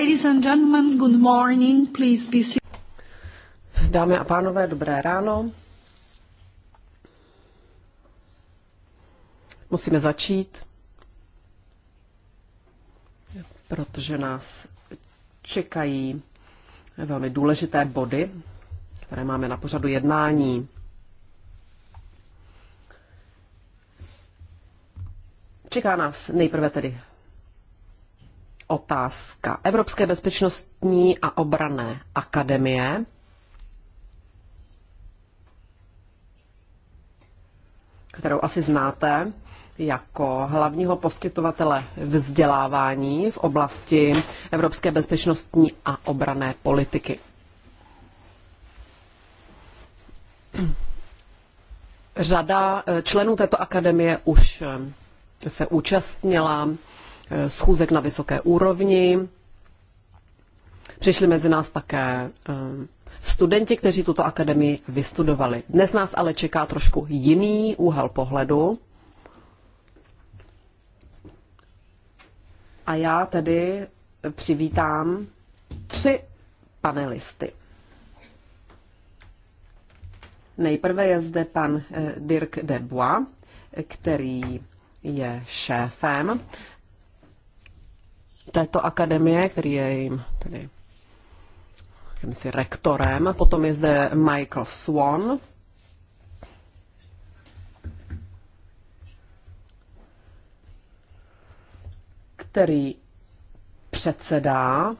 Ladies and gentlemen, good morning. Please be Dámy a pánové, dobré ráno. Musíme začít, protože nás čekají velmi důležité body, které máme na pořadu jednání. Čeká nás nejprve tedy otázka. Evropské bezpečnostní a obrané akademie. kterou asi znáte jako hlavního poskytovatele vzdělávání v oblasti evropské bezpečnostní a obrané politiky. Řada eh, členů této akademie už eh, se účastnila Eh, schůzek na vysoké úrovni. Přišli mezi nás také eh, studenti, kteří tuto akademii vystudovali. Dnes nás ale čeká trošku jiný úhel pohledu. A já tedy přivítám tři panelisty. Nejprve je zde pan eh, Dirk Debois, který je šéfem této akademie, který je jim tedy jakýmsi rektorem. Potom je zde Michael Swan, který předsedá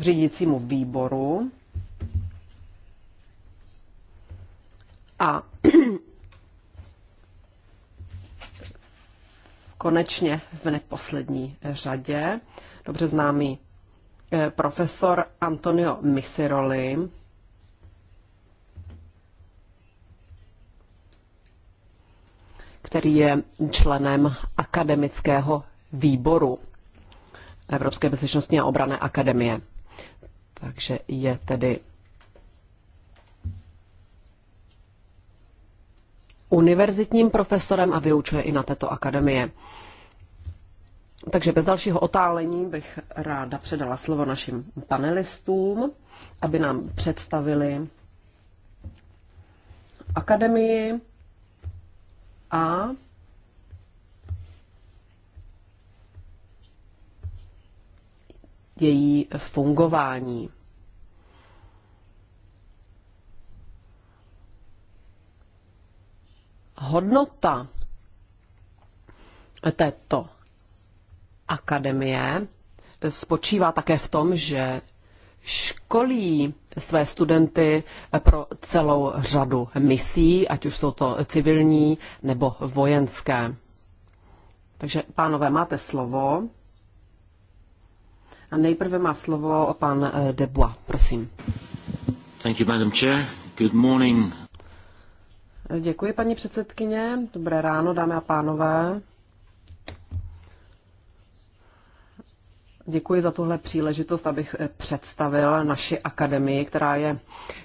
řídícímu výboru a konečně v neposlední řadě dobře známý eh, profesor Antonio Misiroli. který je členem akademického výboru Evropské bezpečnostní a obrané akademie. Takže je tedy univerzitním profesorem a vyučuje i na této akademie. Takže bez dalšího otálení bych ráda předala slovo našim panelistům, aby nám představili akademii a její fungování. hodnota této akademie spočívá také v tom, že školí své studenty pro celou řadu misí, ať už jsou to civilní nebo vojenské. Takže, pánové, máte slovo. A nejprve má slovo pan Debois, prosím. Thank you, Madam Chair. Good morning, Děkuji, paní předsedkyně. Dobré ráno, dámy a pánové. Děkuji za tuhle příležitost, abych eh, představil naši akademii, která je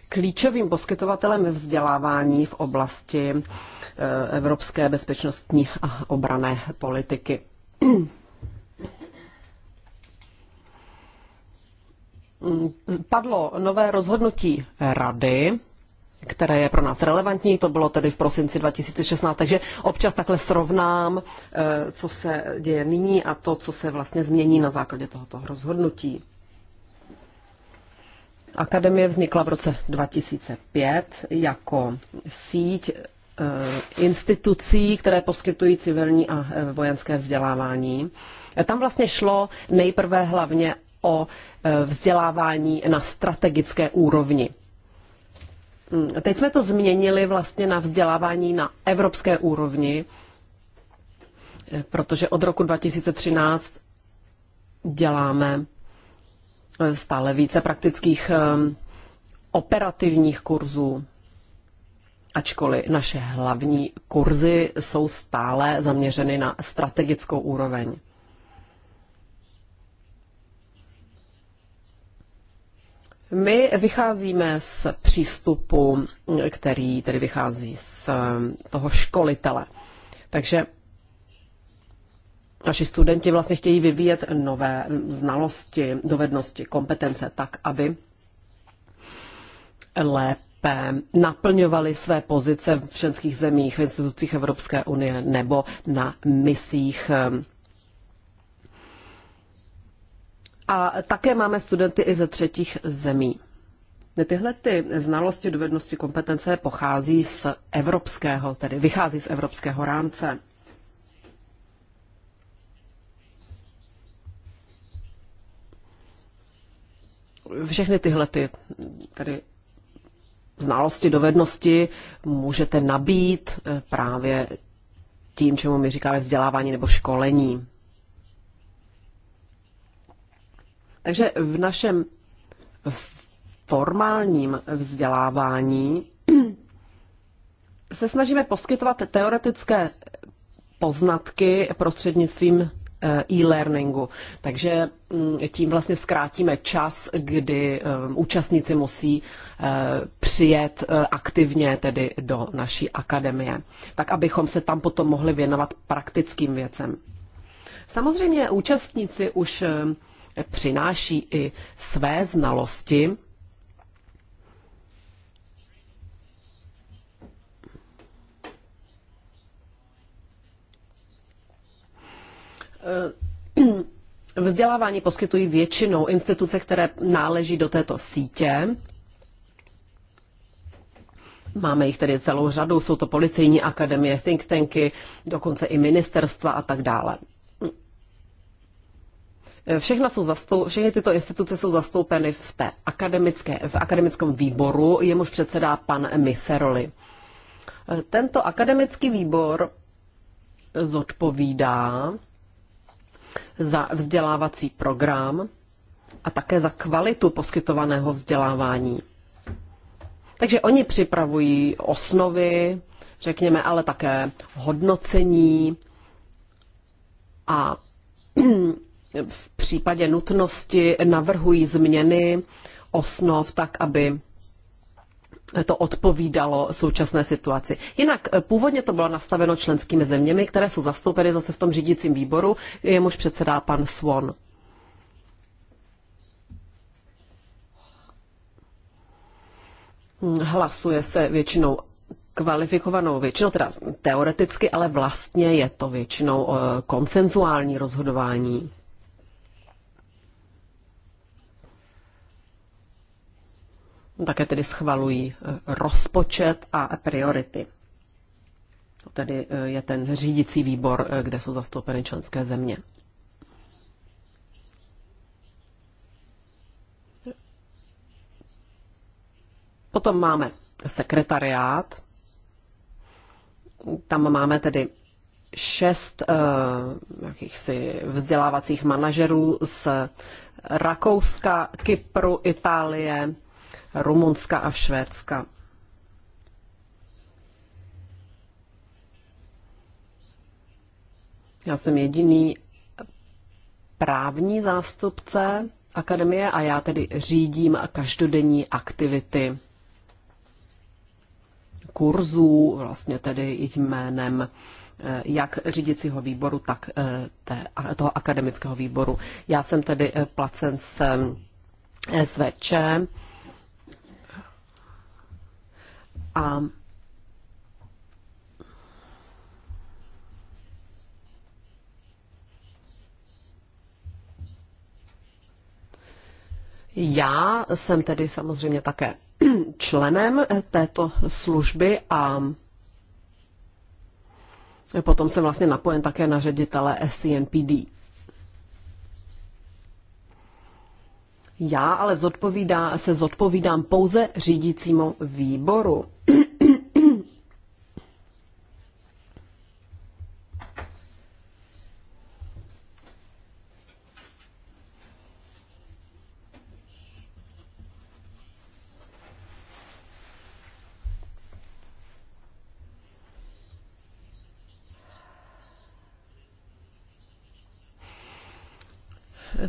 klíčovým poskytovatelem vzdělávání v oblasti eh, evropské bezpečnostní a obrané politiky. Padlo nové rozhodnutí rady které je pro nás relevantní, to bylo tedy v prosinci 2016, takže občas takhle srovnám, eh, co se děje nyní a to, co se vlastně změní na základě tohoto rozhodnutí. Akademie vznikla v roce 2005 jako síť eh, institucí, které poskytují civilní a eh, vojenské vzdělávání. Tam vlastně šlo nejprve hlavně o vzdělávání na strategické úrovni. Mm, teď jsme to změnili vlastně na vzdělávání na evropské úrovni, eh, protože od roku 2013 děláme eh, stále více praktických eh, operativních kurzů, ačkoliv naše hlavní kurzy jsou stále zaměřeny na strategickou úroveň. My vycházíme z přístupu, který tedy vychází z eh, toho školitele. Takže naši studenti vlastně chtějí vyvíjet nové znalosti, dovednosti, kompetence tak, aby lépe naplňovali své pozice v členských zemích, v institucích Evropské unie nebo na misích eh, A také máme studenty i ze třetích zemí. Tyhle ty znalosti, dovednosti, kompetence pochází z evropského, tedy vychází z evropského rámce. Všechny tyhle ty, tedy znalosti, dovednosti můžete nabít eh, právě tím, čemu my říkáme vzdělávání nebo školení. Takže v našem formálním vzdělávání se snažíme poskytovat teoretické poznatky prostřednictvím eh, e-learningu. Takže mm, tím vlastně zkrátíme čas, kdy eh, účastníci musí eh, přijet aktivně tedy do naší akademie, tak abychom se tam potom mohli věnovat praktickým věcem. Samozřejmě účastníci už přináší i své znalosti. Vzdělávání poskytují většinou instituce, které náleží do této sítě. Máme jich tedy celou řadu, jsou to policejní akademie, think tanky, dokonce i ministerstva a tak dále. Všechna jsou zastou, všechny tyto instituce jsou zastoupeny v, té akademické, v akademickém výboru, jemuž předsedá pan Miseroli. Tento akademický výbor zodpovídá za vzdělávací program a také za kvalitu poskytovaného vzdělávání. Takže oni připravují osnovy, řekněme, ale také hodnocení a v případě nutnosti navrhují změny osnov tak, aby to odpovídalo současné situaci. Jinak eh, původně to bylo nastaveno členskými zeměmi, které jsou zastoupeny zase v tom řídícím výboru, jemuž předsedá pan Swan. Hm, hlasuje se většinou kvalifikovanou většinou, teda teoreticky, ale vlastně je to většinou eh, konsenzuální rozhodování. Také tedy schvalují eh, rozpočet a priority. To tedy eh, je ten řídící výbor, eh, kde jsou zastoupeny členské země. Potom máme sekretariát. Tam máme tedy šest uh, jakýchsi vzdělávacích manažerů z Rakouska, Kypru, Itálie, Rumunska a Švédska. Já jsem jediný právní zástupce akademie a já tedy řídím každodenní aktivity kurzů, vlastně tedy jménem eh, jak řídicího výboru, tak eh, té, toho akademického výboru. Já jsem tedy eh, placen s SVČ A já jsem tedy samozřejmě také členem této služby a potom jsem vlastně napojen také na ředitele SCNPD. Já ale zodpovídá, se zodpovídám pouze řídícímu výboru.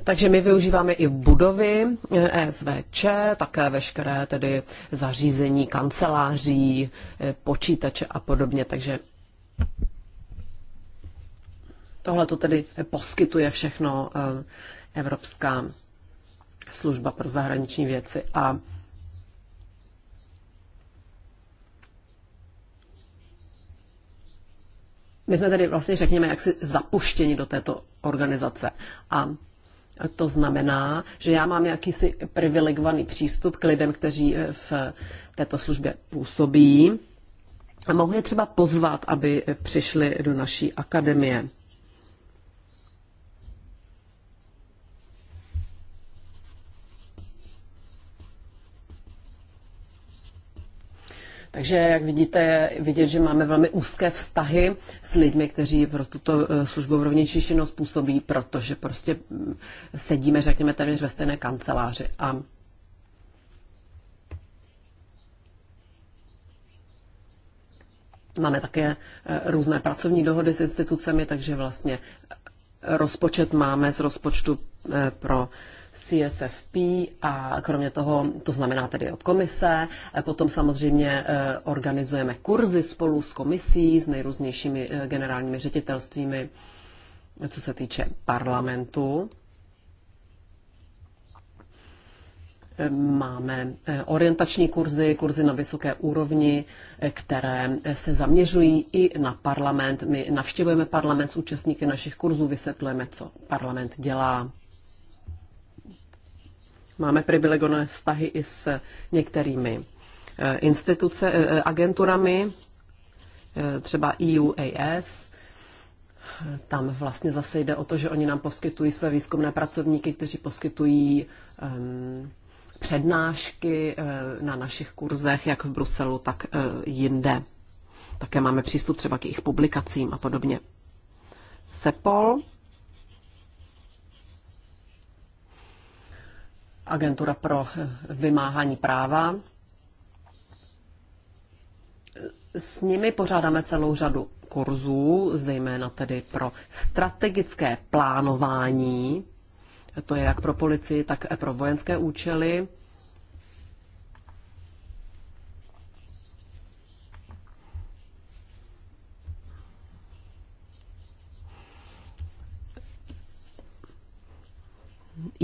Takže my využíváme i budovy ESVČ, eh, také veškeré tedy zařízení kanceláří, eh, počítače a podobně. Takže tohle to tedy poskytuje všechno eh, Evropská služba pro zahraniční věci a My jsme tedy vlastně, řekněme, jak si zapuštěni do této organizace. A to znamená, že já mám jakýsi privilegovaný přístup k lidem, kteří eh, v této službě působí. A mohu je třeba pozvat, aby eh, přišli do naší akademie. Takže, jak vidíte, je vidět, že máme velmi úzké vztahy s lidmi, kteří pro tuto eh, službu rovnější činnost působí, protože prostě mm, sedíme, řekněme, téměř ve stejné kanceláři. A Máme také eh, různé pracovní dohody s institucemi, takže vlastně eh, rozpočet máme z rozpočtu pro CSFP a kromě toho, to znamená tedy od komise, eh, potom samozřejmě eh, organizujeme kurzy spolu s komisí, s nejrůznějšími eh, generálními ředitelstvími, co se týče parlamentu. Máme orientační kurzy, kurzy na vysoké úrovni, které se zaměřují i na parlament. My navštěvujeme parlament s účastníky našich kurzů, vysvětlujeme, co parlament dělá, Máme privilegované vztahy i s některými eh, instituce, eh, eh, agenturami, třeba EUAS. Tam vlastně zase jde o to, že oni nám poskytují své výzkumné pracovníky, kteří poskytují um, přednášky na našich kurzech, jak v Bruselu, tak jinde. Také máme přístup třeba k jejich publikacím a podobně. SEPOL agentura pro vymáhání práva. S nimi pořádáme celou řadu kurzů, zejména tedy pro strategické plánování, to je jak pro policii, tak pro vojenské účely.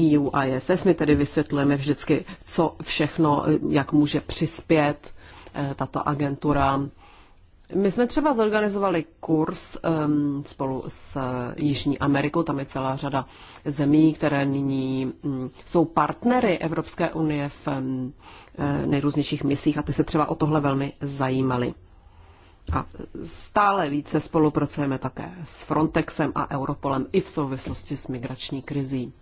EU ISS. My tedy vysvětlujeme vždycky, co všechno, jak může přispět eh, tato agentura. My jsme třeba zorganizovali kurz um, spolu s eh, Jižní Amerikou, tam je celá řada zemí, které nyní um, jsou partnery Evropské unie v um, nejrůznějších misích a ty se třeba o tohle velmi zajímaly. A stále více spolupracujeme také s Frontexem a Europolem i v souvislosti s migrační krizí.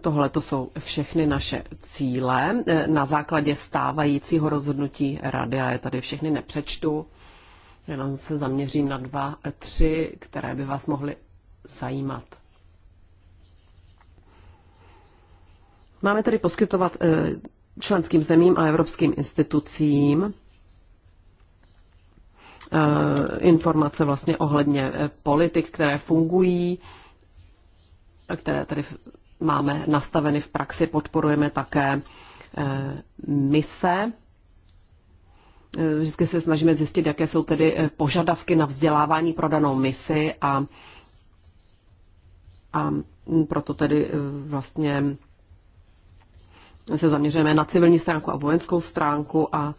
Tohle to jsou všechny naše cíle eh, na základě stávajícího rozhodnutí rady. a je tady všechny nepřečtu, jenom se zaměřím na dva, eh, tři, které by vás mohly zajímat. Máme tedy poskytovat eh, členským zemím a evropským institucím informace vlastně ohledně politik, které fungují, které tady máme nastaveny v praxi, podporujeme také eh, mise. Eh, vždycky se snažíme zjistit, jaké jsou tedy eh, požadavky na vzdělávání pro danou misi a, a proto tedy vlastně se zaměřujeme na civilní stránku a vojenskou stránku a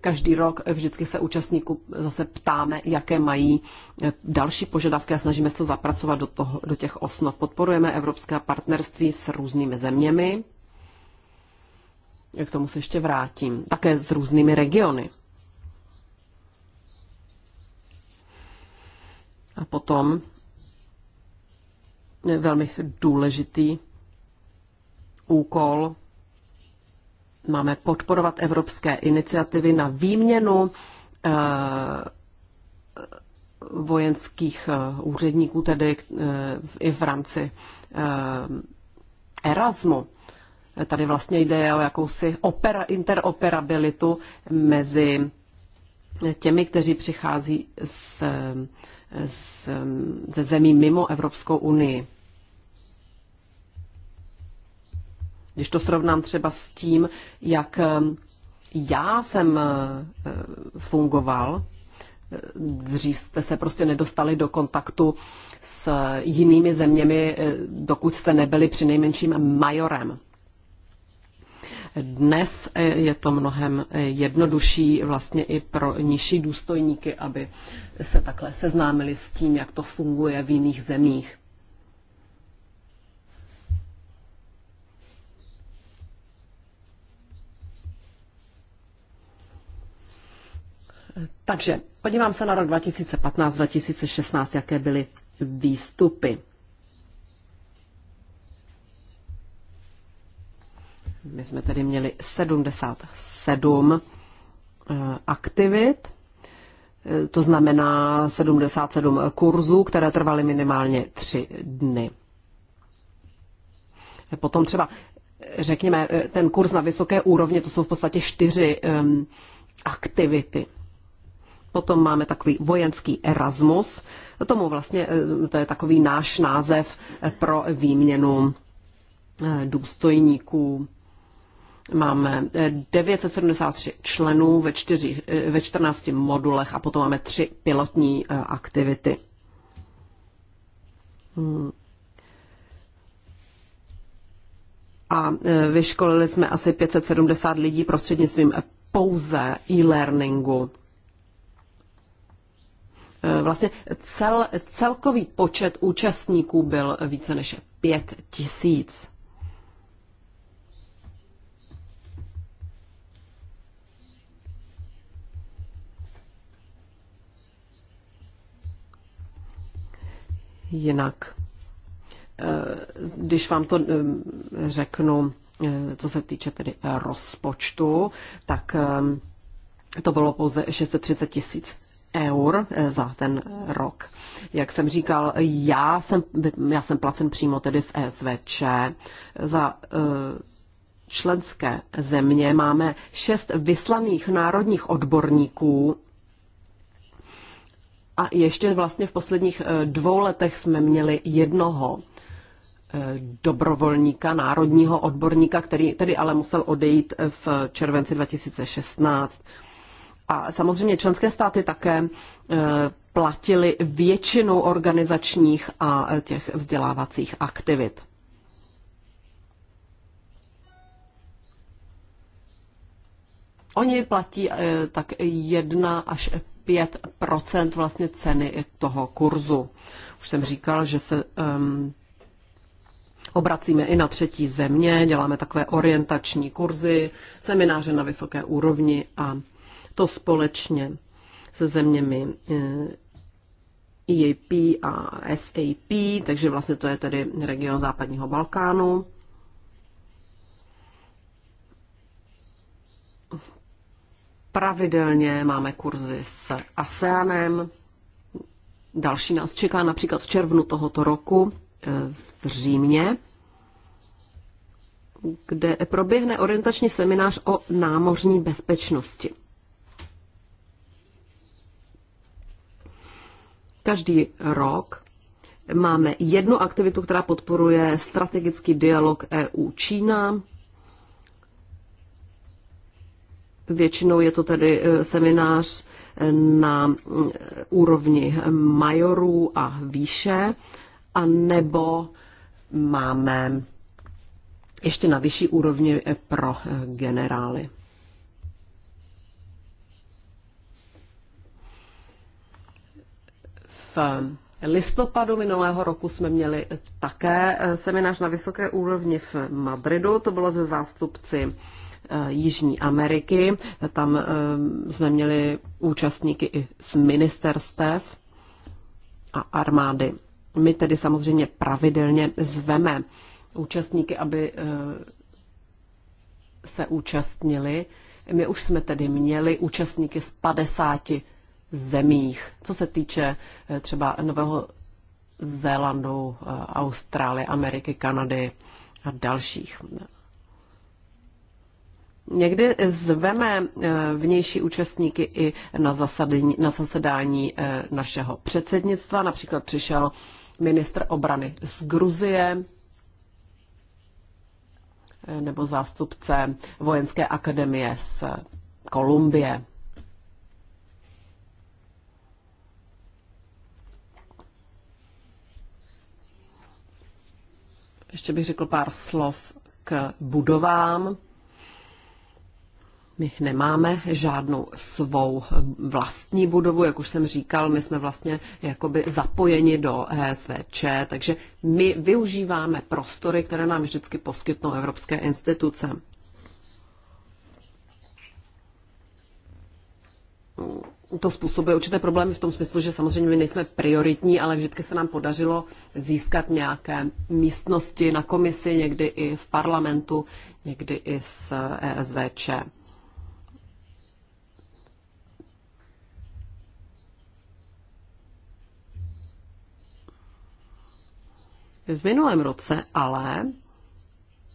každý rok vždycky se účastníků zase ptáme, jaké mají eh, další požadavky a snažíme se to zapracovat do, toho, do těch osnov. Podporujeme evropská partnerství s různými zeměmi, k tomu se ještě vrátím, také s různými regiony. A potom velmi důležitý úkol Máme podporovat evropské iniciativy na výměnu eh, vojenských eh, úředníků, tedy eh, i v rámci Erasmu. Tady vlastně jde o jakousi opera, interoperabilitu mezi těmi, kteří přichází z, z, ze zemí mimo Evropskou unii. Když to srovnám třeba s tím, jak eh, já jsem eh, fungoval, eh, dřív jste se prostě nedostali do kontaktu s jinými zeměmi, dokud jste nebyli při nejmenším majorem. Dnes je to mnohem jednodušší vlastně i pro nižší důstojníky, aby se takhle seznámili s tím, jak to funguje v jiných zemích. Takže podívám se na rok 2015-2016, jaké byly výstupy. My jsme tedy měli 77 eh, aktivit, eh, to znamená 77 kurzů, které trvaly minimálně 3 dny. Eh, potom třeba, řekněme, ten kurz na vysoké úrovni, to jsou v podstatě čtyři ehm, aktivity. Potom máme takový vojenský Erasmus. Tomu vlastně, e, to je takový náš název e, pro výměnu e, důstojníků. Máme 973 členů ve, čtyři, ve 14 modulech a potom máme tři pilotní aktivity. Hmm. A vyškolili jsme asi 570 lidí prostřednictvím pouze e-learningu. Eh, vlastně cel, celkový počet účastníků byl více než pět tisíc. Jinak, eh, když vám to eh, řeknu, co se týče tedy rozpočtu, tak to bylo pouze 630 tisíc eur eh, za ten rok. Jak jsem říkal, já jsem, já jsem placen přímo tedy z ESVČ za eh, členské země máme šest vyslaných národních odborníků a ještě vlastně v posledních eh, dvou letech jsme měli jednoho dobrovolníka, národního odborníka, který tedy ale musel odejít v červenci 2016. A samozřejmě členské státy také eh, platili většinu organizačních a eh, těch vzdělávacích aktivit. Oni platí eh, tak 1 až 5 vlastně ceny toho kurzu. Už jsem říkal, že se um, obracíme i na třetí země, děláme takové orientační kurzy, semináře na vysoké úrovni a to společně se zeměmi EAP eh, e a SAP, takže vlastně to je tedy region západního Balkánu. Pravidelně máme kurzy s ASEANem. Další nás čeká například v červnu tohoto roku eh, v Římě, kde proběhne orientační seminář o námořní bezpečnosti. Každý rok máme jednu aktivitu, která podporuje strategický dialog EU-Čína. Většinou je to tedy e, seminář e, na e, úrovni majorů a výše, a nebo máme ještě na vyšší úrovni pro generály. listopadu minulého roku jsme měli také eh, seminář na vysoké úrovni v Madridu. To bylo ze zástupci eh, Jižní Ameriky. Tam eh, jsme měli účastníky i z ministerstev a armády. My tedy samozřejmě pravidelně zveme účastníky, aby se účastnili. My už jsme tedy měli účastníky z 50 zemích, co se týče eh, třeba Nového Zélandu, eh, Austrálie, Ameriky, Kanady a dalších. Někdy zveme eh, vnější účastníky i na, zasadení, na zasedání našeho předsednictva. Například přišel ministr obrany z Gruzie nebo zástupce vojenské akademie z Kolumbie. Ještě bych řekl pár slov k budovám. My nemáme žádnou svou vlastní budovu, jak už jsem říkal, my jsme vlastně jakoby zapojeni do ESVČ, takže my využíváme prostory, které nám vždycky poskytnou evropské instituce to způsobuje určité problémy v tom smyslu, že samozřejmě my nejsme prioritní, ale vždycky se nám podařilo získat nějaké místnosti na komisi, někdy i v parlamentu, někdy i s ESVČ. V minulém roce ale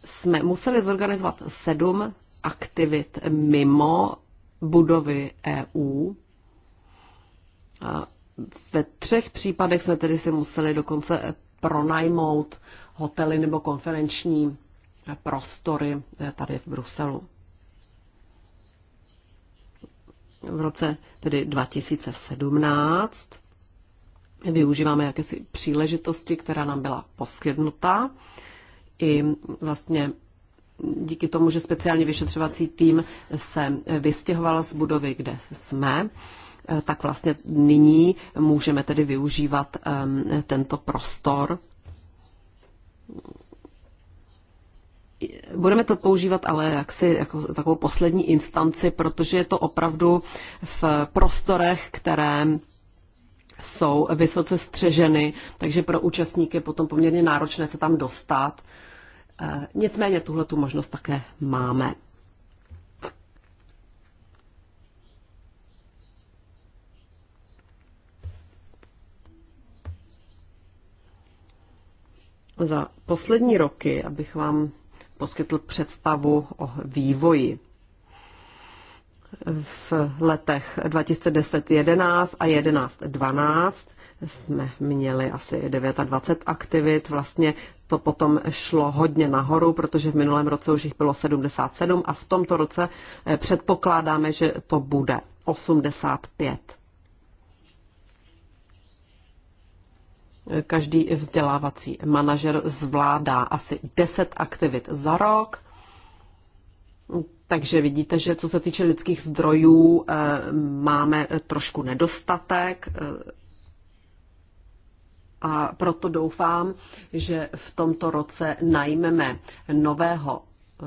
jsme museli zorganizovat sedm aktivit mimo budovy EU, ve třech případech jsme tedy si museli dokonce pronajmout hotely nebo konferenční prostory eh, tady v Bruselu. V roce tedy 2017 využíváme jakési příležitosti, která nám byla poskytnuta. I vlastně díky tomu, že speciální vyšetřovací tým se vystěhoval z budovy, kde jsme, Eh, tak vlastně nyní můžeme tedy využívat ehm, tento prostor. Budeme to používat ale jaksi jako takovou poslední instanci, protože je to opravdu v prostorech, které jsou vysoce střeženy, takže pro účastníky je potom poměrně náročné se tam dostat. Eh, nicméně tuhle tu možnost také máme. Za poslední roky, abych vám poskytl představu o vývoji v letech 2010 a 11-12 jsme měli asi 29 aktivit. Vlastně to potom šlo hodně nahoru, protože v minulém roce už jich bylo 77 a v tomto roce eh, předpokládáme, že to bude 85. Každý vzdělávací manažer zvládá asi 10 aktivit za rok. Takže vidíte, že co se týče lidských zdrojů, eh, máme trošku nedostatek. Eh, a proto doufám, že v tomto roce najmeme nového eh,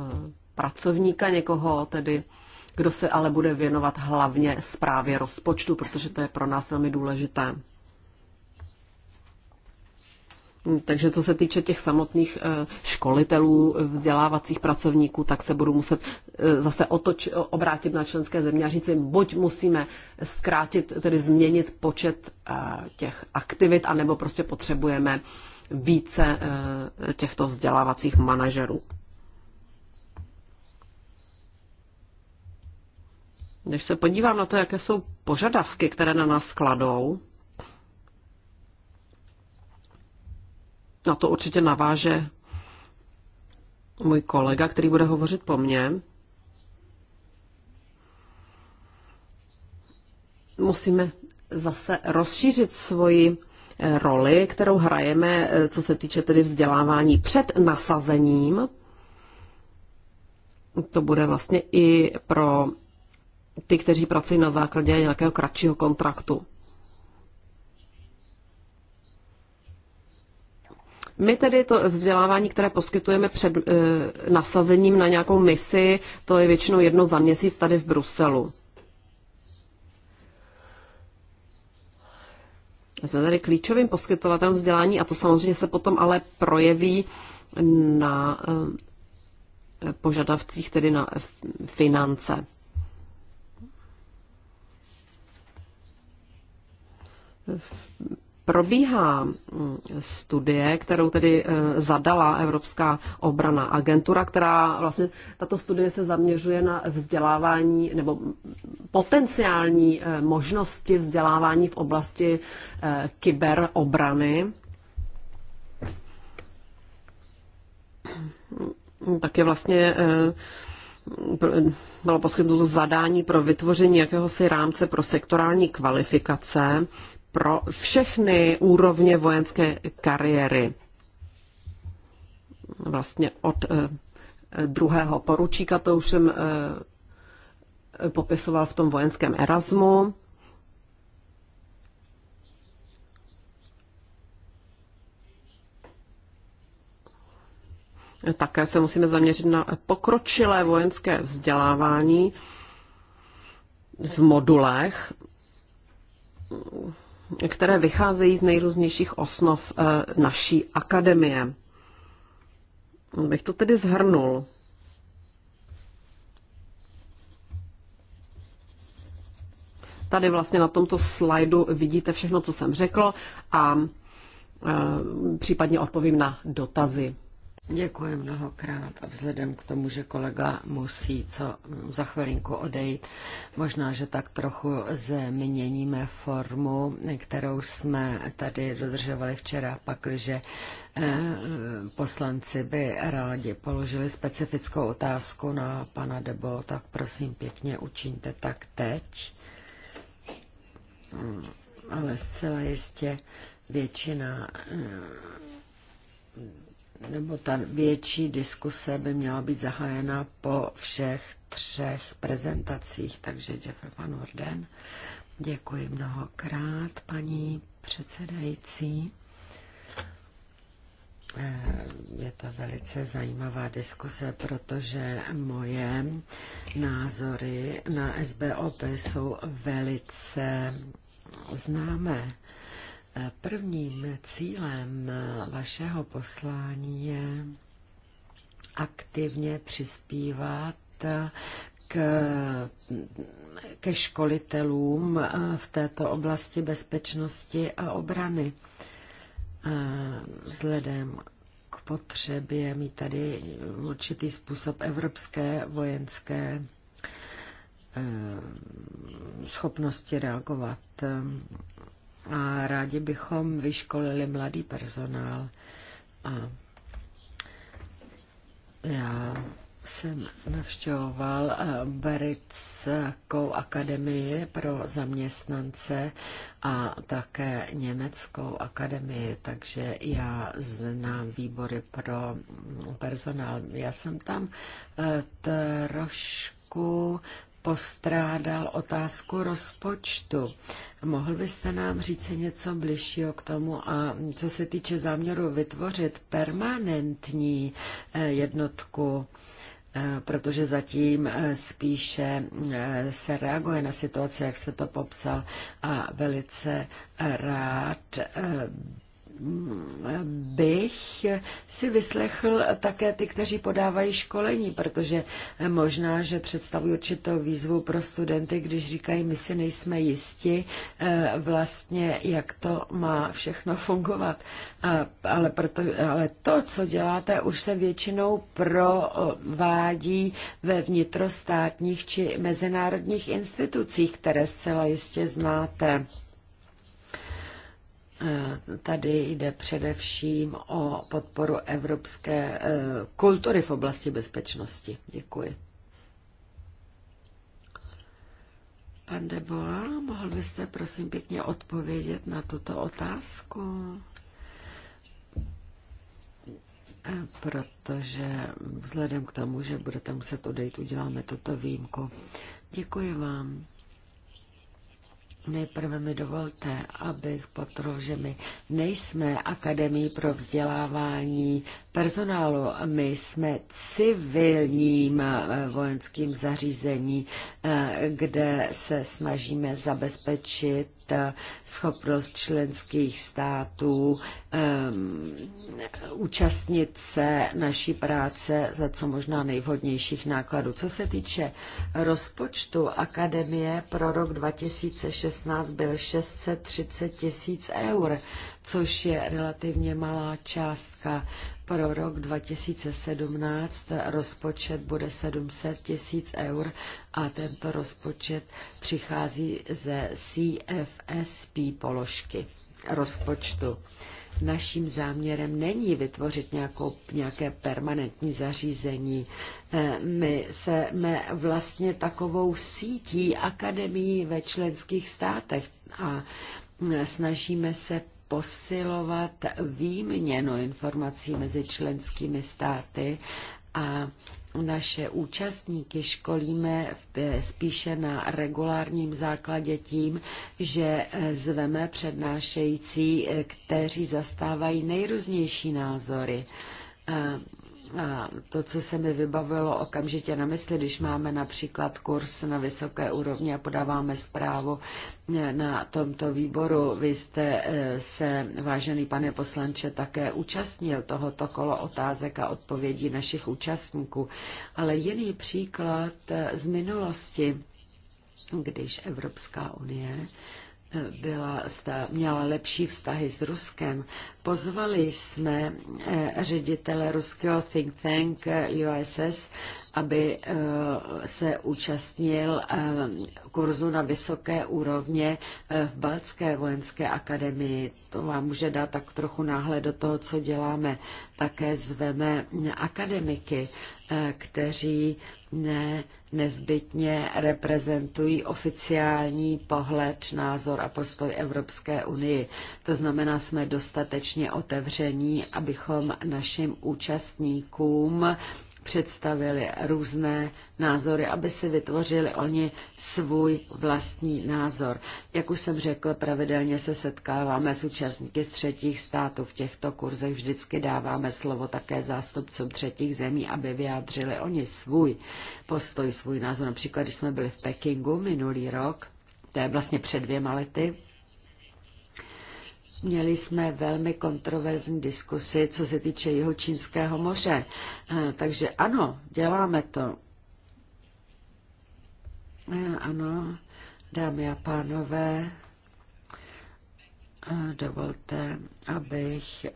pracovníka, někoho tedy, kdo se ale bude věnovat hlavně zprávě rozpočtu, protože to je pro nás velmi důležité. Takže co se týče těch samotných eh, školitelů, vzdělávacích pracovníků, tak se budu muset eh, zase otoč, obrátit na členské země a říct jim, buď musíme zkrátit, tedy změnit počet eh, těch aktivit, anebo prostě potřebujeme více těchto vzdělávacích manažerů. Když se podívám na to, jaké jsou požadavky, které na nás kladou, Na to určitě naváže můj kolega, který bude hovořit po mně. Musíme zase rozšířit svoji eh, roli, kterou hrajeme, eh, co se týče tedy vzdělávání před nasazením. To bude vlastně i pro ty, kteří pracují na základě nějakého kratšího kontraktu. My tedy to vzdělávání, které poskytujeme před eh, nasazením na nějakou misi, to je většinou jedno za měsíc tady v Bruselu. My jsme tady klíčovým poskytovatelem vzdělání a to samozřejmě se potom ale projeví na eh, požadavcích, tedy na finance probíhá mm, studie, kterou tedy eh, zadala Evropská obrana agentura, která vlastně tato studie se zaměřuje na vzdělávání nebo potenciální eh, možnosti vzdělávání v oblasti eh, kyberobrany. Tak je vlastně bylo poskytnuto zadání pro vytvoření jakéhosi rámce pro sektorální kvalifikace pro všechny úrovně vojenské kariéry. Vlastně od eh, druhého poručíka, to už jsem eh, popisoval v tom vojenském Erasmu. Také se musíme zaměřit na pokročilé vojenské vzdělávání v modulech které vycházejí z nejrůznějších osnov eh, naší akademie. Bych to tedy zhrnul. Tady vlastně na tomto slajdu vidíte všechno, co jsem řekl a eh, případně odpovím na dotazy. Děkuji mnohokrát a vzhledem k tomu, že kolega musí co za chvilinku odejít, možná, že tak trochu změníme formu, kterou jsme tady dodržovali včera, pak že eh, poslanci by rádi položili specifickou otázku na pana Debo, tak prosím pěkně učiňte tak teď. Hmm, ale zcela jistě většina eh, nebo ta větší diskuse by měla být zahájena po všech třech prezentacích. Takže Jeffrey van Orden, děkuji mnohokrát, paní předsedající. Eh, je to velice zajímavá diskuse, protože moje názory na SBOP jsou velice známé. Prvním cílem vašeho poslání je aktivně přispívat k, ke školitelům v této oblasti bezpečnosti a obrany. Vzhledem k potřebě mít tady určitý způsob evropské vojenské eh, schopnosti reagovat a rádi bychom vyškolili mladý personál. A já jsem navštěvoval eh, Berickou akademii pro zaměstnance a také Německou akademii, takže já znám výbory pro personál. Já jsem tam eh, trošku postrádal otázku rozpočtu. Mohl byste nám říct něco bližšího k tomu a co se týče záměru vytvořit permanentní eh, jednotku eh, protože zatím eh, spíše se reaguje na situaci, jak jste to popsal a velice rád bych si vyslechl také ty, kteří podávají školení, protože možná, že představují určitou výzvu pro studenty, když říkají, my si nejsme jisti eh, vlastně, jak to má všechno fungovat. Ale, proto, ale to, co děláte, už se většinou provádí ve vnitrostátních či mezinárodních institucích, které zcela jistě znáte. Eh, tady jde především o podporu evropské eh, kultury v oblasti bezpečnosti. Děkuji. Pan Deboa, mohl byste prosím pěkně odpovědět na tuto otázku? Eh, protože vzhledem k tomu, že budete muset odejít, uděláme toto výjimku. Děkuji vám. Nejprve mi dovolte, abych potrhl, že my nejsme Akademii pro vzdělávání personálu, my jsme civilním eh, vojenským zařízení, eh, kde se snažíme zabezpečit Eh, schopnost členských států um, účastnit se naší práce za co možná nejvhodnějších nákladů. Co se týče rozpočtu Akademie pro rok 2016 byl 630 tisíc eur, což je relativně malá částka. Pro rok 2017 rozpočet bude 700 tisíc eur a tento rozpočet přichází ze CFSP položky rozpočtu. Naším záměrem není vytvořit nějakou, nějaké permanentní zařízení. Eh, my jsme vlastně takovou sítí akademií ve členských státech a snažíme se posilovat výměnu informací mezi členskými státy a naše účastníky školíme spíše na regulárním základě tím, že eh, zveme přednášející, eh, kteří zastávají nejrůznější názory a to, co se mi vybavilo okamžitě na mysli, když máme například kurz na vysoké úrovni a podáváme zprávu eh, na tomto výboru. Vy jste eh, se, vážený pane poslanče, také účastnil tohoto kolo otázek a odpovědí našich účastníků. Ale jiný příklad eh, z minulosti, když Evropská unie byla, měla lepší vztahy s Ruskem. Pozvali jsme eh, ředitele ruského think tank eh, USS, aby eh, se účastnil kurzu na vysoké úrovně v Balcké vojenské akademii. To vám může dát tak trochu náhled do toho, co děláme. Také zveme akademiky, kteří ne nezbytně reprezentují oficiální pohled, názor a postoj Evropské unii. To znamená, jsme dostatečně otevření, abychom našim účastníkům představili různé názory, aby si vytvořili oni svůj vlastní názor. Jak už jsem řekl, pravidelně se setkáváme s účastníky z třetích států. V těchto kurzech vždycky dáváme slovo také zástupcům třetích zemí, aby vyjádřili oni svůj postoj, svůj názor. Například, když jsme byli v Pekingu minulý rok, to je vlastně před dvěma lety, Měli jsme velmi kontroverzní diskusy, co se týče jeho Čínského moře. Eh, takže ano, děláme to. Eh, ano, dámy a pánové, eh, Dovolte, abych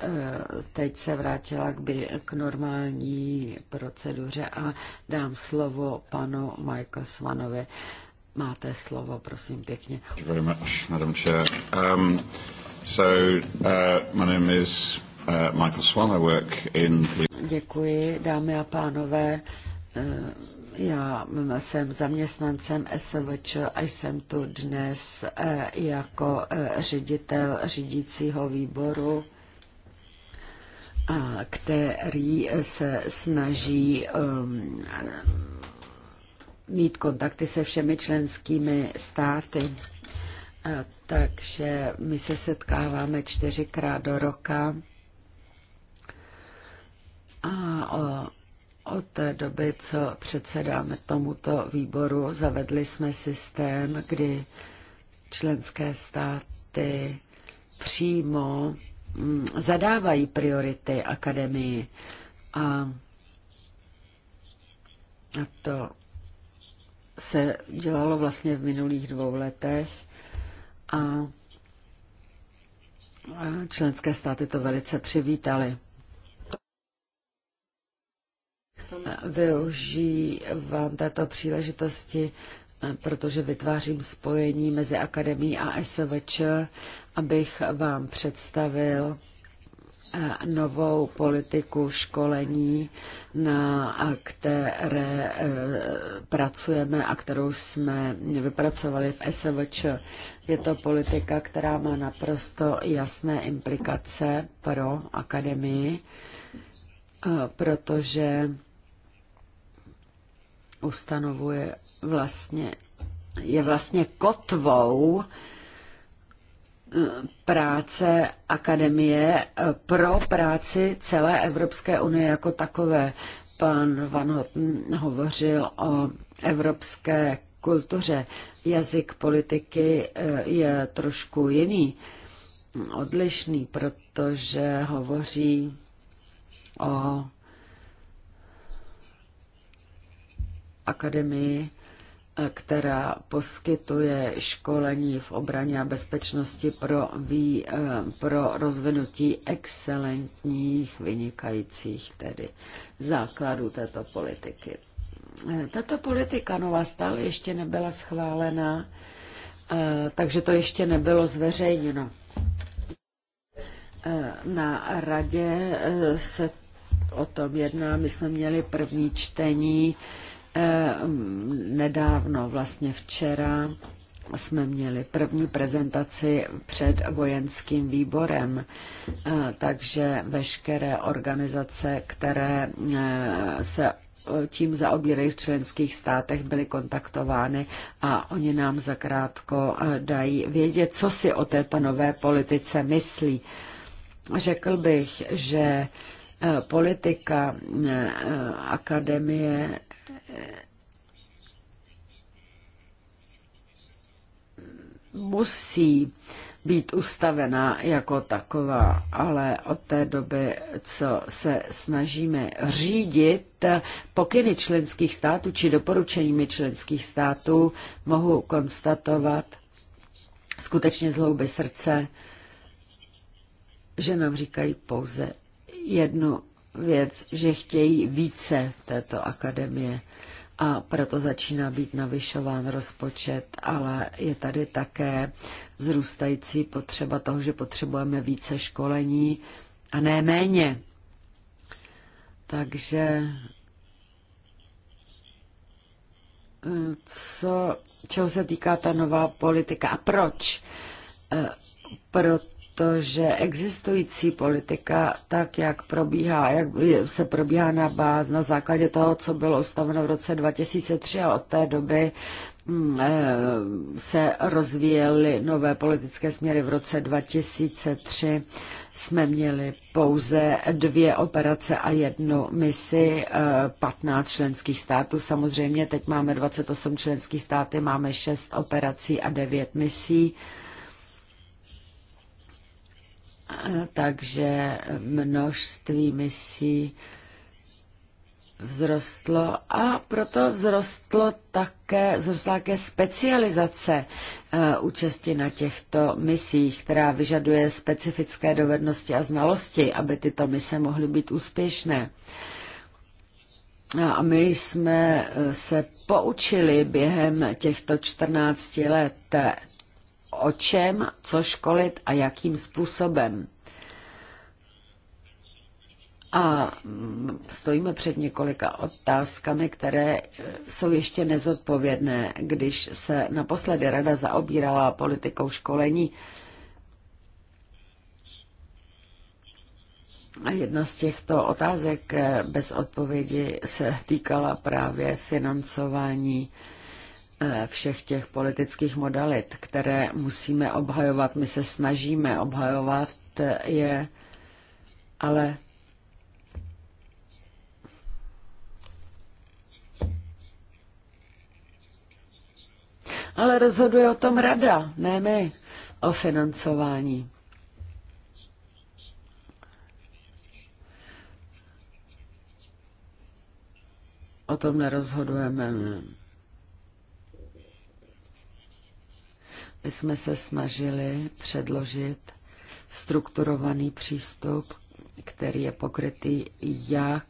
teď se vrátila k, by, k normální proceduře a dám slovo panu Michael Svanovi. Máte slovo, prosím, pěkně. Děkujeme, madam chair. Um... So, uh, my name is uh, Michael Swan. I work in the... Děkuji, dámy a pánové. Eh, já jsem zaměstnancem SVČ a jsem tu dnes eh, jako eh, ředitel řídícího výboru který se snaží um, mít kontakty se všemi členskými státy. Takže my se setkáváme čtyřikrát do roka a o, od té doby, co předsedáme tomuto výboru, zavedli jsme systém, kdy členské státy přímo mm, zadávají priority akademii. A, a to se dělalo vlastně v minulých dvou letech a členské státy to velice přivítali. Využívám této příležitosti, protože vytvářím spojení mezi akademií a SVČ, abych vám představil novou politiku školení, na které e, pracujeme a kterou jsme vypracovali v SVČ. Je to politika, která má naprosto jasné implikace pro akademii, e, protože ustanovuje vlastně, je vlastně kotvou, práce akademie pro práci celé Evropské unie jako takové. Pan Van Houten hovořil o evropské kultuře. Jazyk politiky eh, je trošku jiný, odlišný, protože hovoří o akademii která poskytuje školení v obraně a bezpečnosti pro, vý, eh, pro rozvinutí excelentních, vynikajících tedy základů této politiky. Eh, tato politika nová stále ještě nebyla schválena, eh, takže to ještě nebylo zveřejněno. Na radě se o tom jedná. My jsme měli první čtení Eh, nedávno, vlastně včera, jsme měli první prezentaci před vojenským výborem, eh, takže veškeré organizace, které eh, se tím zaobírají v členských státech, byly kontaktovány a oni nám zakrátko dají vědět, co si o této nové politice myslí. Řekl bych, že politika akademie musí být ustavena jako taková, ale od té doby, co se snažíme řídit pokyny členských států či doporučeními členských států, mohu konstatovat skutečně z hlouby srdce, že nám říkají pouze jednu věc, že chtějí více této akademie a proto začíná být navyšován rozpočet, ale je tady také zrůstající potřeba toho, že potřebujeme více školení a ne méně. Takže eh, co, čeho se týká ta nová politika a proč? Eh, proto protože existující politika, tak jak probíhá, jak se probíhá na báz na základě toho, co bylo ustaveno v roce 2003 a od té doby mm, eh, se rozvíjely nové politické směry. V roce 2003 jsme měli pouze dvě operace a jednu misi, 15 eh, členských států. Samozřejmě teď máme 28 členských států, máme 6 operací a 9 misí takže množství misí vzrostlo a proto vzrostlo také, vzrostla také specializace eh, účasti na těchto misích, která vyžaduje specifické dovednosti a znalosti, aby tyto mise mohly být úspěšné. No a my jsme eh, se poučili během těchto 14 let o čem, co školit a jakým způsobem. A stojíme před několika otázkami, které jsou ještě nezodpovědné. Když se naposledy rada zaobírala politikou školení, A jedna z těchto otázek bez odpovědi se týkala právě financování Eh, všech těch politických modalit, které musíme obhajovat, my se snažíme obhajovat, eh, je ale Ale rozhoduje o tom rada, ne my, o financování. O tom nerozhodujeme. My. My jsme se snažili předložit strukturovaný přístup, který je pokrytý jak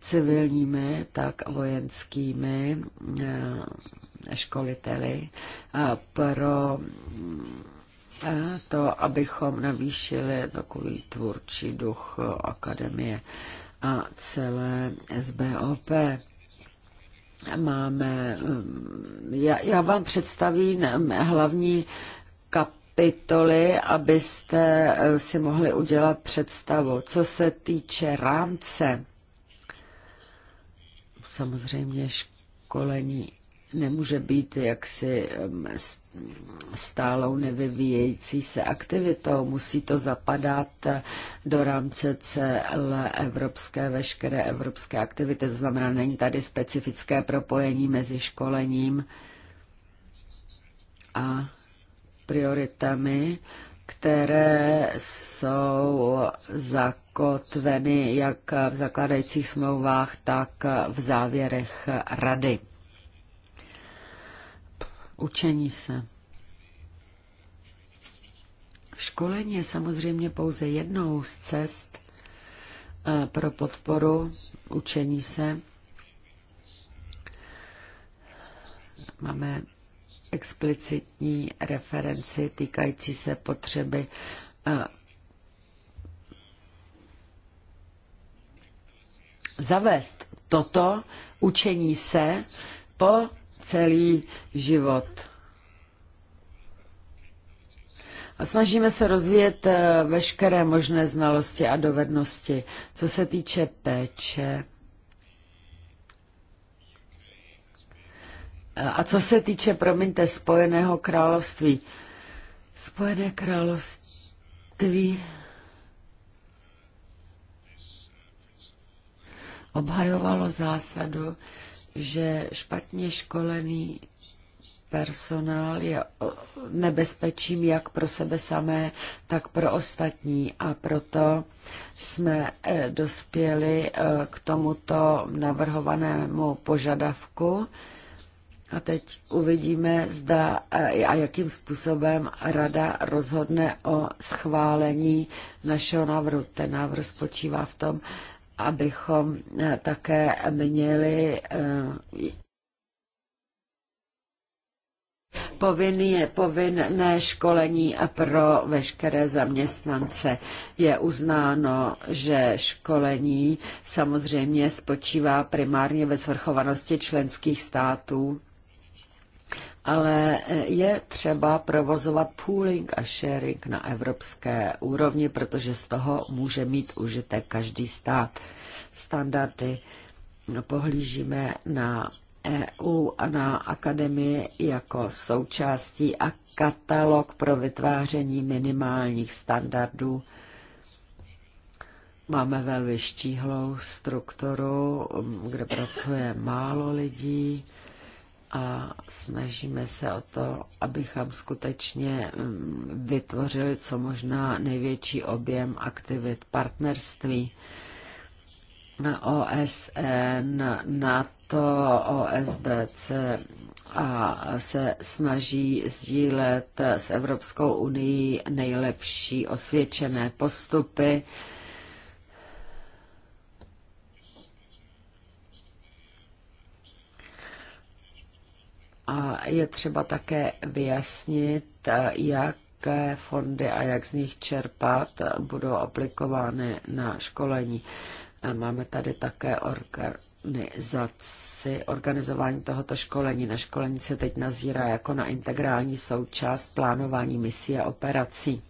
civilními, tak vojenskými eh, školiteli pro eh, to, abychom navýšili takový tvůrčí duch akademie a celé SBOP. Máme, eh, já, já vám představím hlavní kapitoly, abyste eh, si mohli udělat představu. Co se týče rámce, samozřejmě školení nemůže být jaksi stálou nevyvíjející se aktivitou. Musí to zapadat eh, do rámce celé evropské, veškeré evropské aktivity. To znamená, není tady specifické propojení mezi školením a prioritami, které jsou zakotveny jak v zakladajících smlouvách, tak v závěrech rady učení se. Školení je samozřejmě pouze jednou z cest eh, pro podporu učení se. Máme explicitní referenci týkající se potřeby eh, zavést toto učení se po celý život. A snažíme se rozvíjet eh, veškeré možné znalosti a dovednosti, co se týče péče. A co se týče, promiňte, Spojeného království. Spojené království obhajovalo zásadu, že špatně školený personál je nebezpečím jak pro sebe samé, tak pro ostatní. A proto jsme eh, dospěli eh, k tomuto navrhovanému požadavku. A teď uvidíme, zda eh, a jakým způsobem rada rozhodne o schválení našeho návrhu. Ten návrh spočívá v tom, abychom eh, také měli eh, Povinné, povinné školení a pro veškeré zaměstnance je uznáno, že školení samozřejmě spočívá primárně ve svrchovanosti členských států ale e, je třeba provozovat pooling a sharing na evropské úrovni, protože z toho může mít užitek každý stát. Standardy pohlížíme na EU a na akademii jako součástí a katalog pro vytváření minimálních standardů. Máme velmi štíhlou strukturu, kde pracuje málo lidí a snažíme se o to, abychom skutečně mm, vytvořili co možná největší objem aktivit partnerství. na OSN, NATO, OSBC a se snaží sdílet s Evropskou unii nejlepší osvědčené postupy A je třeba také vyjasnit, jak jaké fondy a jak z nich čerpat budou aplikovány na školení. Máme tady také organizaci, organizování tohoto školení. Na školení se teď nazírá jako na integrální součást plánování misí a operací.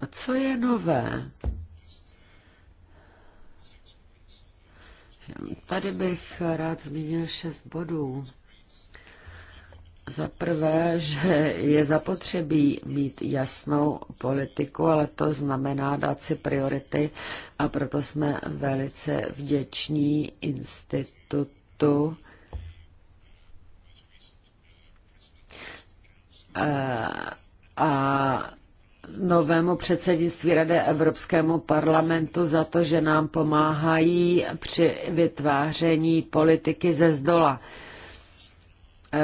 A co je nové? Tady bych rád zmínil šest bodů. Za prvé, že je zapotřebí mít jasnou politiku, ale to znamená dát si priority a proto jsme velice vděční institutu a novému předsednictví Rady Evropskému parlamentu za to, že nám pomáhají při vytváření politiky ze zdola.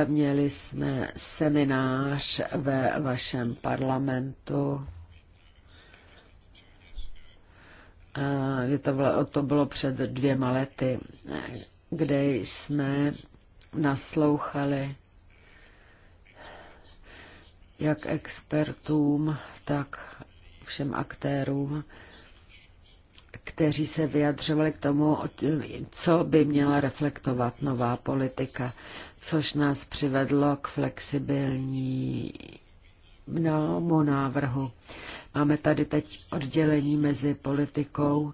Měli jsme seminář ve vašem parlamentu. Je to, bylo, to bylo před dvěma lety, kde jsme naslouchali jak expertům, tak všem aktérům, kteří se vyjadřovali k tomu, co by měla reflektovat nová politika, což nás přivedlo k flexibilní mnohomu návrhu. Máme tady teď oddělení mezi politikou,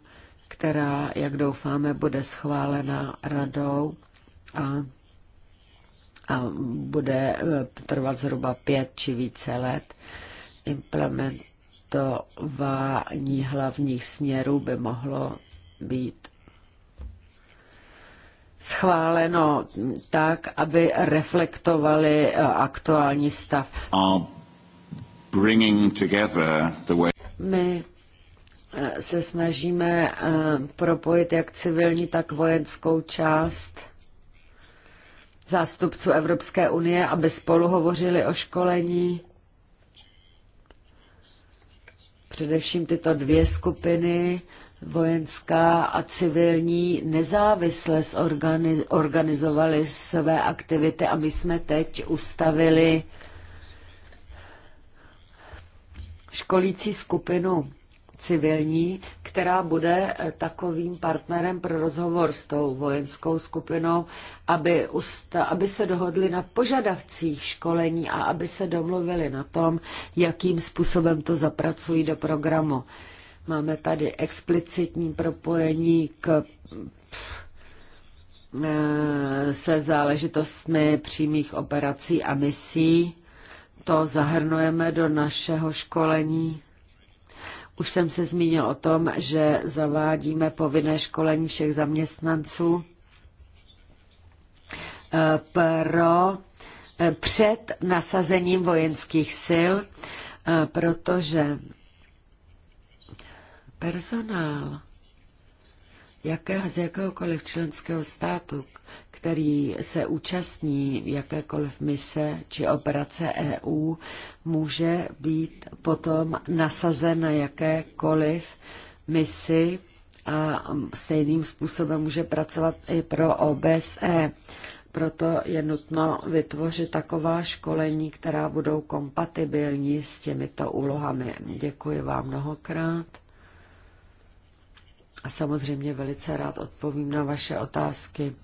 která, jak doufáme, bude schválena radou a a bude eh, trvat zhruba pět či více let. Implementování hlavních směrů by mohlo být schváleno tak, aby reflektovali eh, aktuální stav. My eh, se snažíme propojit jak civilní, tak vojenskou část zástupců Evropské unie, aby spolu hovořili o školení. Především tyto dvě skupiny, vojenská a civilní, nezávisle organizovaly své aktivity a my jsme teď ustavili školící skupinu civilní, která bude takovým partnerem pro rozhovor s tou vojenskou skupinou, aby, usta, aby se dohodli na požadavcích školení a aby se domluvili na tom, jakým způsobem to zapracují do programu. Máme tady explicitní propojení k eh, se záležitostmi přímých operací a misí. To zahrnujeme do našeho školení. Už jsem se zmínil o tom, že zavádíme povinné školení všech zaměstnanců eh, pro eh, před nasazením vojenských sil, eh, protože personál jakého, z jakéhokoliv členského státu, který se účastní jakékoliv mise či operace EU, může být potom nasazen na jakékoliv misi a stejným způsobem může pracovat i pro OBSE. Proto je nutno vytvořit taková školení, která budou kompatibilní s těmito úlohami. Děkuji vám mnohokrát. A samozřejmě velice rád odpovím na vaše otázky.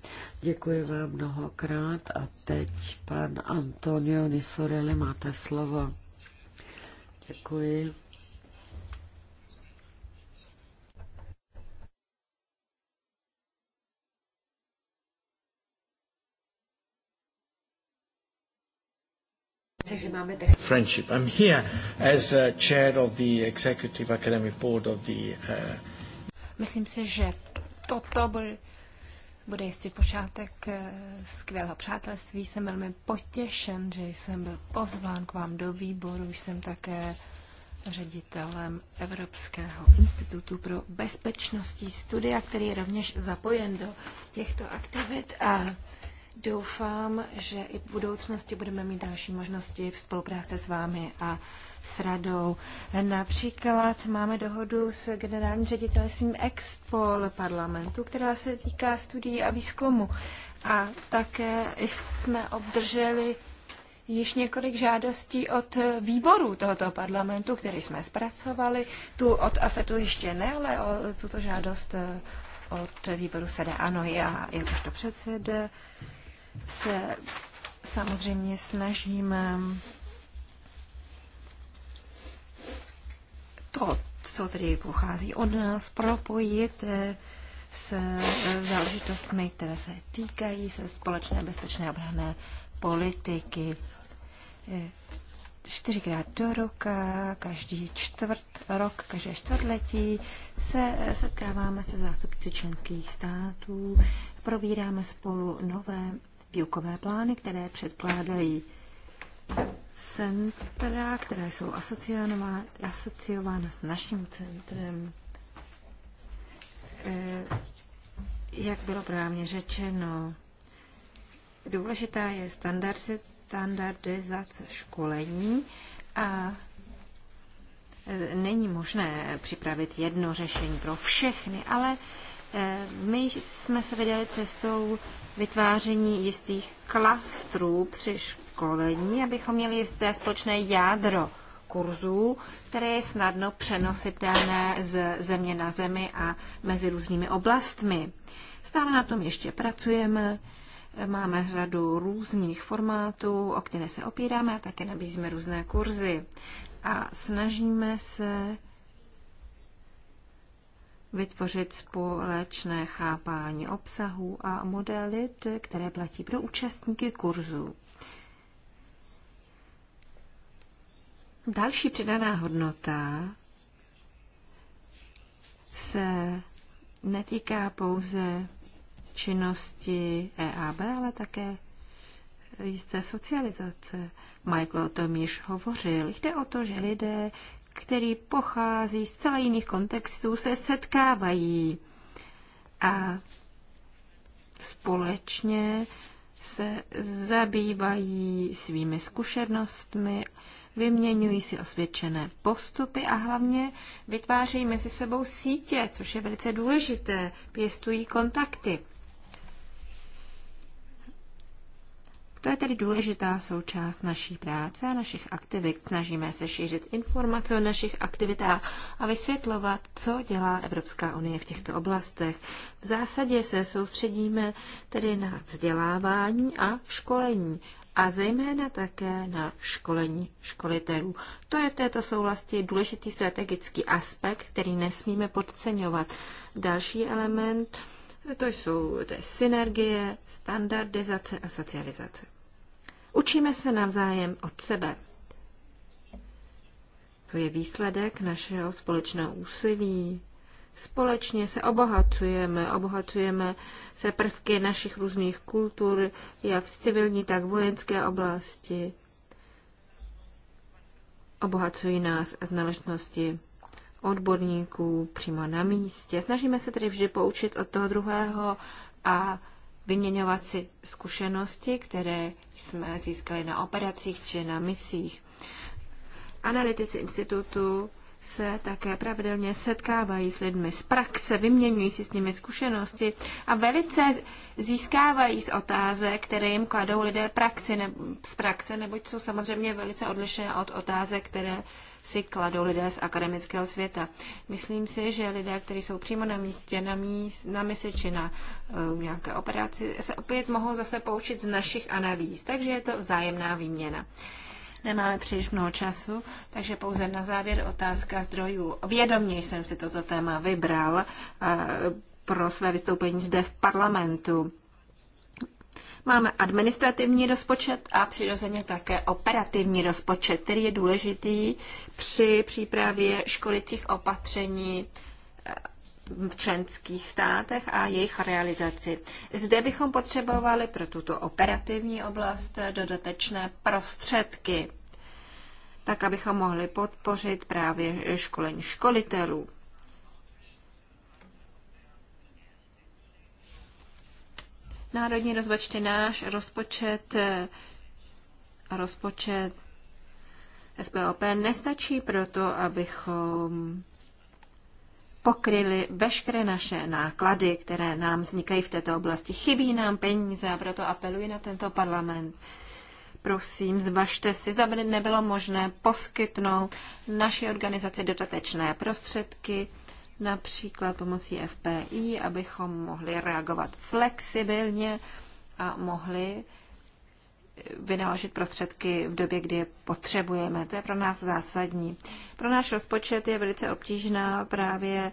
Děkuji vám mnohokrát a teď pan Antonio Nisorelli, máte slovo. Děkuji. Friendship. I'm here as uh, chair of the executive academic board of the uh, Myslím si, že toto bude, bude jistě počátek eh, skvělého přátelství. Jsem velmi potěšen, že jsem byl pozván k vám do výboru. Jsem také ředitelem Evropského institutu pro bezpečnostní studia, který je rovněž zapojen do těchto aktivit a doufám, že i v budoucnosti budeme mít další možnosti v spolupráce s vámi a s radou. Například máme dohodu s generálním ředitelstvím Expol parlamentu, která se týká studií a výzkumu. A také jsme obdrželi již několik žádostí od výborů tohoto parlamentu, který jsme zpracovali. Tu od AFETu ještě ne, ale o tuto žádost eh, od výboru SEDE. Ano, já jakožto předsed se samozřejmě snažím eh, to, co tedy pochází od nás, propojit eh, s eh, záležitostmi, které se týkají se společné bezpečné obrané politiky. Eh, čtyřikrát do roka, každý čtvrt rok, každé čtvrtletí se setkáváme se zástupci členských států, probíráme spolu nové výukové plány, které předkládají centra, která jsou asociována s naším centrem, eh, jak bylo právně řečeno, důležitá je standardizace školení a eh, není možné připravit jedno řešení pro všechny, ale eh, my jsme se vydali cestou vytváření jistých klastrů při školení školení, abychom měli jisté společné jádro kurzů, které je snadno přenositelné z země na zemi a mezi různými oblastmi. Stále na tom ještě pracujeme, máme řadu různých formátů, o které se opíráme a také nabízíme různé kurzy. A snažíme se vytvořit společné chápání obsahu a modelit, které platí pro účastníky kurzů. Další přidaná hodnota se netýká pouze činnosti EAB, ale také jisté socializace. Michael o tom již hovořil. Jde o to, že lidé, kteří pochází z celé jiných kontextů, se setkávají a společně se zabývají svými zkušenostmi vyměňují si osvědčené postupy a hlavně vytvářejí mezi sebou sítě, což je velice důležité, pěstují kontakty. To je tedy důležitá součást naší práce a našich aktivit. Snažíme se šířit informace o našich aktivitách a vysvětlovat, co dělá Evropská unie v těchto oblastech. V zásadě se soustředíme tedy na vzdělávání a školení a zejména také na školení školitelů. To je v této souvlasti důležitý strategický aspekt, který nesmíme podceňovat. Další element to jsou to je synergie, standardizace a socializace. Učíme se navzájem od sebe. To je výsledek našeho společného úsilí. Společně se obohacujeme, obohacujeme se prvky našich různých kultur, jak v civilní, tak v vojenské oblasti. Obohacují nás znalečnosti odborníků přímo na místě. Snažíme se tedy vždy poučit od toho druhého a vyměňovat si zkušenosti, které jsme získali na operacích či na misích. Analytici institutu se také pravidelně setkávají s lidmi z praxe, vyměňují si s nimi zkušenosti a velice získávají z otázek, které jim kladou lidé praxi ne, z praxe, neboť jsou samozřejmě velice odlišné od otázek, které si kladou lidé z akademického světa. Myslím si, že lidé, kteří jsou přímo na místě, na, míst, na misi či na uh, nějaké operaci, se opět mohou zase poučit z našich analýz. Takže je to vzájemná výměna. Uh, Nemáme příliš mnoho času, takže pouze na závěr otázka zdrojů. Vědomně jsem si toto téma vybral eh, pro své vystoupení zde v parlamentu. Máme administrativní rozpočet a přirozeně také operativní rozpočet, který je důležitý při přípravě školicích opatření v členských státech a jejich realizaci. Zde bychom potřebovali pro tuto operativní oblast dodatečné prostředky, tak abychom mohli podpořit právě školení školitelů. Národní rozpočty náš rozpočet, rozpočet SPOP nestačí proto, abychom pokryli veškeré naše náklady, které nám vznikají v této oblasti. Chybí nám peníze a proto apeluji na tento parlament. Prosím, zvažte si, zda by nebylo možné poskytnout naší organizaci dodatečné prostředky, například pomocí FPI, abychom mohli reagovat flexibilně a mohli vynaložit prostředky v době, kdy je potřebujeme. To je pro nás zásadní. Pro náš rozpočet je velice obtížná právě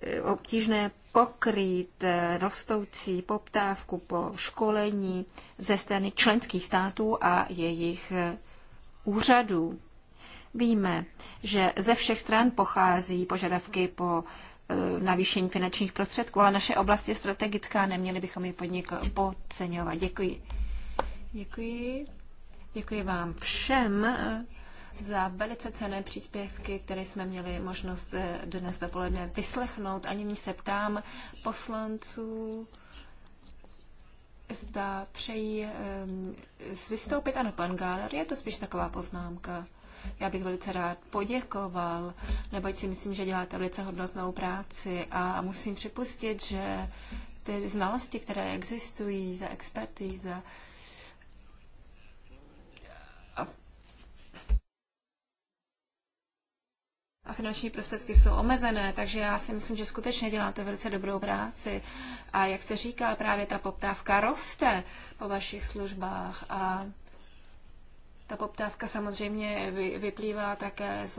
eh, obtížné pokrýt eh, rostoucí poptávku po školení ze strany členských států a jejich eh, úřadů. Víme, že ze všech stran pochází požadavky po navýšení finančních prostředků, ale naše oblast je strategická, neměli bychom ji podnik podceňovat. Děkuji. Děkuji. Děkuji vám všem eh, za velice cené příspěvky, které jsme měli možnost eh, dnes dopoledne vyslechnout. Ani mi se ptám poslanců, zda přejí um, vystoupit. Ano, pan Gáler, je to spíš taková poznámka. Já bych velice rád poděkoval, neboť si myslím, že děláte velice hodnotnou práci a musím připustit, že ty znalosti, které existují, za expertíza, a finanční prostředky jsou omezené, takže já si myslím, že skutečně děláte velice dobrou práci. A jak se říká, právě ta poptávka roste po vašich službách a ta poptávka samozřejmě vyplývá také z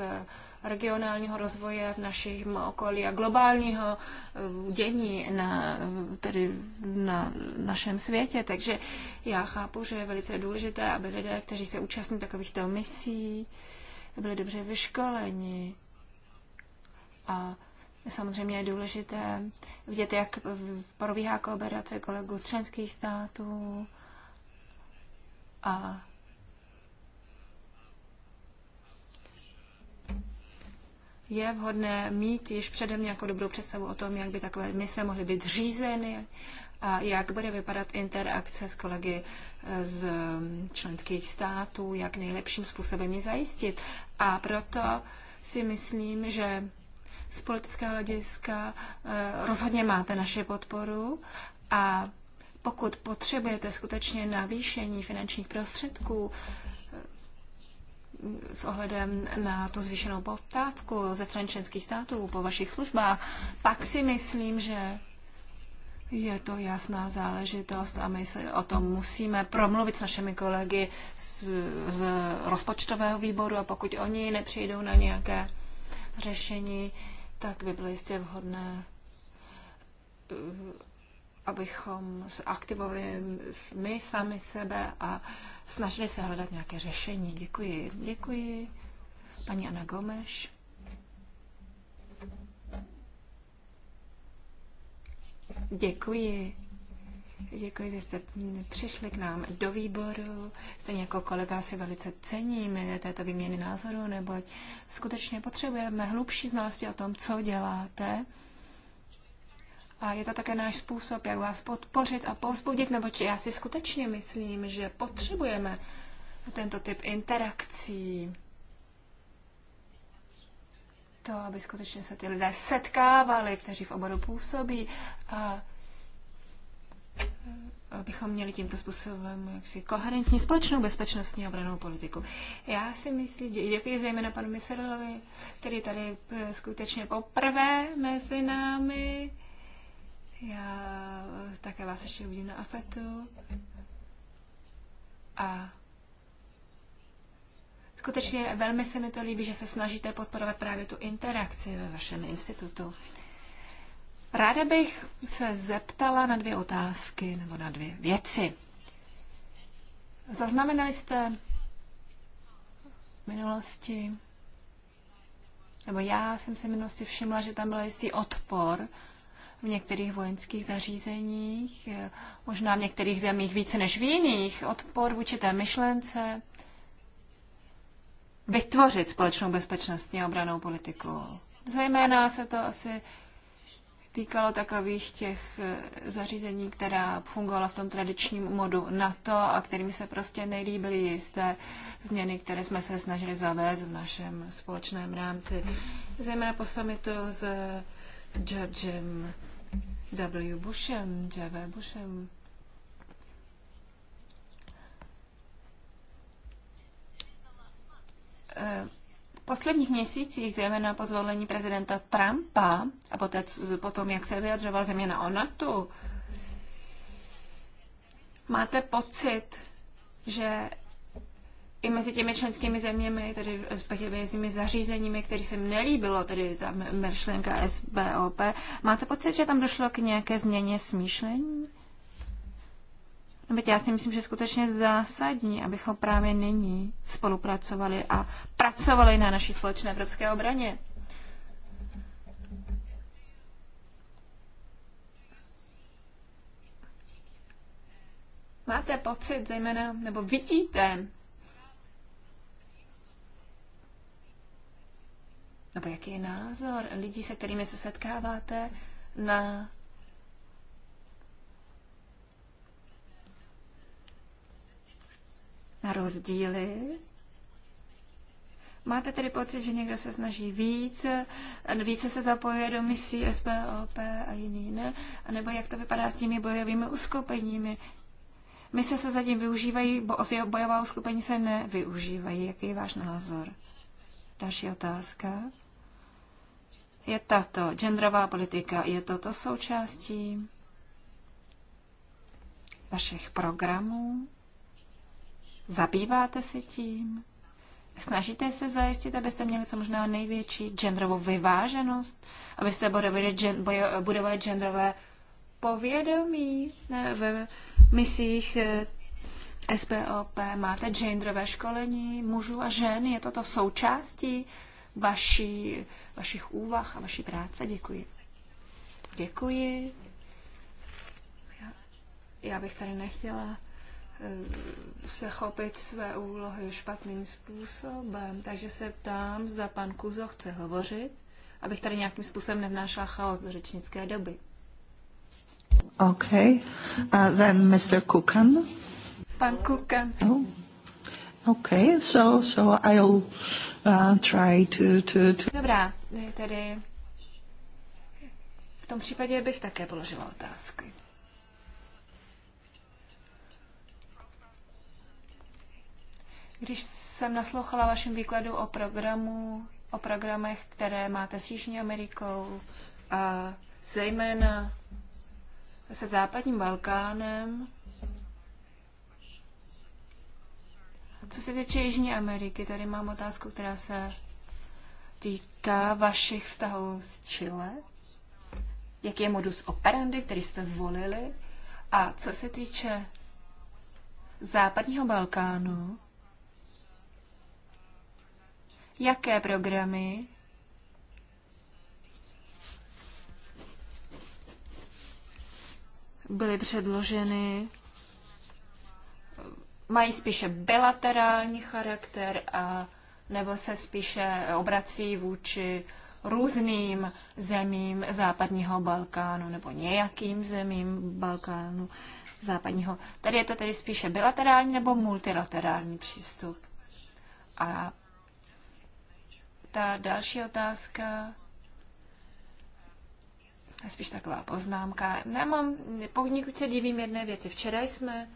regionálního rozvoje v našem okolí a globálního eh, dění na, tedy na našem světě. Takže já chápu, že je velice důležité, aby lidé, kteří se účastní takovýchto misí, byli dobře vyškoleni a samozřejmě je důležité vidět, jak probíhá kooperace kolegů z členských států a je vhodné mít již předem nějakou dobrou představu o tom, jak by takové mise mohly být řízeny a jak bude vypadat interakce s kolegy z členských států, jak nejlepším způsobem ji zajistit. A proto si myslím, že z politického hlediska eh, rozhodně máte naši podporu a pokud potřebujete skutečně navýšení finančních prostředků eh, s ohledem na tu zvýšenou poptávku ze strany členských států po vašich službách, pak si myslím, že je to jasná záležitost a my se o tom musíme promluvit s našimi kolegy z, z rozpočtového výboru a pokud oni nepřijdou na nějaké řešení, tak by bylo jistě vhodné, eh, abychom aktivovali my sami sebe a snažili se hledat nějaké řešení. Děkuji. Děkuji. Paní Ana Gomeš. Děkuji. Děkuji, že jste přišli k nám do výboru. Stejně jako kolega si velice cením této výměny názoru, neboť skutečně potřebujeme hlubší znalosti o tom, co děláte. A je to také náš způsob, jak vás podpořit a povzbudit, neboť já si skutečně myslím, že potřebujeme tento typ interakcí. To, aby skutečně se ty lidé setkávali, kteří v oboru působí. A abychom měli tímto způsobem jaksi koherentní společnou bezpečnostní a obranou politiku. Já si myslím, děkuji zejména panu Miserovi, který tady eh, skutečně poprvé mezi námi. Já eh, také vás ještě uvidím na AFETu. A skutečně velmi se mi to líbí, že se snažíte podporovat právě tu interakci ve vašem institutu. Ráda bych se zeptala na dvě otázky nebo na dvě věci. Zaznamenali jste v minulosti, nebo já jsem se v minulosti všimla, že tam byl jistý odpor v některých vojenských zařízeních, možná v některých zemích více než v jiných, odpor vůči té myšlence vytvořit společnou bezpečnostní a obranou politiku. Zejména se to asi týkalo takových těch eh, zařízení, která fungovala v tom tradičním modu NATO a kterými se prostě nejlíbily jisté změny, které jsme se snažili zavést v našem společném rámci. Zejména po samitu s Georgem W. Bushem, J.V. Bushem. Uh, posledních měsících, zejména po zvolení prezidenta Trumpa a poté, potom, jak se vyjadřoval zejména o NATO, máte pocit, že i mezi těmi členskými zeměmi, tedy respektive mezi zařízeními, které se mi nelíbilo, tedy ta myšlenka SBOP, máte pocit, že tam došlo k nějaké změně smýšlení? Neboť no, já si myslím, že skutečně zásadní, abychom právě nyní spolupracovali a pracovali na naší společné evropské obraně. Máte pocit, zejména, nebo vidíte, nebo jaký je názor lidí, se kterými se setkáváte na na rozdíly. Máte tedy pocit, že někdo se snaží víc, více se zapojuje do misí SPOP a jiný ne? A nebo jak to vypadá s těmi bojovými uskupeními? Mise se zatím využívají, bo bojová uskupení se nevyužívají. Jaký je váš názor? Další otázka je tato. Genderová politika je toto součástí vašich programů? Zabýváte se tím? Snažíte se zajistit, abyste měli co možná největší genderovou vyváženost? Abyste budovali, budovali genderové povědomí v misích eh, SPOP? Máte genderové školení mužů a žen? Je toto součástí vaší, vašich úvah a vaší práce? Děkuji. Děkuji. Já bych tady nechtěla Eh, se chopit své úlohy špatným způsobem. Takže se ptám, zda pan Kuzo chce hovořit, abych tady nějakým způsobem nevnášela chaos do řečnické doby. OK. Uh, then Mr. Kukan. Pan Kukan. Oh. OK, so, so I'll uh, try to, to, to... Dobrá, tedy v tom případě bych také položila otázky. Když jsem naslouchala vašem výkladu o programu, o programech, které máte s Jižní Amerikou a zejména se západním Balkánem, co se týče Jižní Ameriky, tady mám otázku, která se týká vašich vztahů s Chile. Jaký je modus operandi, který jste zvolili? A co se týče západního Balkánu, jaké programy byly předloženy, mají spíše bilaterální charakter a nebo se spíše obrací vůči různým zemím západního Balkánu nebo nějakým zemím Balkánu západního. Tady je to tedy spíše bilaterální nebo multilaterální přístup. A ta další otázka, spíš taková poznámka. Nemám, poněkud se divím jedné věci. Včera jsme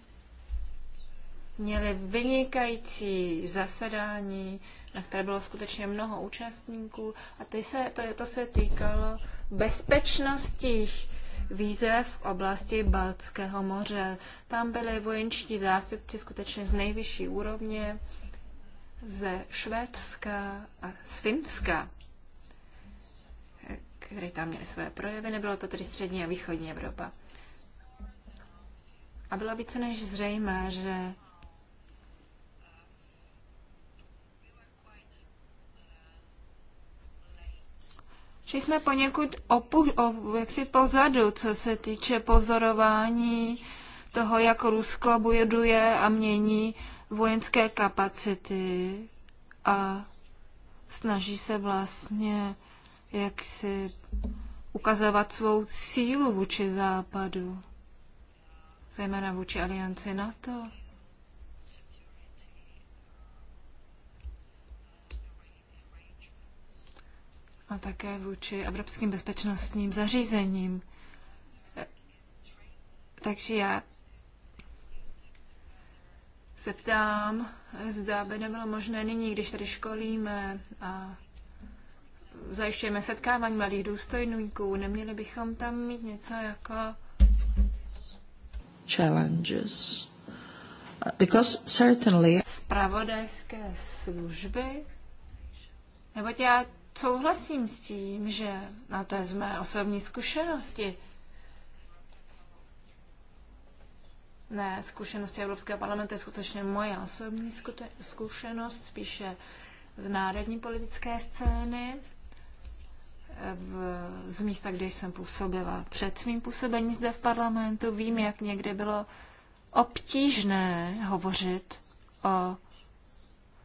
měli vynikající zasedání, na které bylo skutečně mnoho účastníků a ty se, to, to se týkalo bezpečnostích výzev v oblasti Baltského moře. Tam byli vojenčtí zástupci skutečně z nejvyšší úrovně ze Švédska a z Finska, které tam měly své projevy. Nebylo to tedy střední a východní Evropa. A bylo více než zřejmé, že že jsme poněkud opu, o, jaksi pozadu, co se týče pozorování toho, jak Rusko buduje a mění vojenské kapacity a snaží se vlastně jak si ukazovat svou sílu vůči západu, zejména vůči alianci NATO. A také vůči evropským bezpečnostním zařízením. Takže já se ptám, zda by nebylo možné nyní, když tady školíme a zajišťujeme setkávání mladých důstojníků, neměli bychom tam mít něco jako challenges. Because certainly... Spravodajské služby? Neboť já souhlasím s tím, že, a to je z mé osobní zkušenosti, ne, zkušenosti Evropského parlamentu je skutečně moje osobní zkušenost, spíše z národní politické scény, v, z místa, kde jsem působila před svým působením zde v parlamentu. Vím, jak někde bylo obtížné hovořit o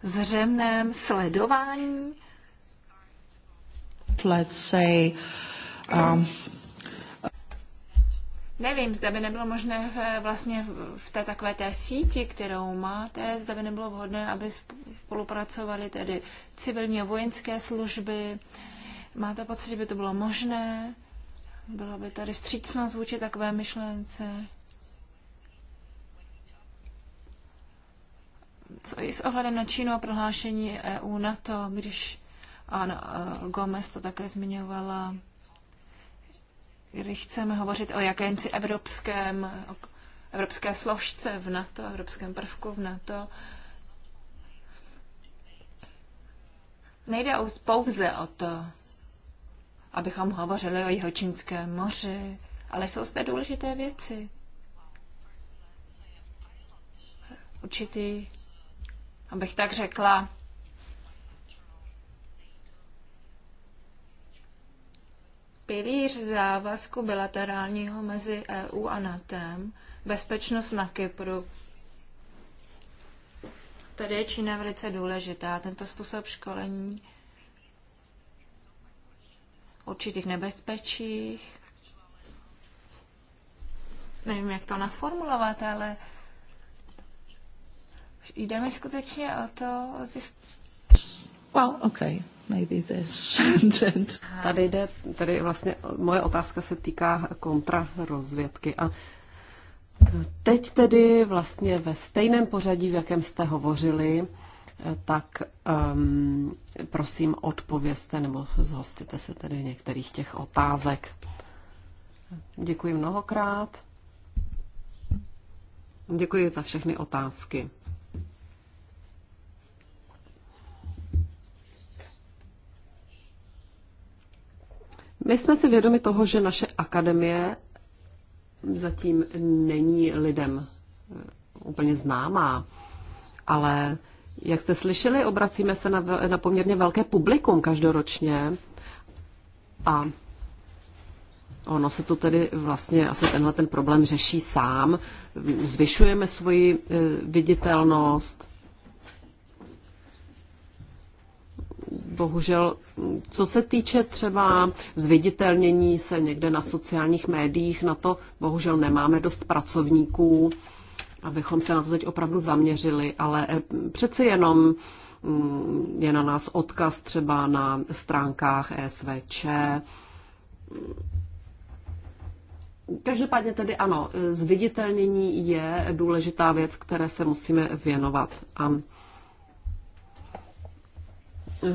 zřemném sledování. Let's say, um, Nevím, zda by nebylo možné eh, vlastně v, vlastně v té takové té síti, kterou máte, zda by nebylo vhodné, aby spolupracovali tedy civilní a vojenské služby. Máte pocit, že by to bylo možné? Byla by tady vstřícnost vůči takové myšlence? Co i s ohledem na Čínu a prohlášení EU na to, když Ano, eh, Gomez to také zmiňovala, když chceme hovořit o jakémsi evropském, o evropské složce v NATO, evropském prvku v NATO, nejde pouze o to, abychom hovořili o Jihočínském moři, ale jsou zde důležité věci. Určitý, abych tak řekla, pilíř závazku bilaterálního mezi EU a NATEM, bezpečnost na Kypru. Tady je Čína velice důležitá. Tento způsob školení určitých nebezpečích. Nevím, jak to naformulovat, ale jde mi skutečně o to Well, okay maybe this. tady jde, tady vlastně moje otázka se týká kontrarozvědky a Teď tedy vlastně ve stejném pořadí, v jakém jste hovořili, tak um, prosím odpovězte nebo zhostěte se tedy některých těch otázek. Děkuji mnohokrát. Děkuji za všechny otázky. My jsme si vědomi toho, že naše akademie zatím není lidem eh, úplně známá, ale jak jste slyšeli, obracíme se na, na poměrně velké publikum každoročně a ono se to tedy vlastně asi tenhle ten problém řeší sám. Zvyšujeme svoji eh, viditelnost, bohužel, co se týče třeba zviditelnění se někde na sociálních médiích, na to bohužel nemáme dost pracovníků, abychom se na to teď opravdu zaměřili, ale eh, přeci jenom mm, je na nás odkaz třeba na stránkách SVČ. Každopádně tedy ano, eh, zviditelnění je důležitá věc, které se musíme věnovat. A Eh,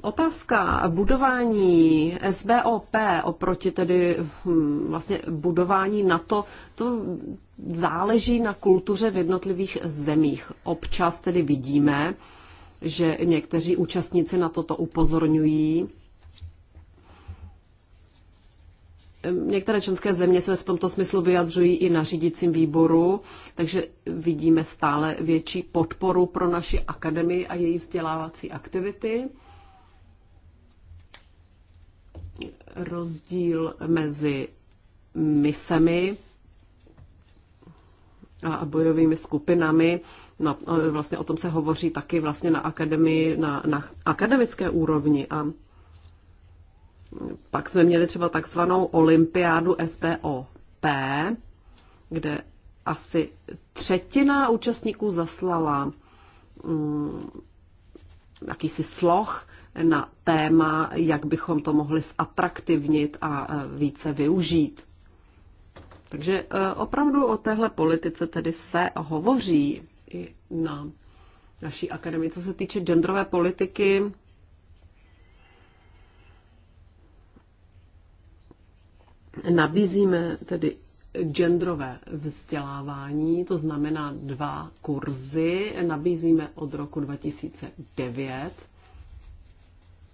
otázka budování SBOP oproti tedy hm, vlastně budování NATO, to záleží na kultuře v jednotlivých zemích. Občas tedy vidíme, že někteří účastníci na toto upozorňují, Některé členské země se v tomto smyslu vyjadřují i na řídícím výboru, takže vidíme stále větší podporu pro naši akademii a její vzdělávací aktivity. Rozdíl mezi misemi a bojovými skupinami. No, e, vlastně o tom se hovoří taky vlastně na akademii, na, na akademické úrovni a pak jsme měli třeba takzvanou olympiádu SPOP, kde asi třetina účastníků zaslala um, jakýsi sloh na téma, jak bychom to mohli zatraktivnit a e, více využít. Takže e, opravdu o téhle politice tedy se hovoří i na naší akademii. Co se týče genderové politiky, Nabízíme tedy genderové vzdělávání, to znamená dva kurzy, nabízíme od roku 2009.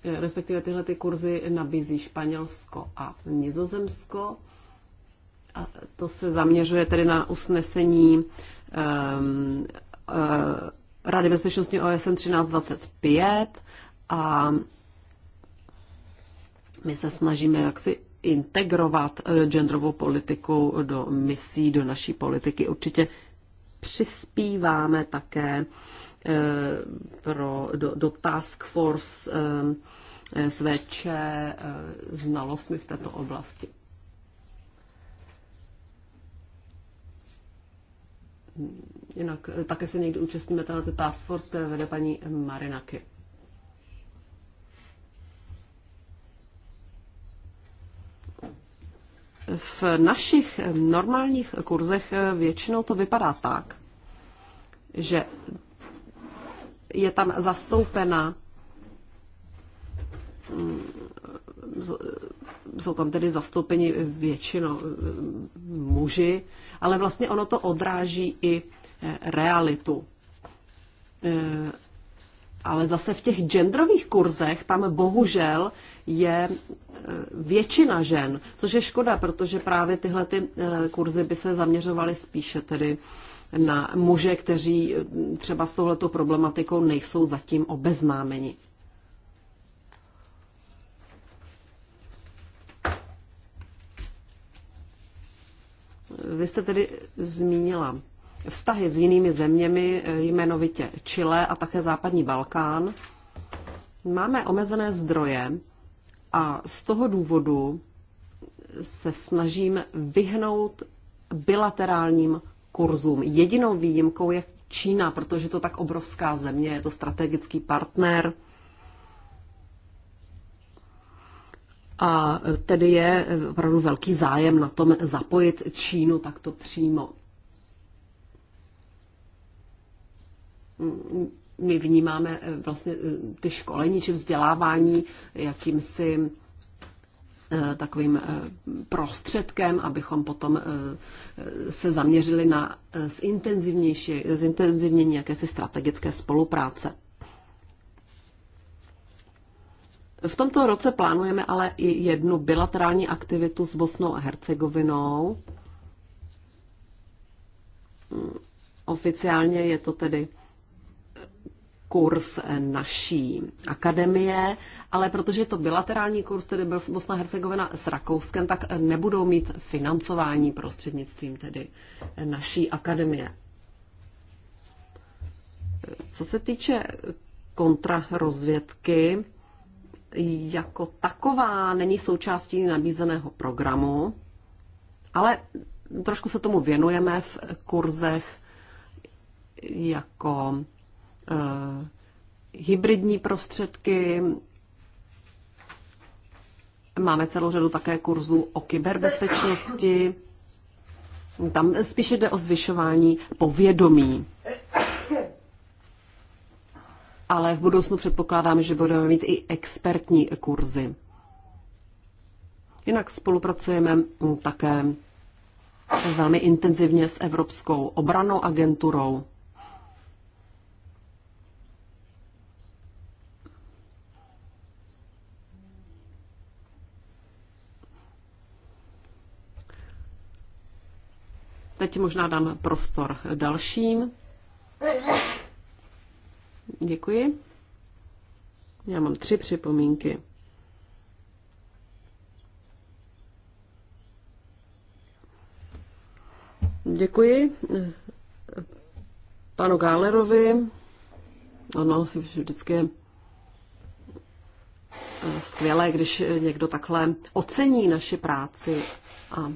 Respektive tyhle ty kurzy nabízí Španělsko a Nizozemsko. A to se zaměřuje tedy na usnesení um, uh, Rady bezpečnosti OSN 1325 a my se snažíme jaksi integrovat eh, genderovou politiku do misí, do naší politiky. Určitě přispíváme také eh, pro, do, do task force eh, SVČ znalostmi v této oblasti. Jinak také se někdy účastníme na té task force, které vede paní Marinaky. v našich normálních kurzech většinou to vypadá tak, že je tam zastoupena mm, jsou tam tedy zastoupeni většinou mm, muži, ale vlastně ono to odráží i eh, realitu. Eh, ale zase v těch genderových kurzech tam bohužel je eh, většina žen, což je škoda, protože právě tyhle ty eh, kurzy by se zaměřovaly spíše tedy na muže, kteří hm, třeba s touhletou problematikou nejsou zatím obeznámeni. Vy jste tedy zmínila vztahy s jinými zeměmi, eh, jmenovitě Chile a také západní Balkán. Máme omezené zdroje a z toho důvodu se snažím vyhnout bilaterálním kurzům. Jedinou výjimkou je Čína, protože to tak obrovská země, je to strategický partner. A tedy je opravdu velký zájem na tom zapojit Čínu takto přímo my vnímáme eh, vlastně eh, ty školení či vzdělávání jakýmsi eh, takovým prostředkem, abychom potom se zaměřili na zintenzivnější, zintenzivnění jakési strategické spolupráce. V tomto roce plánujeme ale i jednu bilaterální aktivitu s Bosnou a Hercegovinou. Oficiálně je to tedy kurz naší akademie, ale protože je to bilaterální kurz, tedy byl Bosna Hercegovina s Rakouskem, tak nebudou mít financování prostřednictvím tedy naší akademie. Co se týče kontrarozvědky, jako taková není součástí nabízeného programu, ale trošku se tomu věnujeme v kurzech jako hybridní prostředky, máme celou řadu také kurzů o kyberbezpečnosti, tam spíše jde o zvyšování povědomí. Ale v budoucnu předpokládám, že budeme mít i expertní kurzy. Jinak spolupracujeme také velmi intenzivně s Evropskou obranou agenturou. Teď možná dám prostor dalším. Děkuji. Já mám tři připomínky. Děkuji panu Gálerovi. Ono vždycky je skvělé, když někdo takhle ocení naši práci a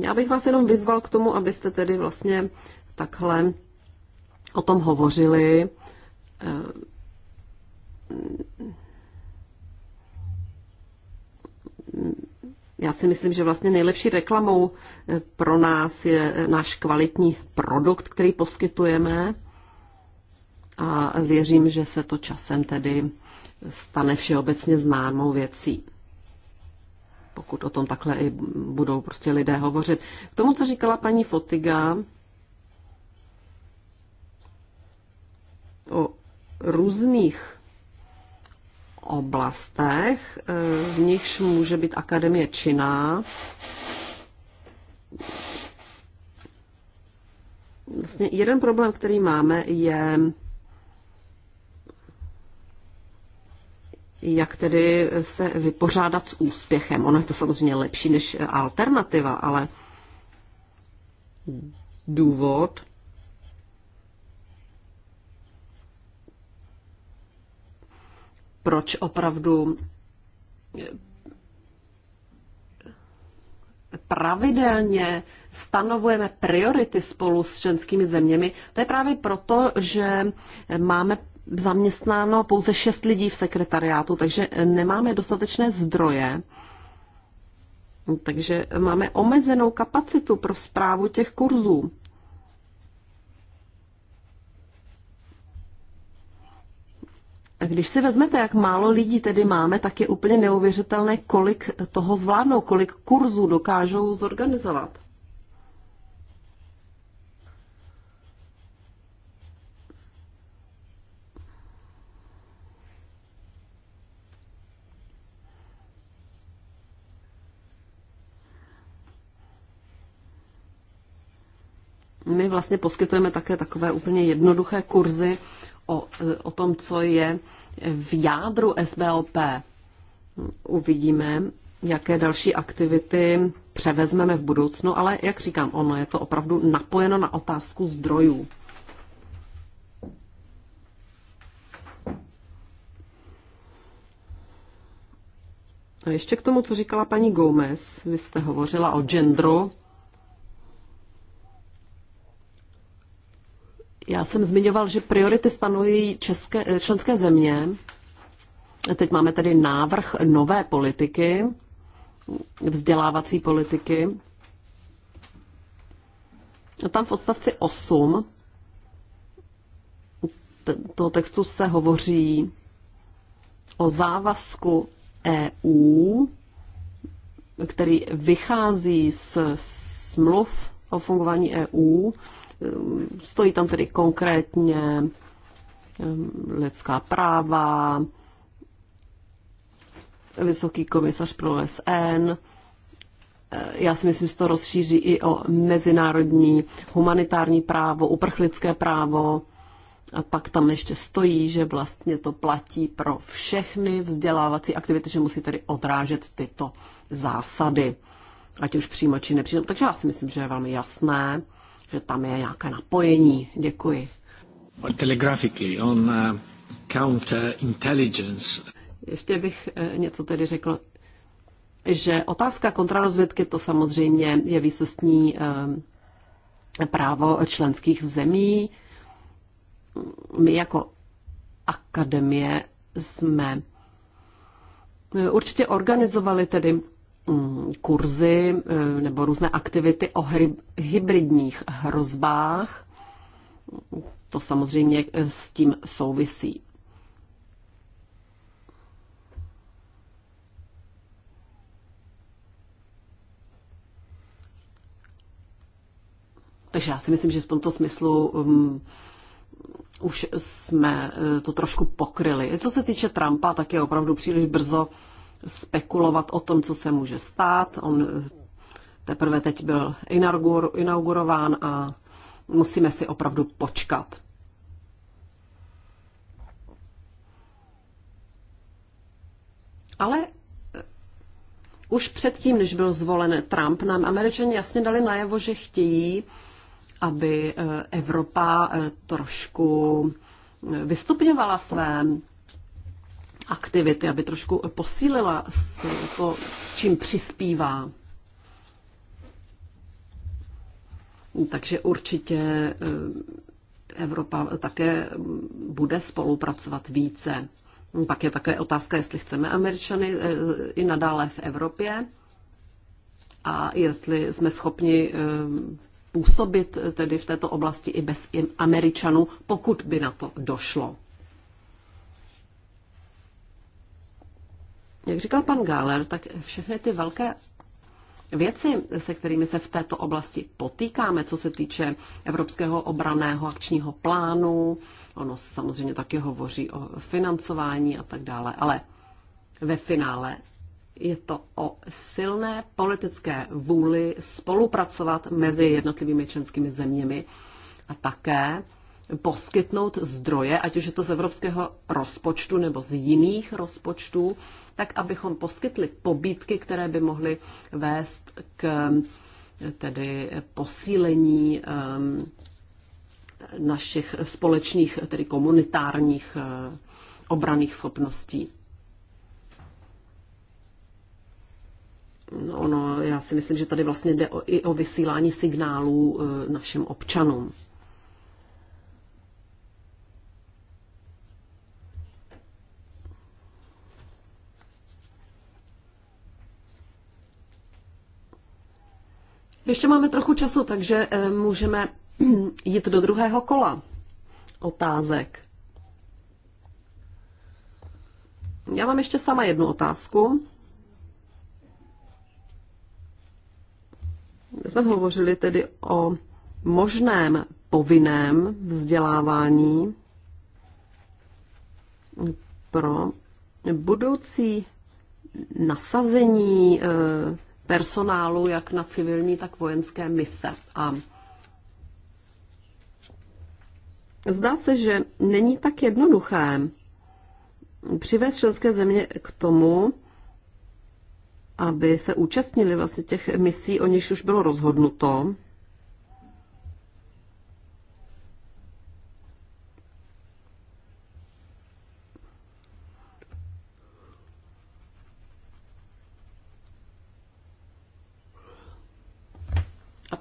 Já bych vás jenom vyzval k tomu, abyste tedy vlastně takhle o tom hovořili. Já si myslím, že vlastně nejlepší reklamou eh, pro nás je eh, náš kvalitní produkt, který poskytujeme a věřím, že se to časem tedy stane všeobecně známou věcí pokud o tom takhle i budou prostě lidé hovořit. K tomu, co říkala paní Fotiga o různých oblastech, e, z nichž může být akademie činná. Vlastně jeden problém, který máme, je jak tedy se vypořádat s úspěchem. Ono je to samozřejmě lepší než alternativa, ale důvod, proč opravdu pravidelně stanovujeme priority spolu s členskými zeměmi, to je právě proto, že máme zaměstnáno pouze šest lidí v sekretariátu, takže eh, nemáme dostatečné zdroje. Takže máme omezenou kapacitu pro zprávu těch kurzů. A když si vezmete, jak málo lidí tedy máme, tak je úplně neuvěřitelné, kolik toho zvládnou, kolik kurzů dokážou zorganizovat. my vlastně poskytujeme také takové úplně jednoduché kurzy o, e, o tom, co je v jádru SBOP. Uvidíme, jaké další aktivity převezmeme v budoucnu, ale jak říkám, ono je to opravdu napojeno na otázku zdrojů. A ještě k tomu, co říkala paní Gomez, vy jste hovořila o gendru. Já jsem zmiňoval, že priority stanoví české, eh, členské země. Teď máme tedy návrh nové politiky, vzdělávací politiky. A tam v odstavci 8 toho textu se hovoří o závazku EU, který vychází z smluv o fungování EU Eh, stojí tam tedy konkrétně eh, lidská práva, vysoký komisař pro OSN. Eh, já si myslím, že to rozšíří i o mezinárodní humanitární právo, uprchlické právo. A pak tam ještě stojí, že vlastně to platí pro všechny vzdělávací aktivity, že musí tedy odrážet tyto zásady, ať už přímo či nepřímo. Takže já si myslím, že je velmi jasné, že tam je nějaké napojení. Děkuji. Telegraphically on uh, counterintelligence. Ještě bych eh, něco tedy řekl, že otázka kontrarozvědky to samozřejmě je výsostní eh, právo členských zemí. My jako akademie jsme eh, určitě organizovali tedy Mm, kurzy eh, nebo různé aktivity o hybridních hrozbách. To samozřejmě eh, s tím souvisí. Takže já si myslím, že v tomto smyslu um, už jsme eh, to trošku pokryli. Co se týče Trumpa, tak je opravdu příliš brzo uh, spekulovat o tom, co se může stát. On eh, teprve teď byl inaugurován a musíme si opravdu počkat. Ale eh, už předtím, než byl zvolen Trump, nám američani jasně dali najevo, že chtějí, aby eh, Evropa trošku vystupňovala své aktivity, aby trošku posílila to, čím přispívá. Takže určitě eh, Evropa také bude spolupracovat více. Pak je také otázka, jestli chceme Američany eh, i nadále v Evropě a jestli jsme schopni eh, působit tedy v této oblasti i bez Američanů, pokud by na to došlo. Jak říkal pan Gáler, tak všechny ty velké věci, se kterými se v této oblasti potýkáme, co se týče Evropského obraného akčního plánu, ono samozřejmě taky hovoří o financování a tak dále, ale ve finále je to o silné politické vůli spolupracovat mezi jednotlivými členskými zeměmi a také poskytnout zdroje, ať už je to z evropského rozpočtu nebo z jiných rozpočtů, tak abychom poskytli pobídky, které by mohly vést k tedy posílení ehm, našich společných, tedy komunitárních eh, obraných schopností. No, no, já si myslím, že tady vlastně jde o, i o vysílání signálů eh, našim občanům. Ještě máme trochu času, takže eh, můžeme jít do druhého kola otázek. Já mám ještě sama jednu otázku. My jsme hovořili tedy o možném povinném vzdělávání pro budoucí nasazení eh, personálu, jak na civilní, tak vojenské mise. A zdá se, že není tak jednoduché přivést členské země k tomu, aby se účastnili vlastně těch misí, o nich už bylo rozhodnuto.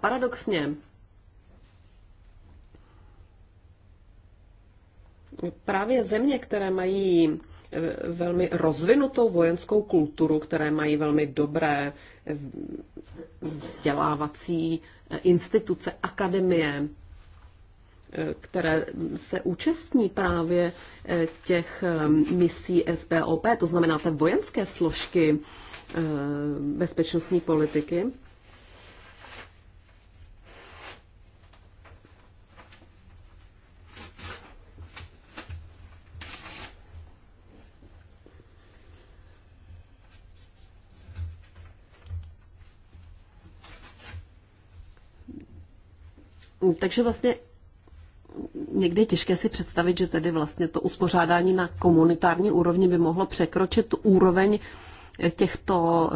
paradoxně právě země, které mají eh, velmi rozvinutou vojenskou kulturu, které mají velmi dobré eh, vzdělávací eh, instituce, akademie, které se účastní právě těch misí SBOP, to znamená té vojenské složky bezpečnostní politiky, Takže vlastně někdy je těžké si představit, že tedy vlastně to uspořádání na komunitární úrovni by mohlo překročit úroveň těchto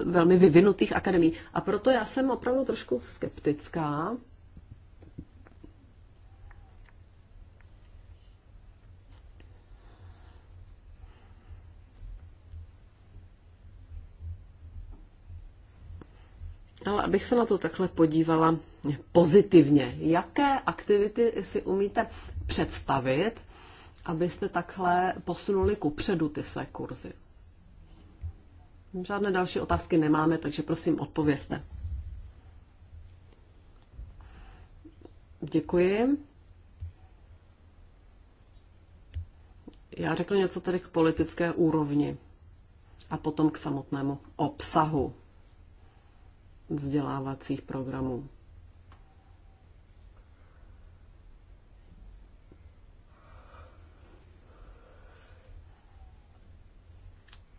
eh, velmi vyvinutých akademií. A proto já jsem opravdu trošku skeptická Ale abych se na to takhle podívala pozitivně, jaké aktivity si umíte představit, abyste takhle posunuli ku předu ty své kurzy? Žádné další otázky nemáme, takže prosím odpovězte. Děkuji. Já řeknu něco tedy k politické úrovni a potom k samotnému obsahu vzdělávacích programů.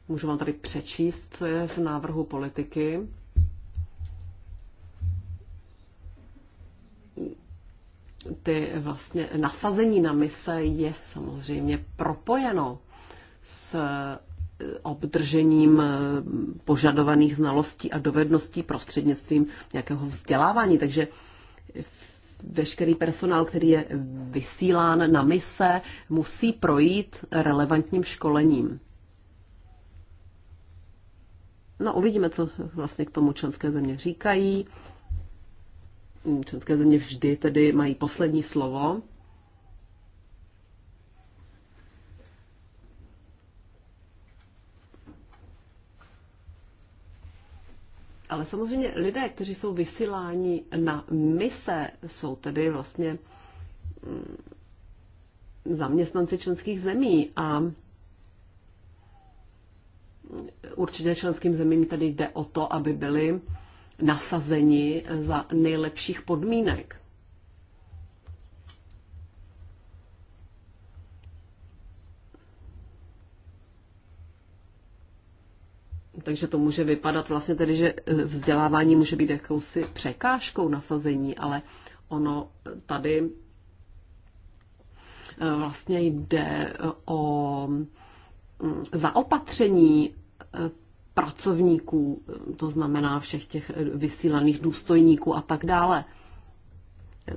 Můžu vám tady přečíst, co je v návrhu politiky. Ty vlastně nasazení na mise je samozřejmě propojeno s obdržením eh, požadovaných znalostí a dovedností prostřednictvím nějakého vzdělávání. Takže veškerý personál, který je vysílán na mise, musí projít relevantním školením. No, uvidíme, co vlastně k tomu členské země říkají. Členské země vždy tedy mají poslední slovo. Ale samozřejmě lidé, kteří jsou vysíláni na mise, jsou tedy vlastně mm, zaměstnanci členských zemí a určitě členským zemím tady jde o to, aby byli nasazeni za nejlepších podmínek. Takže to může vypadat vlastně tedy, že eh, vzdělávání může být jakousi překážkou nasazení, ale ono tady eh, vlastně jde eh, o mm, zaopatření pracovníků, to znamená všech těch vysílaných důstojníků a tak dále.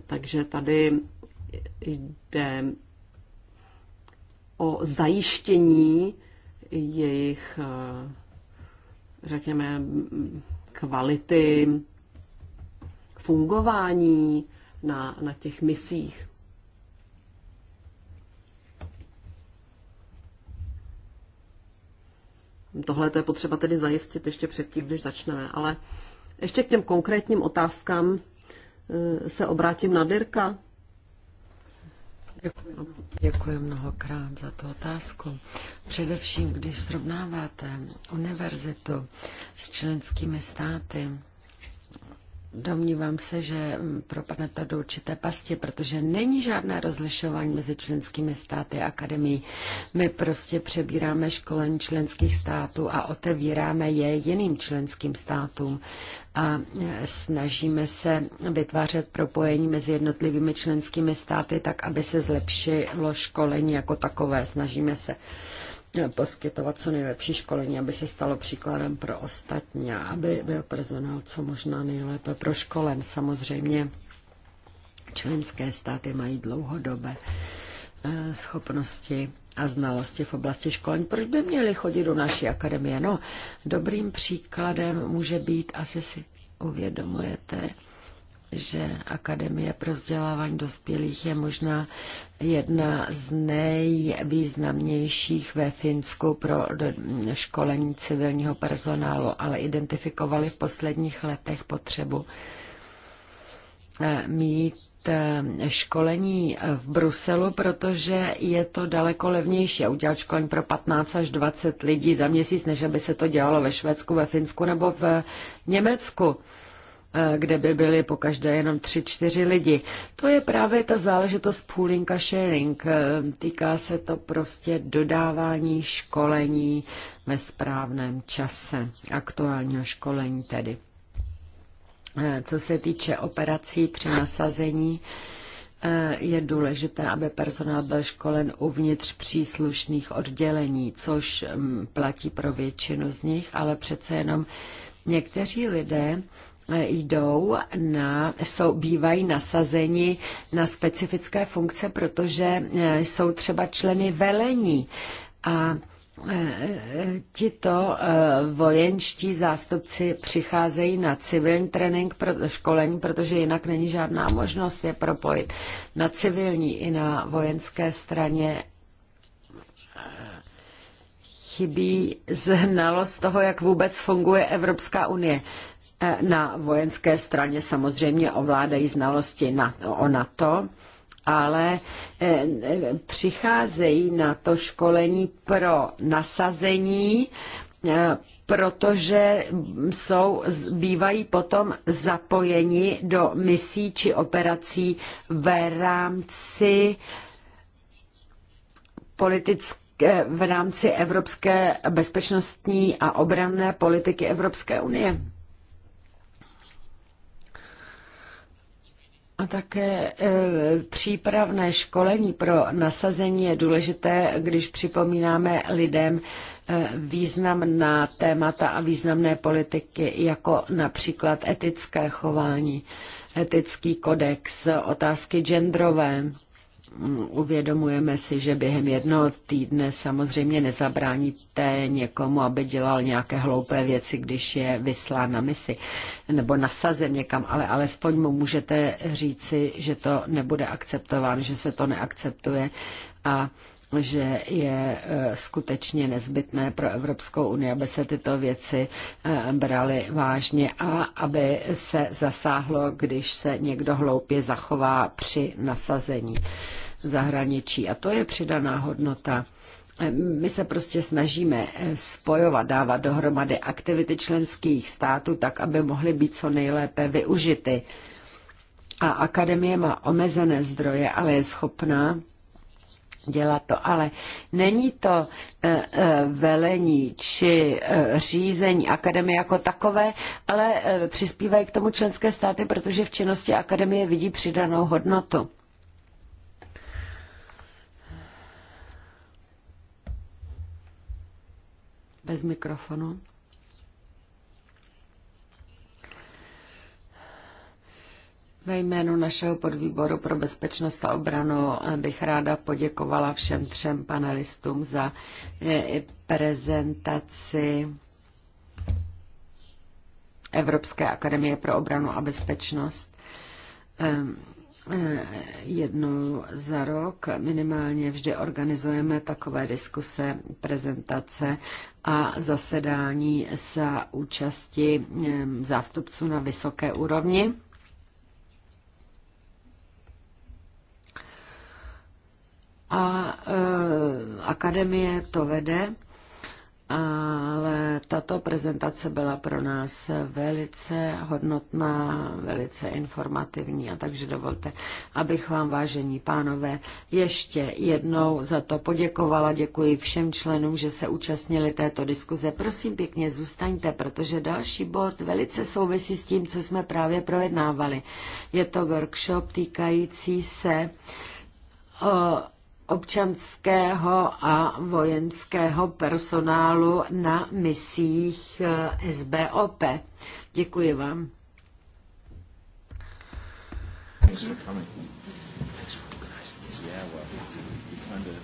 Takže tady jde o zajištění jejich řekněme, kvality fungování na, na těch misích. Tohle to je potřeba tedy zajistit ještě předtím, než začneme. Ale ještě k těm konkrétním otázkám eh, se obrátím na Dirka. Děkuji, mnohokrát za tu otázku. Především, když srovnáváte univerzitu s členskými státy, Domnívám se, že mm, propadne to do určité pasti, protože není žádné rozlišování mezi členskými státy a akademií. My prostě přebíráme školení členských států a otevíráme je jiným členským státům a e, snažíme se vytvářet propojení mezi jednotlivými členskými státy tak, aby se zlepšilo školení jako takové. Snažíme se poskytovat co nejlepší školení, aby se stalo příkladem pro ostatní a aby byl personál co možná nejlépe proškolen. Samozřejmě členské státy mají dlouhodobé eh, schopnosti a znalosti v oblasti školení. Proč by měli chodit do naší akademie? No, dobrým příkladem může být, asi si uvědomujete, že Akademie pro vzdělávání dospělých je možná jedna z nejvýznamnějších ve Finsku pro školení civilního personálu, ale identifikovali v posledních letech potřebu eh, mít eh, školení v Bruselu, protože je to daleko levnější a udělat školení pro 15 až 20 lidí za měsíc, než aby se to dělalo ve Švédsku, ve Finsku nebo v Německu. Eh, kde by byly po každé jenom tři, čtyři lidi. To je právě ta záležitost pooling a sharing. Eh, týká se to prostě dodávání školení ve správném čase, aktuálního školení tedy. Eh, co se týče operací při nasazení, je důležité, aby personál byl školen uvnitř příslušných oddělení, což mm, platí pro většinu z nich, ale přece jenom někteří lidé jdou na, jsou, bývají nasazeni na specifické funkce, protože eh, jsou třeba členy velení. A eh, Tito eh, vojenští zástupci přicházejí na civilní trénink, školení, protože jinak není žádná možnost je propojit na civilní i na vojenské straně chybí znalost toho, jak vůbec funguje Evropská unie. E, na vojenské straně samozřejmě ovládají znalosti NATO, o NATO, ale e, přicházejí na to školení pro nasazení e, protože jsou, bývají potom zapojeni do misí či operací v rámci politické, v rámci evropské bezpečnostní a obranné politiky Evropské unie. A také e, přípravné školení pro nasazení je důležité, když připomínáme lidem e, významná témata a významné politiky, jako například etické chování, etický kodex, otázky genderové uvědomujeme si, že během jednoho týdne samozřejmě nezabráníte někomu, aby dělal nějaké hloupé věci, když je vyslán na misi nebo nasazen někam, ale alespoň mu můžete říci, že to nebude akceptováno, že se to neakceptuje a že je e, skutečně nezbytné pro Evropskou unii, aby se tyto věci e, braly vážně a aby se zasáhlo, když se někdo hloupě zachová při nasazení v zahraničí. A to je přidaná hodnota. E, my se prostě snažíme spojovat, dávat dohromady aktivity členských států tak, aby mohly být co nejlépe využity. A akademie má omezené zdroje, ale je schopná dělat to, ale není to eh, eh, velení či eh, řízení akademie jako takové, ale přispívají k tomu členské státy, protože v činnosti akademie vidí přidanou hodnotu. Bez mikrofonu. Ve jménu našeho podvýboru pro bezpečnost a obranu bych ráda poděkovala všem třem panelistům za e, prezentaci Evropské akademie pro obranu a bezpečnost. E, jednou za rok minimálně vždy organizujeme takové diskuse, prezentace a zasedání za účasti zástupců na vysoké úrovni a e, akademie to vede, ale tato prezentace byla pro nás velice hodnotná, velice informativní a takže dovolte, abych vám, vážení pánové, ještě jednou za to poděkovala. Děkuji všem členům, že se účastnili této diskuze. Prosím pěkně, zůstaňte, protože další bod velice souvisí s tím, co jsme právě projednávali. Je to workshop týkající se uh, občanského a vojenského personálu na misích eh, SBOP. Děkuji vám. Thanks for coming. Thanks for organizing this. Yeah, well, funded it.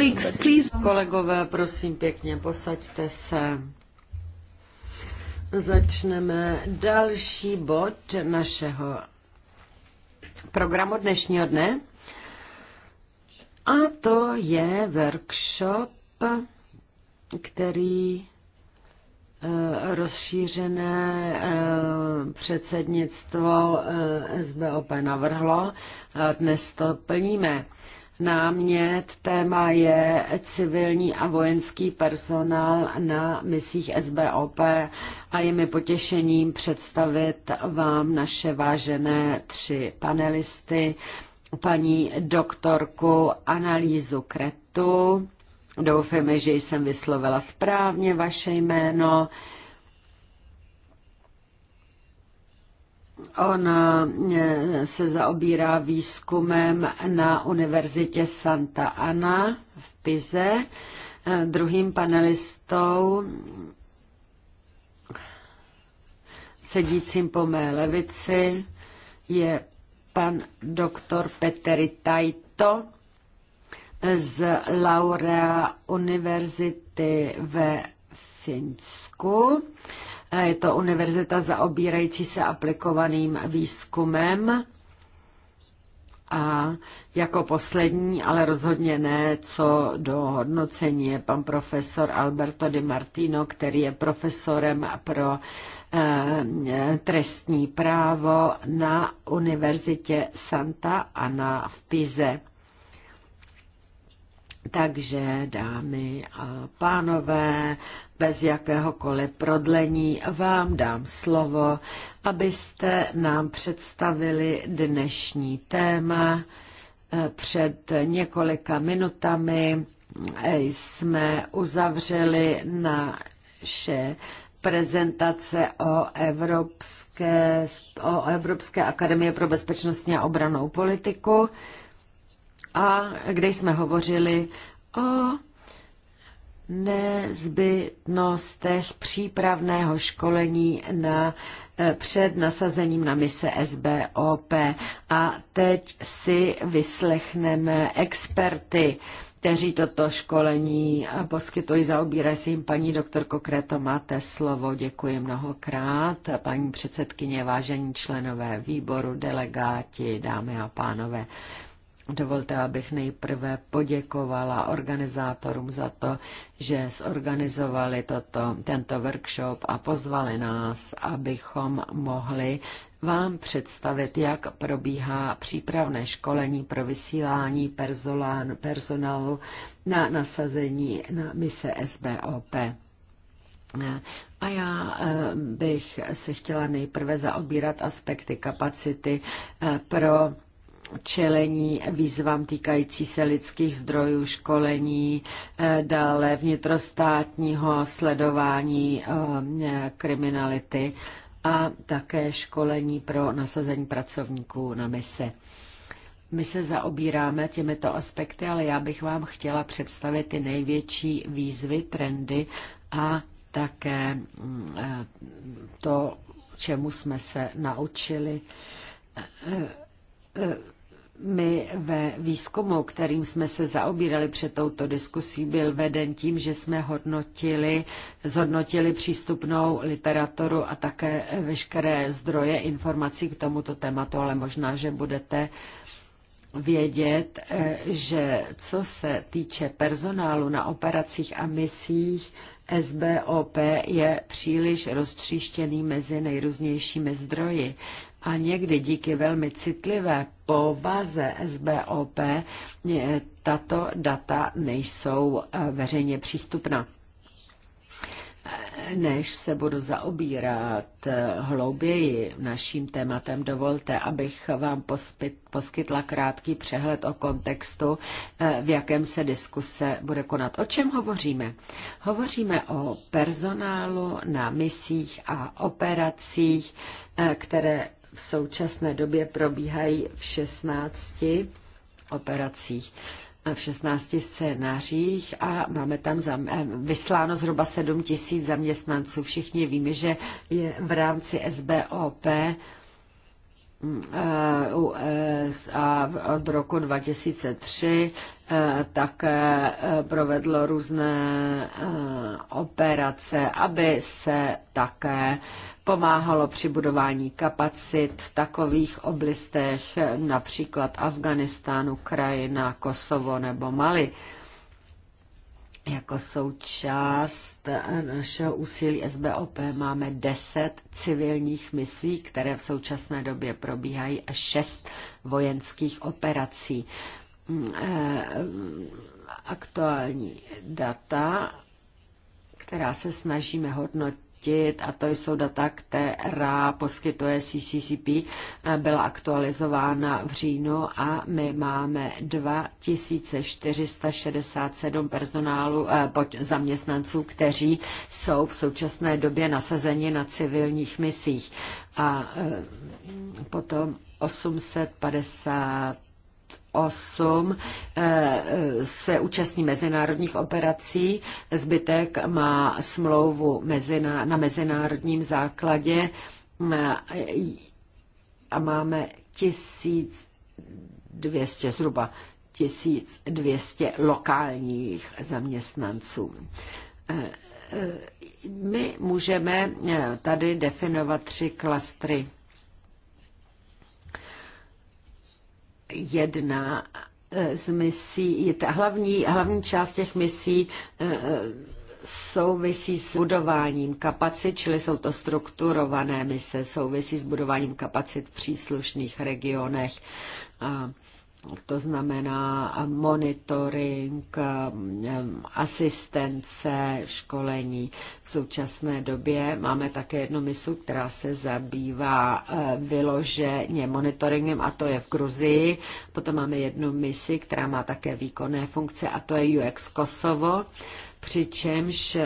Colleagues, please. Kolegové, prosím pěkně, posaďte se. Začneme další bod našeho programu dnešního dne. A to je workshop, který eh, rozšířené eh, předsednictvo eh, SBOP navrhlo. Dnes to plníme námět. Téma je civilní a vojenský personál na misích SBOP a je mi potěšením představit vám naše vážené tři panelisty, paní doktorku Analýzu Kretu. Doufejme, že jsem vyslovila správně vaše jméno Ona eh, se zaobírá výzkumem na Univerzitě Santa Ana v Pize. Eh, druhým panelistou sedícím po mé levici je pan doktor Petteri Taito z Laurea Univerzity ve Finsku je to univerzita zaobírající se aplikovaným výzkumem. A jako poslední, ale rozhodně ne, co do hodnocení je pan profesor Alberto Di Martino, který je profesorem pro eh, trestní právo na Univerzitě Santa Ana v Pize. Takže, dámy a pánové, bez jakéhokoliv prodlení vám dám slovo, abyste nám představili dnešní téma. Před několika minutami jsme uzavřeli naše prezentace o Evropské, o Evropské akademie pro bezpečnostní a obranou politiku a kde jsme hovořili o nezbytnostech přípravného školení na e, před nasazením na mise SBOP. A teď si vyslechneme experty, kteří toto školení poskytují, zaobírají se jim. Paní doktorko Kreto, máte slovo, děkuji mnohokrát. Paní předsedkyně, vážení členové výboru, delegáti, dámy a pánové. Dovolte, abych nejprve poděkovala organizátorům za to, že zorganizovali toto, tento workshop a pozvali nás, abychom mohli vám představit, jak probíhá přípravné školení pro vysílání personálu na nasazení na mise SBOP. A já eh, bych se chtěla nejprve zaobírat aspekty kapacity eh, pro čelení výzvám týkající se lidských zdrojů, školení, eh, dále vnitrostátního sledování eh, kriminality a také školení pro nasazení pracovníků na mise. My se zaobíráme těmito aspekty, ale já bych vám chtěla představit ty největší výzvy, trendy a také mm, eh, to, čemu jsme se naučili my ve výzkumu, kterým jsme se zaobírali před touto diskusí, byl veden tím, že jsme hodnotili, zhodnotili přístupnou literaturu a také veškeré zdroje informací k tomuto tématu, ale možná, že budete vědět, že co se týče personálu na operacích a misích, SBOP je příliš roztříštěný mezi nejrůznějšími zdroji a někdy díky velmi citlivé povaze SBOP tato data nejsou eh, veřejně přístupná. Než se budu zaobírat eh, hlouběji naším tématem, dovolte, abych vám poskytla krátký přehled o kontextu, eh, v jakém se diskuse bude konat. O čem hovoříme? Hovoříme o personálu na misích a operacích, které v současné době probíhají v 16 operacích v 16 scénářích a máme tam zam, eh, vysláno zhruba 7 tisíc zaměstnanců. Všichni víme, že je v rámci SBOP Eh, USA od roku 2003 eh, také eh, provedlo různé operace, aby se také pomáhalo při budování kapacit v takových oblastech, například Afganistánu, Ukrajina, Kosovo nebo Mali. Jako součást našeho úsilí SBOP máme 10 civilních misí, které v současné době probíhají a 6 vojenských operací. Mm, eh, aktuální data, která se snažíme hodnotit, zjistit, a to jsou data, která poskytuje CCCP, eh, byla aktualizována v říjnu a my máme 2467 personálu eh, zaměstnanců, kteří jsou v současné době nasazeni na civilních misích. A eh, potom 850 8 eh, se účastní mezinárodních operací, zbytek má smlouvu na mezinárodním základě eh, a máme 1200 zhruba 1200 lokálních zaměstnanců. Eh, my můžeme tady definovat tři klastry jedna eh, z misí, ta hlavní, hlavní část těch misí eh, souvisí s budováním kapacit, čili jsou to strukturované mise, souvisí s budováním kapacit v příslušných regionech. A to znamená monitoring, um, asistence, školení. V současné době máme také jednu misu, která se zabývá eh, vyloženě monitoringem a to je v Gruzii. Potom máme jednu misi, která má také výkonné funkce a to je UX Kosovo, přičemž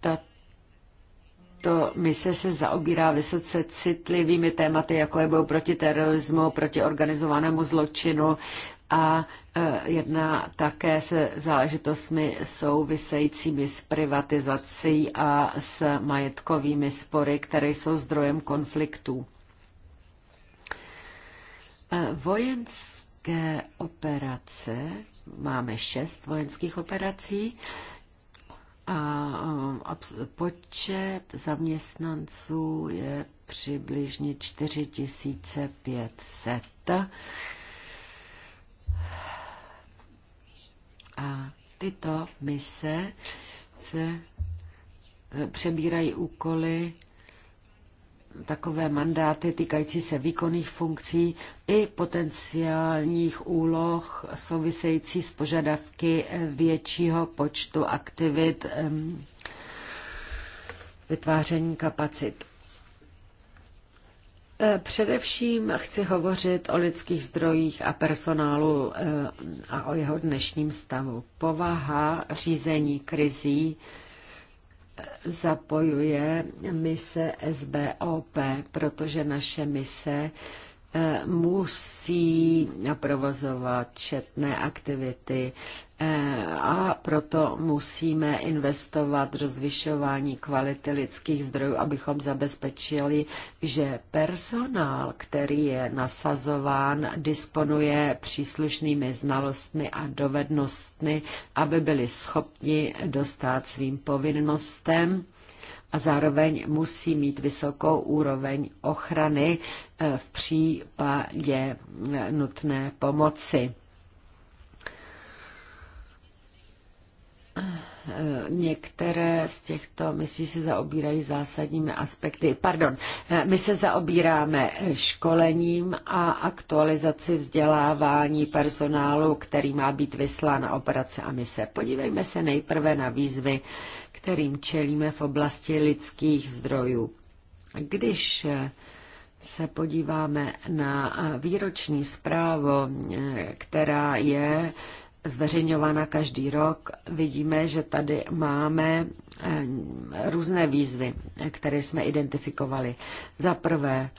tato tato mise se zaobírá vysoce citlivými tématy, jako je boj proti terorismu, proti organizovanému zločinu a e, jedná také se záležitostmi souvisejícími s privatizací a s majetkovými spory, které jsou zdrojem konfliktů. E, vojenské operace, máme šest vojenských operací, a počet zaměstnanců je přibližně 4500. A tyto mise se e, přebírají úkoly takové mandáty týkající se výkonných funkcí i potenciálních úloh související s požadavky většího počtu aktivit vytváření kapacit. E, především chci hovořit o lidských zdrojích a personálu e, a o jeho dnešním stavu. Povaha řízení krizí zapojuje mise SBOP, protože naše mise musí provozovat četné aktivity eh, a proto musíme investovat do zvyšování kvality lidských zdrojů, abychom zabezpečili, že personál, který je nasazován, disponuje příslušnými znalostmi a dovednostmi, aby byli schopni dostat svým povinnostem a zároveň musí mít vysokou úroveň ochrany eh, v případě eh, nutné pomoci. Eh, některé z těchto misí se zaobírají zásadními aspekty. Pardon, eh, my se zaobíráme školením a aktualizaci vzdělávání personálu, který má být vyslán na operace a mise. Podívejme se nejprve na výzvy, kterým čelíme v oblasti lidských zdrojů. Když eh, se podíváme na výroční zprávu, která je zveřejňována každý rok, vidíme, že tady máme eh, různé výzvy, které jsme identifikovali. Za prvé,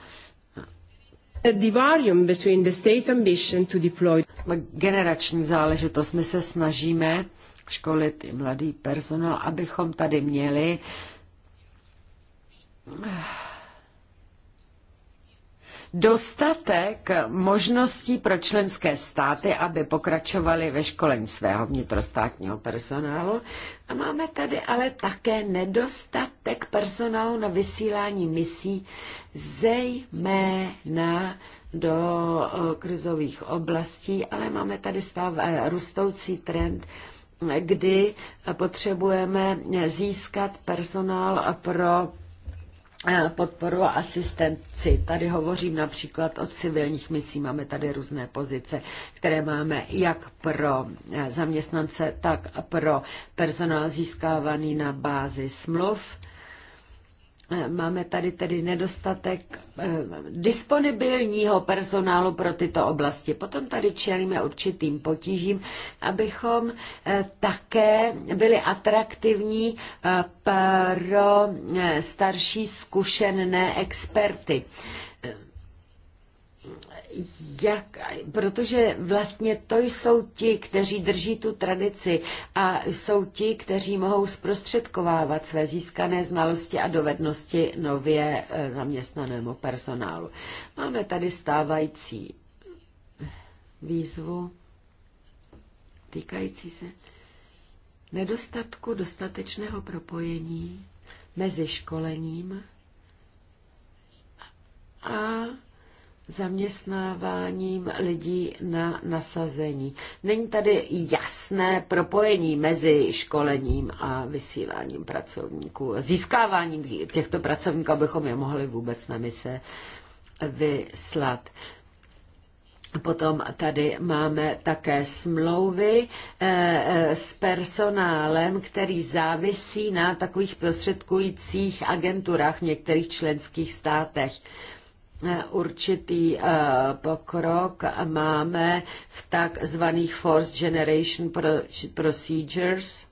Generační záležitost. My se snažíme školit i mladý personál, abychom tady měli eh, dostatek možností pro členské státy, aby pokračovali ve školení svého vnitrostátního personálu. A máme tady ale také nedostatek personálu na vysílání misí, zejména do eh, krizových oblastí, ale máme tady stav, eh, rostoucí trend kdy potřebujeme získat personál pro Eh, podporu a asistenci. Tady hovořím například o civilních misích. máme tady různé pozice, které máme jak pro eh, zaměstnance, tak pro personál získávaný na bázi smluv Eh, máme tady tedy nedostatek eh, disponibilního personálu pro tyto oblasti. Potom tady čelíme určitým potížím, abychom eh, také byli atraktivní pro starší zkušené experty jak, protože vlastně to jsou ti, kteří drží tu tradici a jsou ti, kteří mohou zprostředkovávat své získané znalosti a dovednosti nově eh, zaměstnanému personálu. Máme tady stávající výzvu týkající se nedostatku dostatečného propojení mezi školením a zaměstnáváním lidí na nasazení. Není tady jasné propojení mezi školením a vysíláním pracovníků, získáváním těchto pracovníků, abychom je mohli vůbec na mise vyslat. Potom tady máme také smlouvy eh, eh, s personálem, který závisí na takových prostředkujících agenturách v některých členských státech. Eh, určitý eh, pokrok máme v takzvaných force Generation Procedures,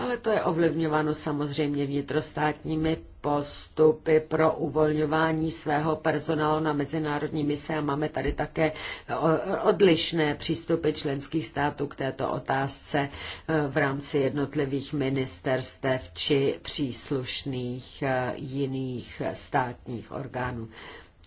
ale to je ovlivňováno samozřejmě vnitrostátními postupy pro uvolňování svého personálu na mezinárodní mise a máme tady také eh, odlišné přístupy členských států k této otázce eh, v rámci jednotlivých ministerstev či příslušných eh, jiných státních orgánů.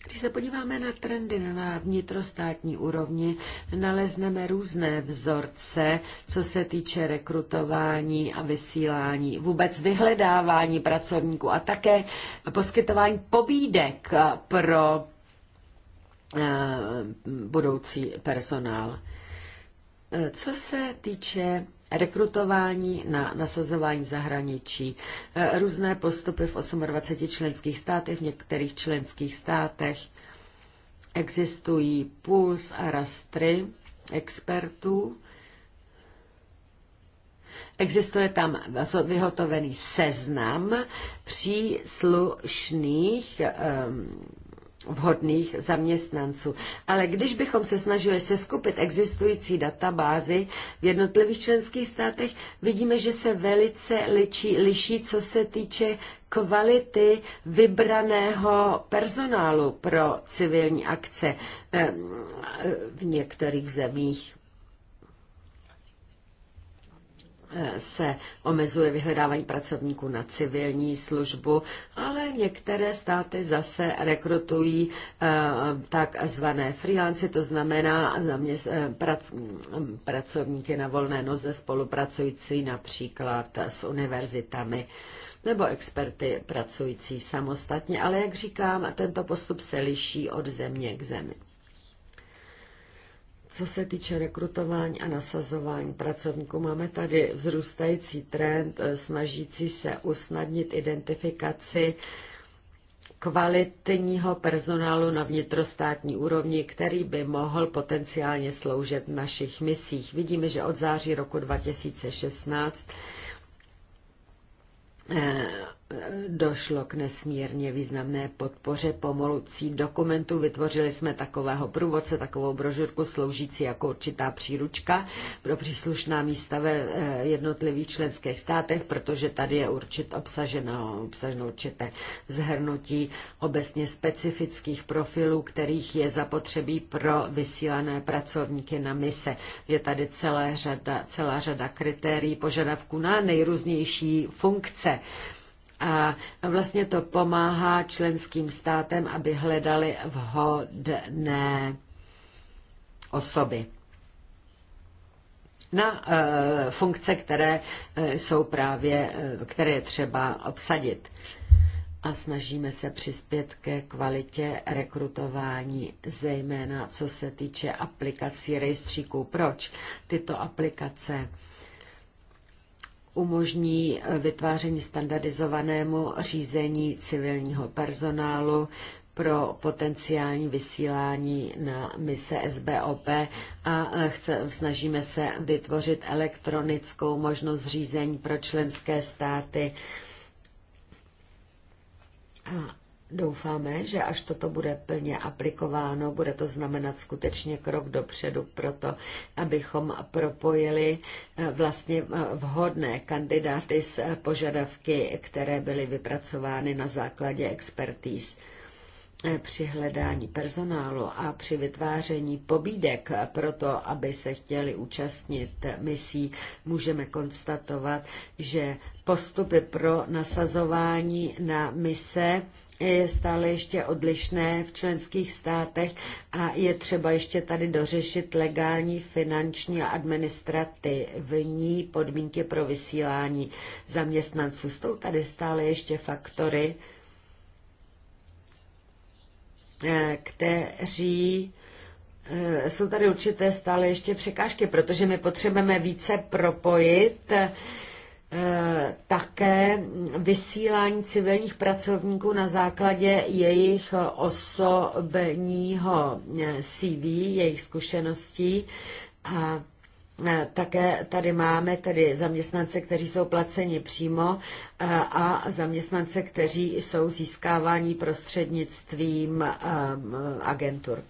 Když se podíváme na trendy na vnitrostátní úrovni, nalezneme různé vzorce, co se týče rekrutování a vysílání, vůbec vyhledávání pracovníků a také poskytování pobídek pro eh, budoucí personál. Eh, co se týče rekrutování na nasazování zahraničí, e, různé postupy v 28 členských státech, v některých členských státech existují puls a rastry expertů, Existuje tam vyhotovený seznam příslušných um, vhodných zaměstnanců. Ale když bychom se snažili seskupit existující databázy v jednotlivých členských státech, vidíme, že se velice liší, liší, co se týče kvality vybraného personálu pro civilní akce eh, v některých zemích se omezuje vyhledávání pracovníků na civilní službu, ale některé státy zase rekrutují eh, takzvané freelance, to znamená eh, pracovníky na volné noze spolupracující například s univerzitami nebo experty pracující samostatně, ale jak říkám, tento postup se liší od země k zemi. Co se týče rekrutování a nasazování pracovníků, máme tady vzrůstající trend eh, snažící se usnadnit identifikaci kvalitního personálu na vnitrostátní úrovni, který by mohl potenciálně sloužit v našich misích. Vidíme, že od září roku 2016 eh, došlo k nesmírně významné podpoře pomolucí dokumentů. Vytvořili jsme takového průvodce, takovou brožurku sloužící jako určitá příručka pro příslušná místa ve eh, jednotlivých členských státech, protože tady je určit obsaženo, obsaženo určité zhrnutí obecně specifických profilů, kterých je zapotřebí pro vysílané pracovníky na mise. Je tady celá řada, celá řada kritérií, požadavků na nejrůznější funkce. A vlastně to pomáhá členským státem, aby hledali vhodné osoby na e, funkce, které e, jsou právě, e, které je třeba obsadit. A snažíme se přispět ke kvalitě rekrutování, zejména co se týče aplikací rejstříků. Proč tyto aplikace? E, umožní eh, vytváření standardizovanému řízení civilního personálu pro potenciální vysílání na mise SBOP a eh, chce, snažíme se vytvořit elektronickou možnost řízení pro členské státy. Doufáme, že až toto bude plně aplikováno, bude to znamenat skutečně krok dopředu proto, abychom propojili eh, vlastně eh, vhodné kandidáty s eh, požadavky, které byly vypracovány na základě expertíz při hledání personálu a při vytváření pobídek pro to, aby se chtěli účastnit misí, můžeme konstatovat, že postupy pro nasazování na mise je stále ještě odlišné v členských státech a je třeba ještě tady dořešit legální, finanční a administrativní podmínky pro vysílání zaměstnanců. Jsou tady stále ještě faktory, Eh, kteří eh, jsou tady určité stále ještě překážky, protože my potřebujeme více propojit eh, také vysílání civilních pracovníků na základě jejich osobního CV, jejich zkušeností a také tady máme tedy zaměstnance, kteří jsou placeni přímo a zaměstnance, kteří jsou získávání prostřednictvím agentur.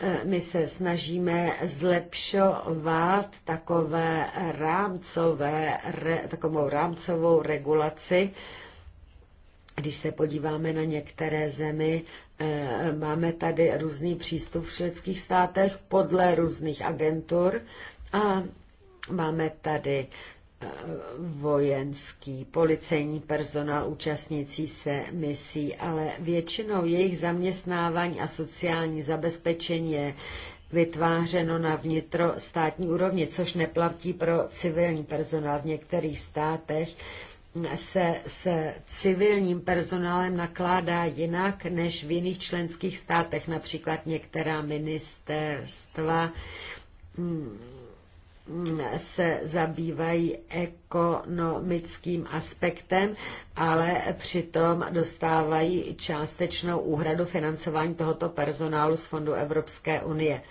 E, my se snažíme zlepšovat takové rámcové, takovou rámcovou regulaci, když se podíváme na některé zemi, Eh, máme tady různý přístup v členských státech podle různých agentur a máme tady eh, vojenský, policejní personál účastnící se misí, ale většinou jejich zaměstnávání a sociální zabezpečení je vytvářeno na vnitrostátní úrovni, což neplatí pro civilní personál v některých státech se s civilním personálem nakládá jinak než v jiných členských státech. Například některá ministerstva mm, mm, se zabývají ekonomickým aspektem, ale přitom dostávají částečnou úhradu financování tohoto personálu z Fondu Evropské unie.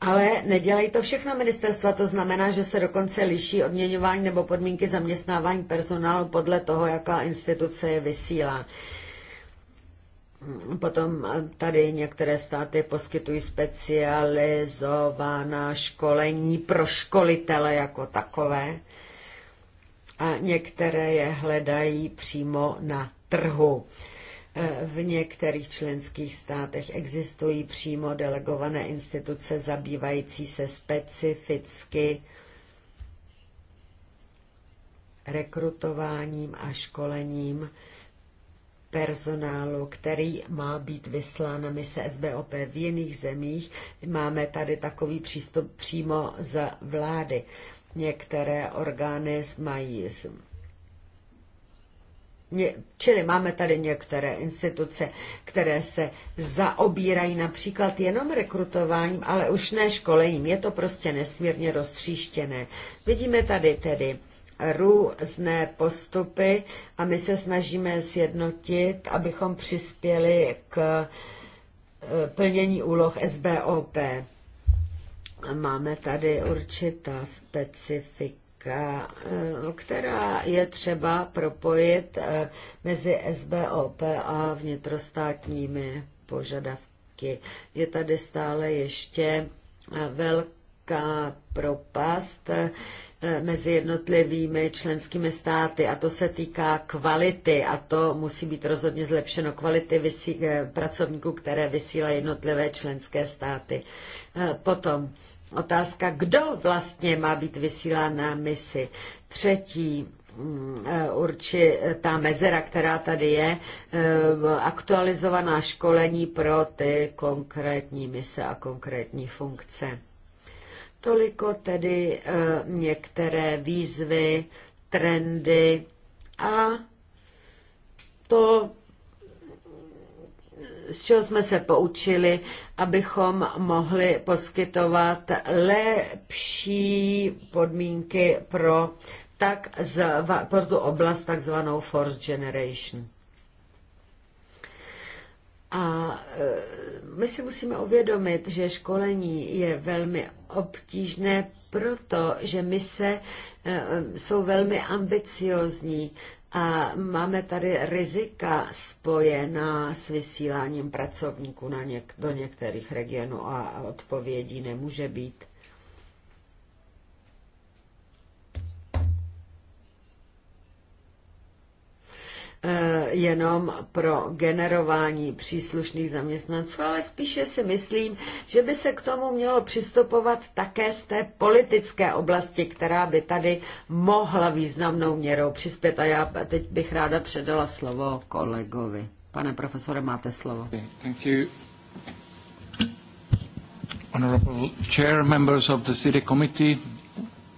Ale nedělají to všechna ministerstva, to znamená, že se dokonce liší odměňování nebo podmínky zaměstnávání personálu podle toho, jaká instituce je vysílá. Potom tady některé státy poskytují specializovaná školení pro školitele jako takové a některé je hledají přímo na trhu. E, v některých členských státech existují přímo delegované instituce zabývající se specificky rekrutováním a školením personálu, který má být vyslán na mise SBOP v jiných zemích. Máme tady takový přístup přímo z vlády. Některé orgány mají Čili máme tady některé instituce, které se zaobírají například jenom rekrutováním, ale už ne školením. Je to prostě nesmírně roztříštěné. Vidíme tady tedy různé postupy a my se snažíme sjednotit, abychom přispěli k e, plnění úloh SBOP. Máme tady určitá specifika politika, eh, která je třeba propojit eh, mezi SBOP a vnitrostátními požadavky. Je tady stále ještě eh, velká propast mezi jednotlivými členskými státy a to se týká kvality a to musí být rozhodně zlepšeno kvality vysí, pracovníků, které vysílají jednotlivé členské státy. Potom otázka, kdo vlastně má být vysílán na misi. Třetí mm, určitá mezera, která tady je, eh, aktualizovaná školení pro ty konkrétní mise a konkrétní funkce. Toliko tedy eh, některé výzvy, trendy a to z čeho jsme se poučili, abychom mohli poskytovat lepší podmínky pro, tak zva, pro tu oblast takzvanou Force Generation. A e, my si musíme uvědomit, že školení je velmi obtížné, protože my se e, jsou velmi ambiciozní a máme tady rizika spojená s vysíláním pracovníků na něk- do některých regionů a odpovědí nemůže být Eh, jenom pro generování příslušných zaměstnanců, ale spíše si myslím, že by se k tomu mělo přistupovat také z té politické oblasti, která by tady mohla významnou měrou přispět. A já teď bych ráda předala slovo kolegovi. Pane profesore, máte slovo. Thank you. Honorable Chair, members of the City Committee,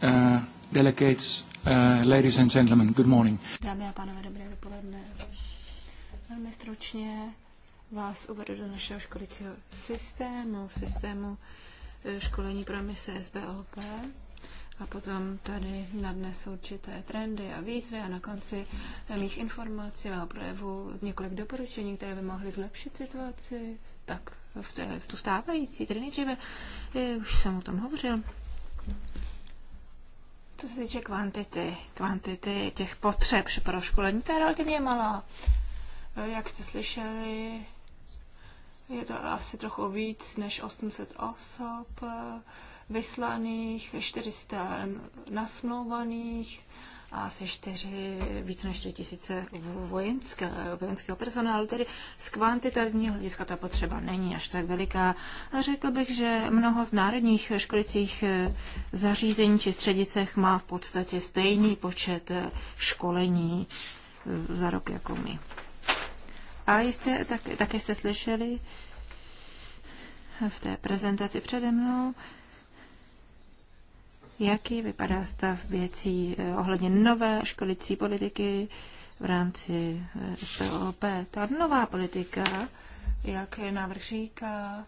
uh, delegates, Uh, ladies and gentlemen, good morning. Dámy a pánové, dobré dopoledne. Velmi stručně vás uvedu do našeho školicího systému, systému eh, školení pro mise SBOP a potom tady nadnes určité trendy a výzvy a na konci mých informací, mého projevu několik doporučení, které by mohly zlepšit situaci, tak v, té, v tu stávající, tedy nejdříve, eh, už jsem o tom hovořil. Co se týče kvantity, kvantity těch potřeb pro školení, to je relativně malá. Jak jste slyšeli, je to asi trochu víc než 800 osob eh, vyslaných, 400 nasmlouvaných, a asi čtyři, více než čtyři tisíce vojenské, vojenského personálu, tedy z kvantitativního hlediska ta potřeba není až tak veliká. A řekl bych, že mnoho z národních školicích eh, zařízení či středicech má v podstatě stejný počet eh, školení eh, za rok jako my. A jistě, tak, také jste slyšeli v té prezentaci přede mnou, jaký vypadá stav věcí eh, ohledně nové školicí politiky v rámci eh, SPOP. Ta nová politika, jak návrh říká,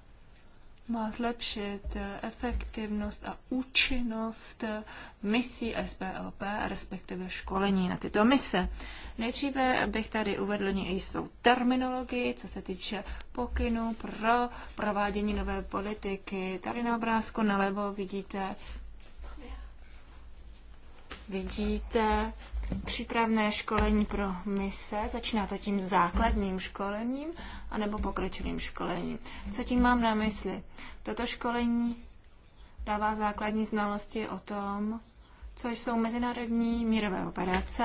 má zlepšit eh, efektivnost a účinnost misí SPOP, respektive školení na tyto mise. Nejdříve bych tady uvedl jistou terminologii, co se týče pokynů pro provádění nové politiky. Tady na obrázku nalevo vidíte vidíte, přípravné školení pro mise. Začíná to tím základním školením anebo pokročilým školením. Co tím mám na mysli? Toto školení dává základní znalosti o tom, co jsou mezinárodní mírové operace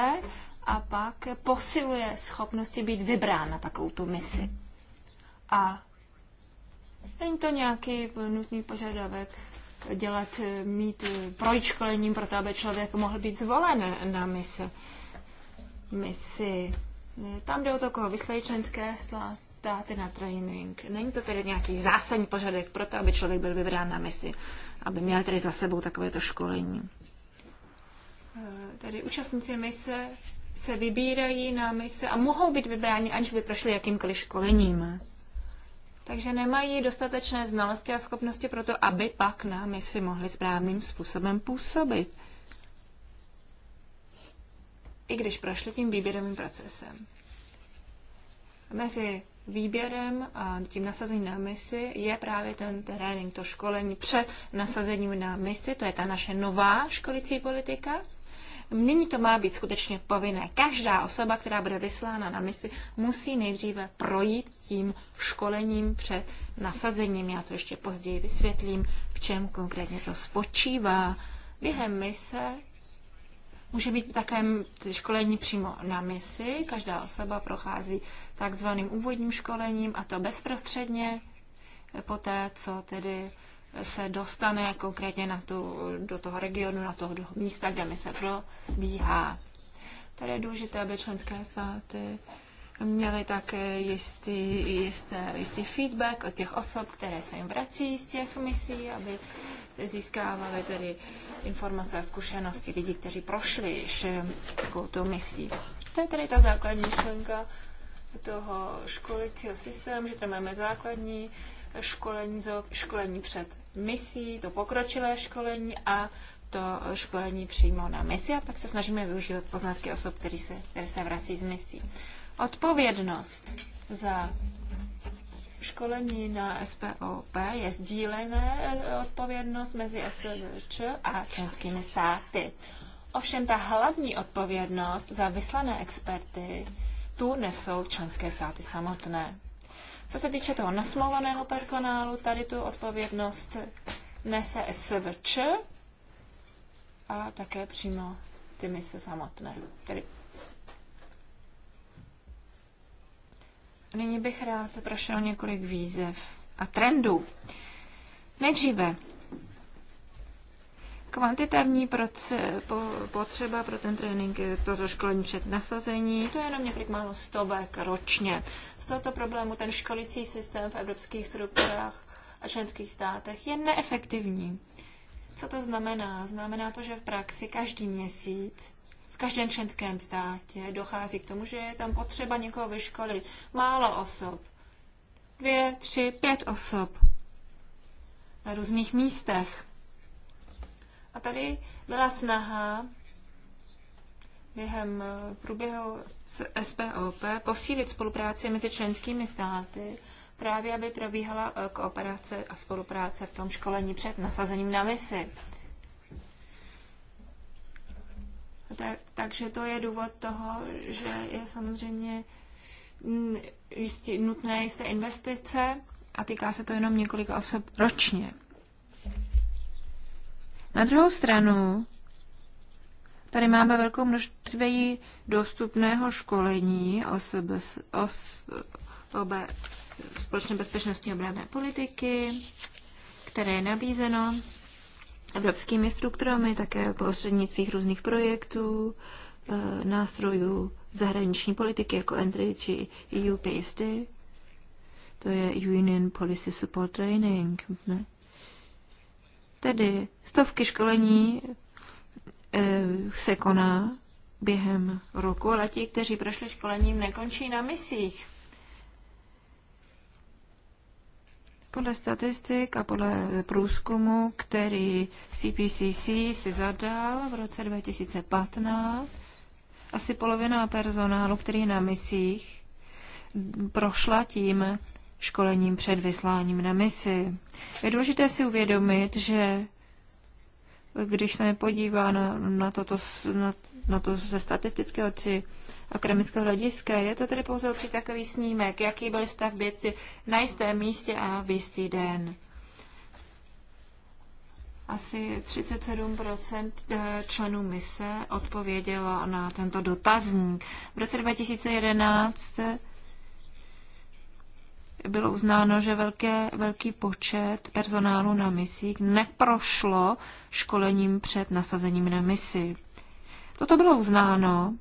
a pak posiluje schopnosti být vybrán na takovou tu misi. A není to nějaký nutný požadavek dělat, eh, mít eh, projít školením pro to, aby člověk mohl být zvolen na mise. misi. Eh, tam jde o to, koho vyslejí členské státy na trénink. Není to tedy nějaký zásadní požadavek pro to, aby člověk byl vybrán na misi, aby měl tedy za sebou takovéto školení. Tady účastníci mise se vybírají na mise a mohou být vybráni, aniž by prošli jakýmkoliv školením takže nemají dostatečné znalosti a schopnosti pro to, aby pak na misi mohli správným způsobem působit. I když prošli tím výběrovým procesem. Mezi výběrem a tím nasazením na misi je právě ten trénink, to školení před nasazením na misi, to je ta naše nová školicí politika. Nyní to má být skutečně povinné. Každá osoba, která bude vyslána na misi, musí nejdříve projít tím školením před nasazením. Já to ještě později vysvětlím, v čem konkrétně to spočívá. Během mise Může být také školení přímo na misi. Každá osoba prochází takzvaným úvodním školením a to bezprostředně poté, co tedy se dostane konkrétně na tu, do toho regionu, na toho místa, kde mi se probíhá. Tady je důležité, aby členské státy měly také jistý, jisté, jistý feedback od těch osob, které se jim vrací z těch misí, aby získávali tedy informace a zkušenosti lidí, kteří prošli již takovou tu misí. To je tedy ta základní členka toho školicího systému, že tam máme základní školení, školení před misí, to pokročilé školení a to školení přímo na misi a pak se snažíme využívat poznatky osob, které se, které se vrací z misí. Odpovědnost za školení na SPOP je sdílené odpovědnost mezi SVČ a členskými státy. Ovšem ta hlavní odpovědnost za vyslané experty tu nesou členské státy samotné. Co se týče toho nasmlouvaného personálu, tady tu odpovědnost nese SVČ a také přímo ty mise samotné. Tedy Nyní bych rád prošel několik výzev a trendů. Nejdříve Kvantitativní potřeba pro ten trénink, pro to školení před nasazení, to je jenom několik málo stovek ročně. Z tohoto problému ten školicí systém v evropských strukturách a členských státech je neefektivní. Co to znamená? Znamená to, že v praxi každý měsíc v každém členském státě dochází k tomu, že je tam potřeba někoho vyškolit. Málo osob. Dvě, tři, pět osob na různých místech. A tady byla snaha během eh, průběhu SPOP posílit spolupráci mezi členskými státy, právě aby probíhala eh, kooperace a spolupráce v tom školení před nasazením na misi. Tak, takže to je důvod toho, že je samozřejmě mm, jistě, nutné jisté investice a týká se to jenom několika osob ročně. Na druhou stranu, tady máme velkou množství dostupného školení osob, obe, společné bezpečnostní obranné politiky, které je nabízeno evropskými strukturami, také prostřednictvím různých projektů, eh, nástrojů zahraniční politiky jako ENDRI či EU PSD. To je Union Policy Support Training. Ne? Tedy stovky školení eh, se koná během roku, ale ti, kteří prošli školením, nekončí na misích. Podle statistik a podle průzkumu, který CPCC si zadal v roce 2015, asi polovina personálu, který je na misích, prošla tím školením před vysláním na misi. Je důležité si uvědomit, že když se podívá na, na, toto, na, na to ze statistického či akademického hlediska, je to tedy pouze určitý takový snímek, jaký byl stav věci na jistém místě a v jistý den. Asi 37% eh, členů mise odpovědělo na tento dotazník. V roce 2011 bylo uznáno, že velké, velký počet personálu na misích neprošlo školením před nasazením na misi. Toto bylo uznáno.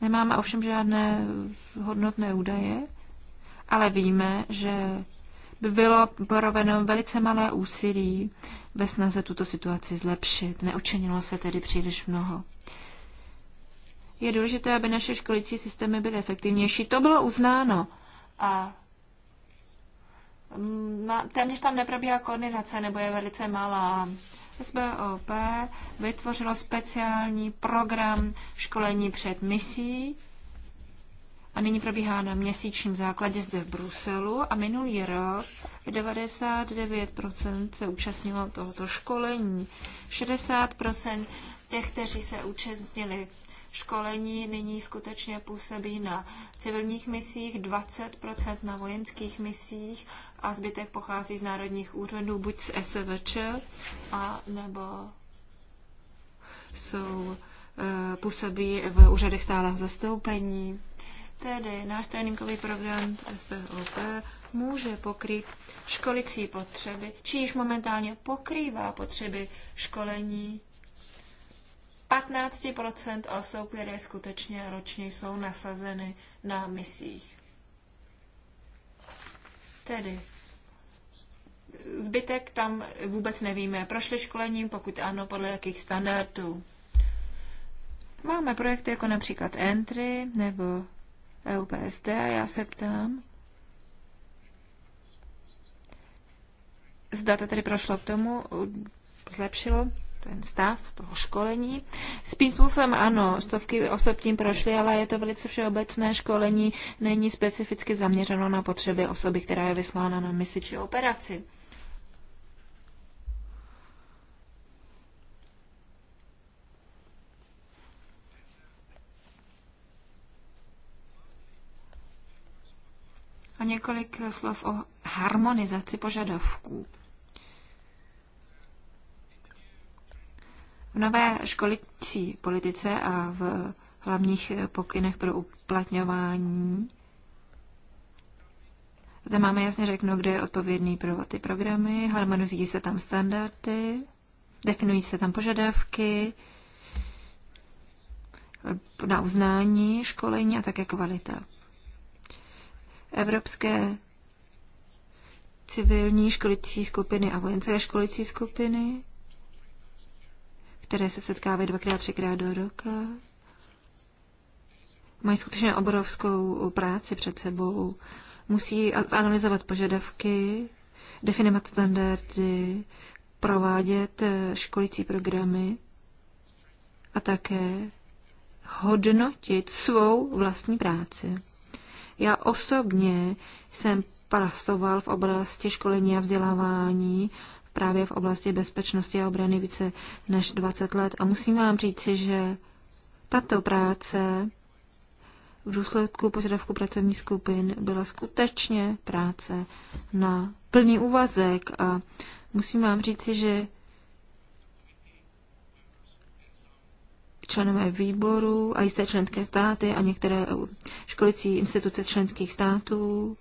Nemáme ovšem žádné hodnotné údaje, ale víme, že by bylo poroveno velice malé úsilí ve snaze tuto situaci zlepšit. Neučinilo se tedy příliš mnoho je důležité, aby naše školící systémy byly efektivnější. To bylo uznáno. A mm, téměř tam neprobíhá koordinace, nebo je velice malá. SBOP vytvořilo speciální program školení před misí a nyní probíhá na měsíčním základě zde v Bruselu a minulý rok 99% se účastnilo tohoto školení. 60% těch, kteří se účastnili školení nyní skutečně působí na civilních misích, 20% na vojenských misích a zbytek pochází z národních úřadů, buď z SVČ, a nebo jsou, eh, působí v úřadech stáleho zastoupení. Tedy náš tréninkový program SPOP může pokrýt školicí potřeby, či již momentálně pokrývá potřeby školení 15% osob, které skutečně ročně jsou nasazeny na misích. Tedy zbytek tam vůbec nevíme. Prošli školením, pokud ano, podle jakých standardů. Máme projekty jako například Entry nebo EUPSD a já se ptám, zda to tedy prošlo k tomu, zlepšilo ten stav toho školení. Spíš způsobem ano, stovky osob tím prošly, ale je to velice všeobecné školení, není specificky zaměřeno na potřeby osoby, která je vyslána na misi či operaci. A několik slov o harmonizaci požadavků. V nové školicí politice a v hlavních pokynech pro uplatňování zde máme jasně řeknu, kdo je odpovědný pro ty programy, harmonizují se tam standardy, definují se tam požadavky na uznání, školení a také kvalita. Evropské civilní školicí skupiny a vojenské školicí skupiny které se setkávají dvakrát, třikrát do roka. Mají skutečně obrovskou práci před sebou. Musí analyzovat požadavky, definovat standardy, provádět eh, školící programy a také hodnotit svou vlastní práci. Já osobně jsem pracoval v oblasti školení a vzdělávání právě v oblasti bezpečnosti a obrany více než 20 let. A musím vám říci, že tato práce v důsledku požadavku pracovních skupin byla skutečně práce na plný úvazek a musím vám říci, že členové výboru a jisté členské státy a některé školicí instituce členských států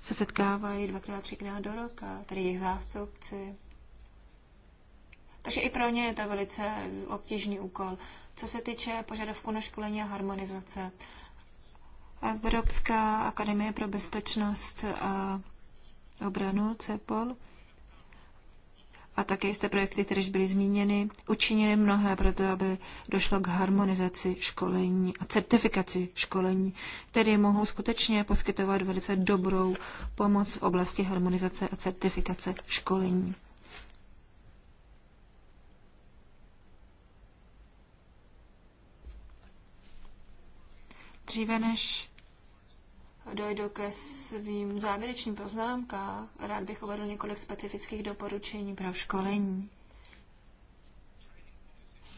se setkávají dvakrát, třikrát do roka, tedy jejich zástupci. Takže i pro ně je to velice obtížný úkol. Co se týče požadavku na školení a harmonizace, Evropská akademie pro bezpečnost a obranu CEPOL a také jste projekty, které byly zmíněny, učinili mnohé pro to, aby došlo k harmonizaci školení a certifikaci školení, které mohou skutečně poskytovat velice dobrou pomoc v oblasti harmonizace a certifikace školení. Dříve než dojdu ke svým závěrečným poznámkám, rád bych uvedl několik specifických doporučení pro školení.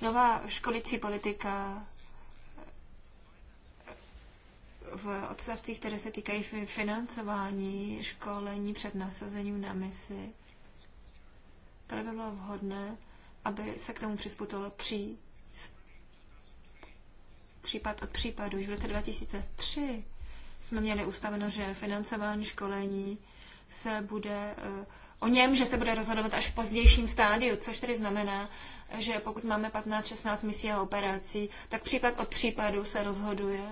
Nová školicí politika v odstavcích, které se týkají financování školení před nasazením na misi, právě bylo vhodné, aby se k tomu přizpůsobilo při případ od případu. Už v roce 2003 jsme měli ustaveno, že financování školení se bude eh, o něm, že se bude rozhodovat až v pozdějším stádiu, což tedy znamená, že pokud máme 15-16 misí a operací, tak případ od případu se rozhoduje,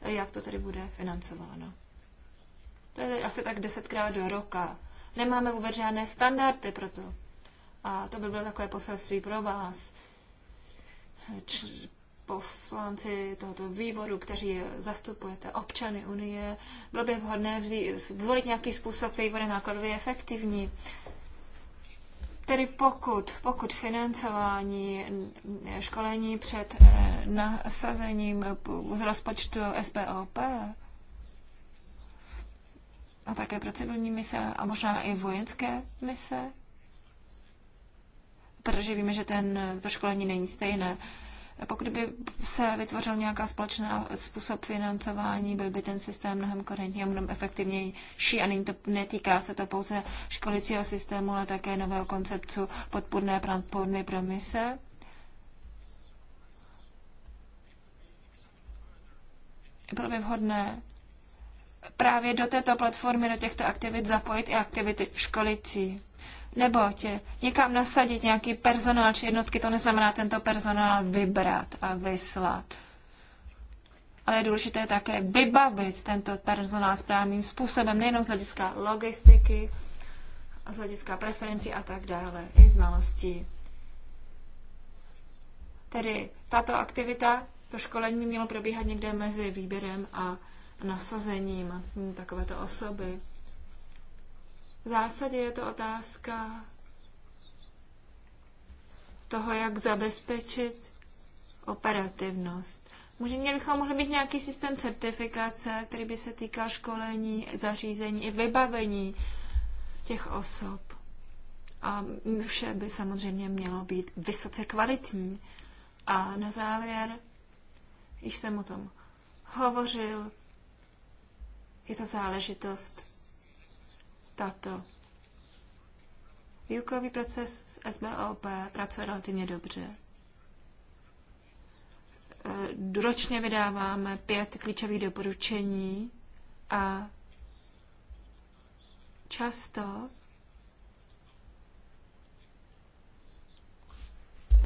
jak to tedy bude financováno. To je asi tak desetkrát do roka. Nemáme vůbec žádné standardy pro to. A to by bylo takové poselství pro vás poslanci tohoto výboru, kteří zastupujete občany Unie, bylo by vhodné vzít, zvolit nějaký způsob, který bude nákladově efektivní. Tedy pokud, pokud financování školení před eh, nasazením z rozpočtu SPOP a také procedurní mise a možná i vojenské mise, protože víme, že ten, to školení není stejné. A pokud by se vytvořil nějaká společná způsob financování, byl by ten systém mnohem korentní a mnohem efektivnější a není to, netýká se to pouze školicího systému, ale také nového konceptu podpůrné podpůrné promise. Bylo by vhodné právě do této platformy, do těchto aktivit zapojit i aktivity školicí nebo tě někam nasadit nějaký personál či jednotky, to neznamená tento personál vybrat a vyslat. Ale je důležité také vybavit tento personál správným způsobem, nejenom z hlediska logistiky, z hlediska preferencí a tak dále, i znalostí. Tedy tato aktivita, to školení mělo probíhat někde mezi výběrem a nasazením takovéto osoby. V zásadě je to otázka toho, jak zabezpečit operativnost. Můžeme bychom mohli být nějaký systém certifikace, který by se týkal školení, zařízení i vybavení těch osob. A vše by samozřejmě mělo být vysoce kvalitní. A na závěr, již jsem o tom hovořil, je to záležitost tato. Výukový proces s SBOP pracuje relativně dobře. E, ročně vydáváme pět klíčových doporučení a často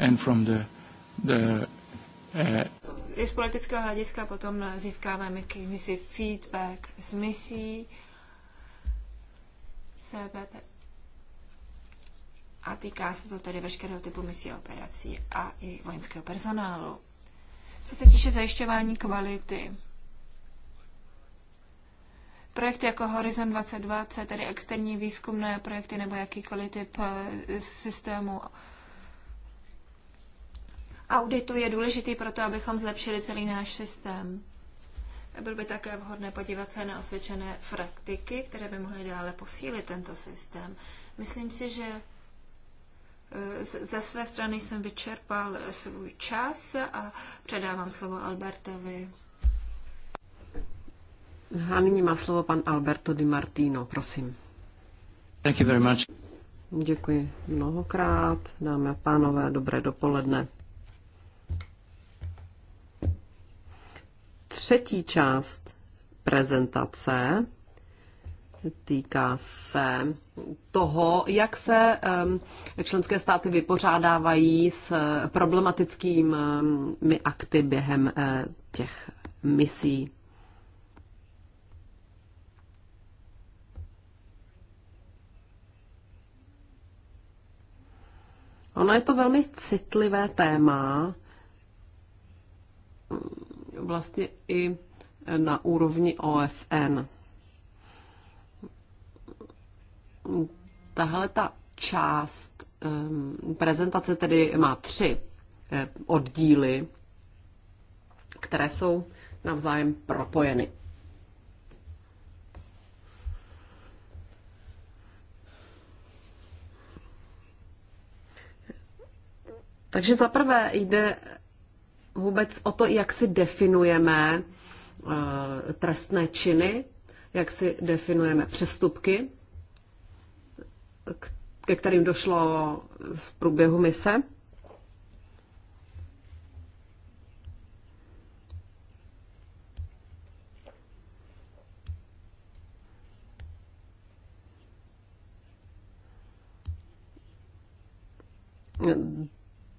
And from the, the, uh, I z politického hlediska potom získáváme jakýsi feedback z misí CBP. A týká se to tedy veškerého typu misí operací a i vojenského personálu. Co se týče zajišťování kvality, Projekty jako Horizon 2020, tedy externí výzkumné projekty nebo jakýkoliv typ eh, systému auditu je důležitý pro to, abychom zlepšili celý náš systém. Bylo by také vhodné podívat se na osvědčené praktiky, které by mohly dále posílit tento systém. Myslím si, že eh, ze své strany jsem vyčerpal svůj čas a předávám slovo Albertovi. A nyní má slovo pan Alberto Di Martino, prosím. Thank you very much. Děkuji mnohokrát. Dámy a pánové, dobré dopoledne. Třetí část prezentace týká se toho, jak se členské státy vypořádávají s eh, problematickými akty během eh, těch misí. Ono je to velmi citlivé téma vlastně i na úrovni OSN. Tahle ta část prezentace tedy má tři oddíly, které jsou navzájem propojeny. Takže za prvé jde vůbec o to, jak si definujeme eh, trestné činy, jak si definujeme přestupky, ke kterým došlo v průběhu mise.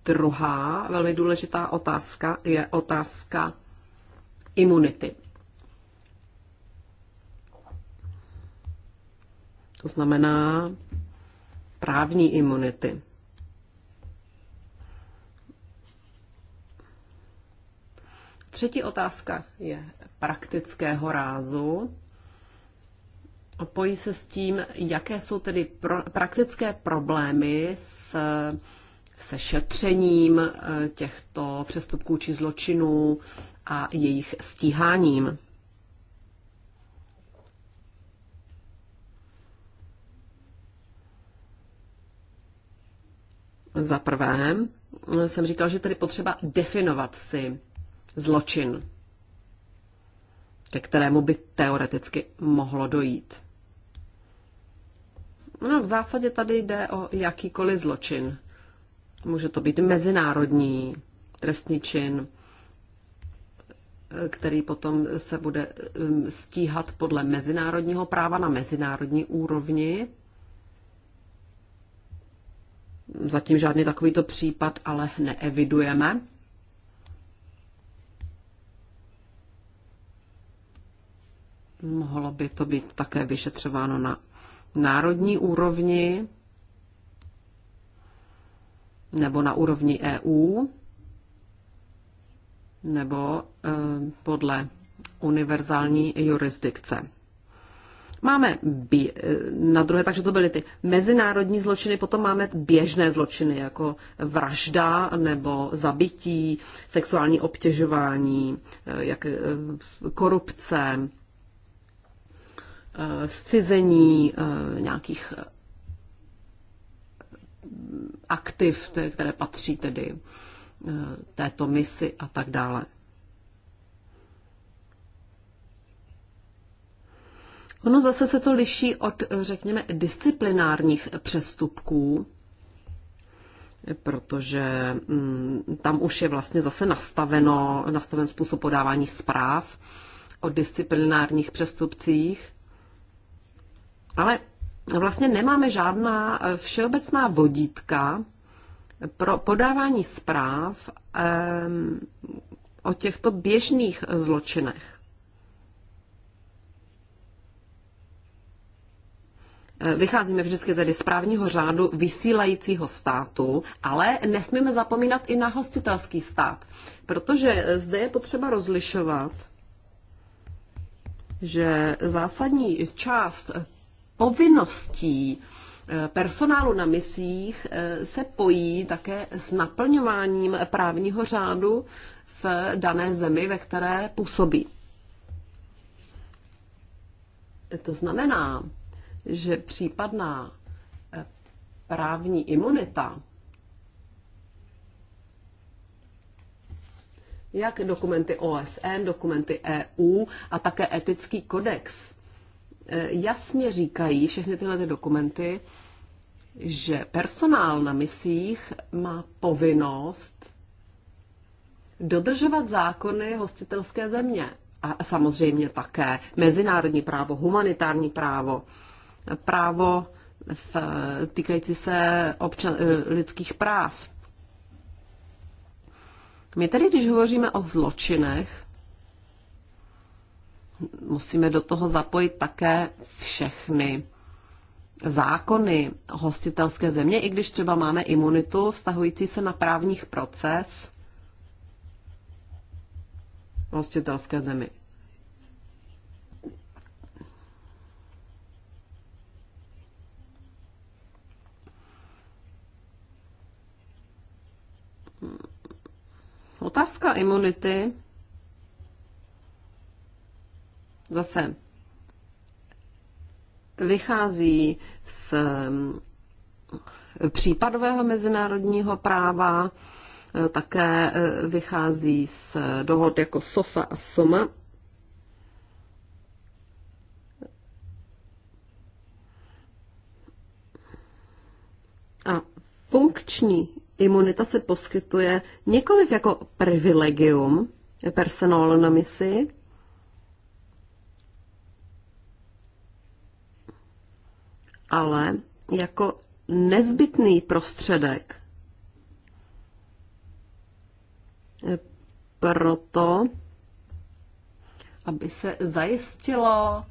Druhá velmi důležitá otázka je otázka imunity. To znamená právní imunity. Třetí otázka je praktického rázu. Pojí se s tím, jaké jsou tedy pro, praktické problémy s se šetřením eh, těchto přestupků či zločinů a jejich stíháním. Za prvé eh, jsem říkal, že tedy potřeba definovat si zločin, ke kterému by teoreticky mohlo dojít. No, v zásadě tady jde o jakýkoliv zločin, Může to být mezinárodní trestný čin, který potom se bude um, stíhat podle mezinárodního práva na mezinárodní úrovni. Zatím žádný takovýto případ ale neevidujeme. Mohlo by to být také vyšetřováno na národní úrovni nebo na úrovni EU, nebo eh, podle univerzální jurisdikce. Máme eh, na druhé, takže to byly ty mezinárodní zločiny, potom máme běžné zločiny, jako vražda nebo zabití, sexuální obtěžování, eh, jak, korupce, zcizení nějakých aktiv, které patří tedy e, této misi a tak dále. Ono zase se to liší od, řekněme, disciplinárních přestupků, protože mm, tam už je vlastně zase nastaveno, nastaven způsob podávání zpráv o disciplinárních přestupcích. Ale vlastně nemáme žádná eh, všeobecná vodítka pro podávání zpráv ehm, o těchto běžných zločinech. Eh, vycházíme vždycky tedy z právního řádu vysílajícího státu, ale nesmíme zapomínat i na hostitelský stát, protože eh, zde je potřeba rozlišovat, že zásadní část povinností eh, personálu na misích eh, se pojí také s naplňováním právního řádu v dané zemi, ve které působí. To znamená, že případná eh, právní imunita, jak dokumenty OSN, dokumenty EU a také etický kodex Eh, jasně říkají všechny tyhle dokumenty, že personál na misích má povinnost dodržovat zákony hostitelské země. A samozřejmě také mezinárodní právo, humanitární právo, právo v, eh, týkající se občan, eh, lidských práv. My tedy, když hovoříme o zločinech, musíme do toho zapojit také všechny zákony hostitelské země, i když třeba máme imunitu vztahující se na právních proces hostitelské zemi. Otázka imunity zase vychází z mm, případového mezinárodního práva, e, také e, vychází z dohod jako SOFA a SOMA. A funkční imunita se poskytuje nikoliv jako privilegium personál na misi, ale jako nezbytný prostředek. Proto, aby se zajistilo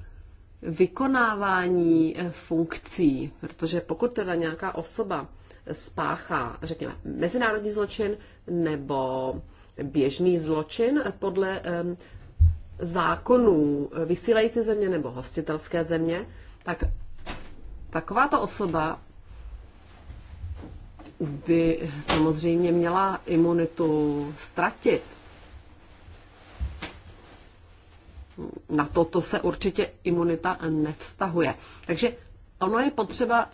vykonávání eh, funkcí, protože pokud teda nějaká osoba spáchá, řekněme, mezinárodní zločin nebo běžný zločin eh, podle zákonů eh, vysílající země nebo hostitelské země, tak Taková ta osoba by samozřejmě měla imunitu ztratit. Na toto se určitě imunita nevztahuje. Takže ono je potřeba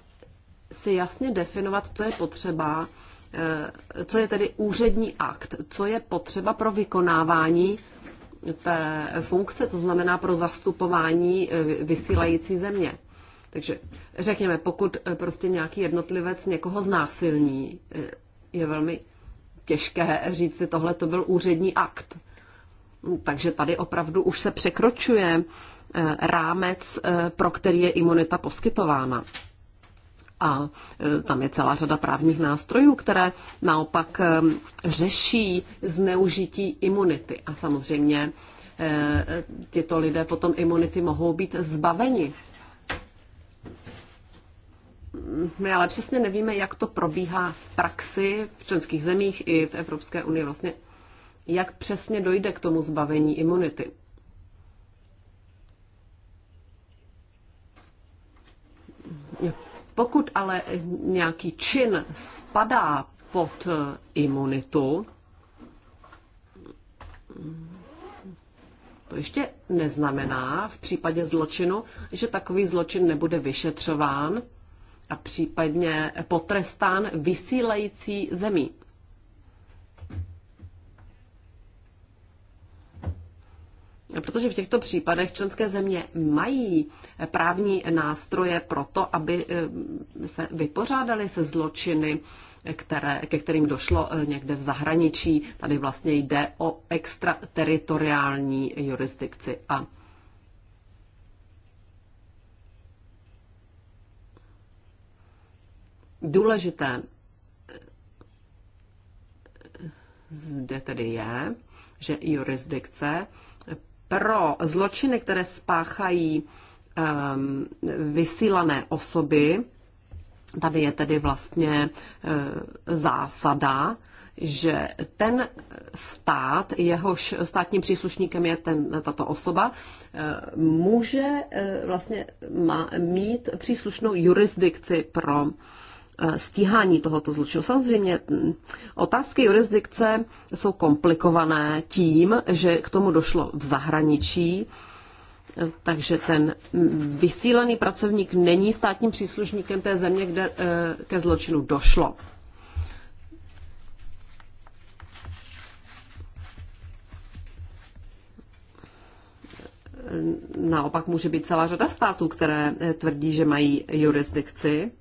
si jasně definovat, co je potřeba, eh, co je tedy úřední akt, co je potřeba pro vykonávání té funkce, to znamená pro zastupování eh, vysílající země. Takže řekněme, pokud eh, prostě nějaký jednotlivec někoho znásilní, eh, je velmi těžké říct si, tohle to byl úřední akt. Takže tady opravdu už se překročuje eh, rámec, pro který je imunita poskytována. A tam je celá řada právních nástrojů, které naopak řeší zneužití imunity. A samozřejmě tyto lidé potom imunity mohou být zbaveni my ale přesně nevíme, jak to probíhá v praxi v členských zemích i v Evropské unii. Vlastně, jak přesně dojde k tomu zbavení imunity. Pokud ale nějaký čin spadá pod imunitu, to ještě neznamená v případě zločinu, že takový zločin nebude vyšetřován a případně potrestán vysílající zemí. Protože v těchto případech členské země mají právní nástroje pro to, aby eh, se vypořádali se zločiny, které, ke kterým došlo eh, někde v zahraničí. Tady vlastně jde o extrateritoriální jurisdikci a důležité zde tedy je, že jurisdikce pro zločiny, které spáchají um, vysílané osoby, tady je tedy vlastně uh, zásada, že ten stát, jehož státním příslušníkem je ten, tato osoba, eh, může eh, vlastně mít příslušnou jurisdikci pro Eh, stíhání tohoto zločinu. Samozřejmě mm, otázky jurisdikce jsou komplikované tím, že k tomu došlo v zahraničí, eh, takže ten mm, vysílený pracovník není státním příslušníkem té země, kde eh, ke zločinu došlo. Naopak může být celá řada států, které tvrdí, že mají jurisdikci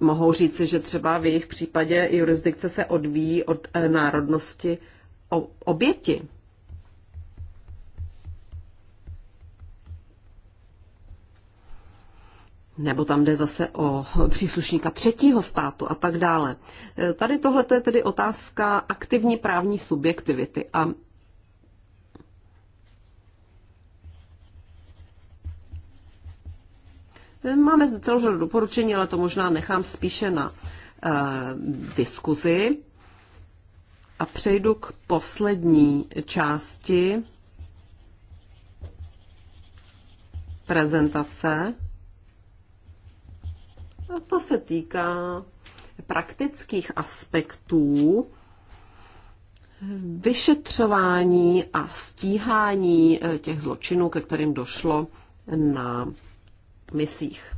mohou říci, že třeba v jejich případě jurisdikce se odvíjí od eh, národnosti oběti. Nebo tam jde zase o příslušníka třetího státu a tak dále. Eh, tady tohle je tedy otázka aktivní právní subjektivity a Máme zde celou řadu doporučení, ale to možná nechám spíše na eh, diskuzi. A přejdu k poslední části prezentace. A to se týká praktických aspektů vyšetřování a stíhání eh, těch zločinů, ke kterým došlo na misích.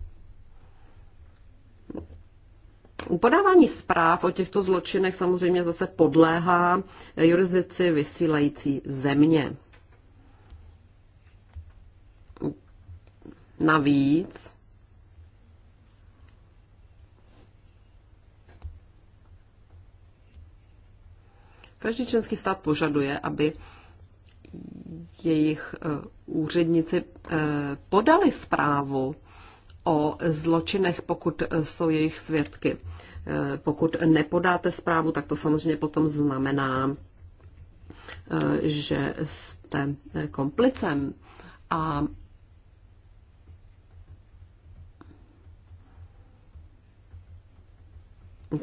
Podávání zpráv o těchto zločinech samozřejmě zase podléhá jurisdikci vysílající země. Navíc každý členský stát požaduje, aby jejich eh, úředníci eh, podali zprávu o zločinech, pokud jsou jejich svědky. Eh, pokud nepodáte zprávu, tak to samozřejmě potom znamená, eh, že jste komplicem. A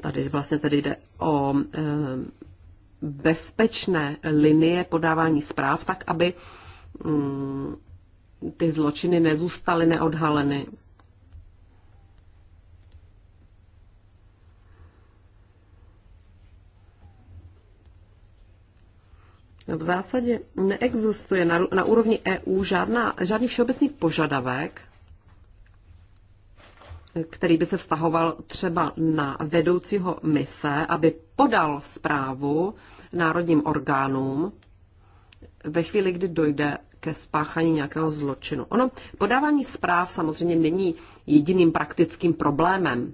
tady vlastně tady jde o bezpečné linie podávání zpráv, tak aby Mm, ty zločiny nezůstaly neodhaleny. V zásadě neexistuje na, na úrovni EU žádná, žádný všeobecný požadavek, který by se vztahoval třeba na vedoucího mise, aby podal zprávu národním orgánům ve chvíli, kdy dojde ke spáchání nějakého zločinu. Ono, podávání zpráv samozřejmě není jediným praktickým problémem.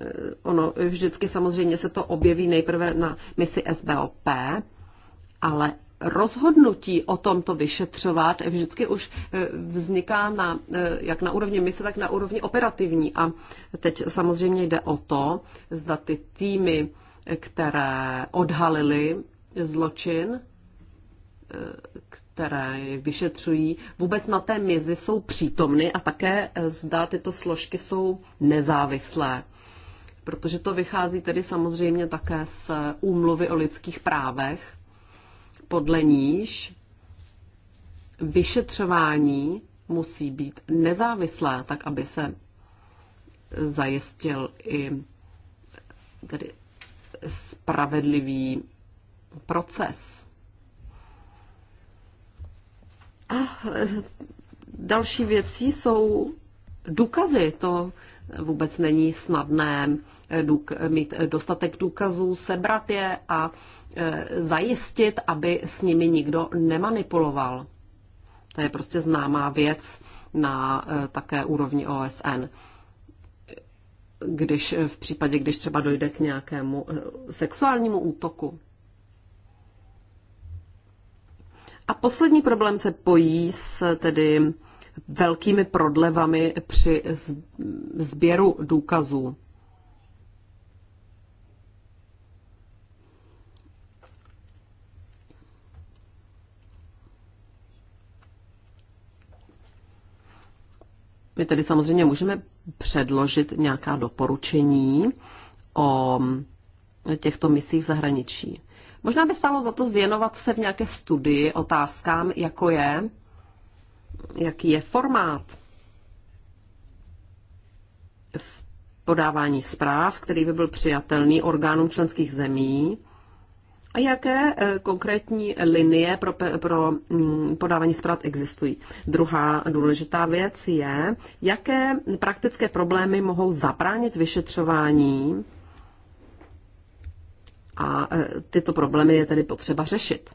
Eh, ono vždycky samozřejmě se to objeví nejprve na misi SBOP, ale rozhodnutí o tomto vyšetřovat vždycky už e, vzniká na, e, jak na úrovni mise, tak na úrovni operativní. A teď samozřejmě jde o to, zda ty týmy, které odhalily zločin, e, které vyšetřují, vůbec na té mizi jsou přítomny a také zda tyto složky jsou nezávislé. Protože to vychází tedy samozřejmě také z úmluvy o lidských právech, podle níž vyšetřování musí být nezávislé, tak aby se zajistil i tedy spravedlivý proces. A další věcí jsou důkazy. To vůbec není snadné mít dostatek důkazů, sebrat je a e, zajistit, aby s nimi nikdo nemanipuloval. To je prostě známá věc na e, také úrovni OSN. Když e, v případě, když třeba dojde k nějakému sexuálnímu útoku. A poslední problém se pojí s tedy velkými prodlevami při sběru důkazů. My tedy samozřejmě můžeme předložit nějaká doporučení o těchto misích v zahraničí. Možná by stálo za to věnovat se v nějaké studii otázkám, jako je, jaký je formát podávání zpráv, který by byl přijatelný orgánům členských zemí, a jaké eh, konkrétní linie pro, pro mm, podávání zpráv existují? Druhá důležitá věc je, jaké praktické problémy mohou zabránit vyšetřování a eh, tyto problémy je tedy potřeba řešit.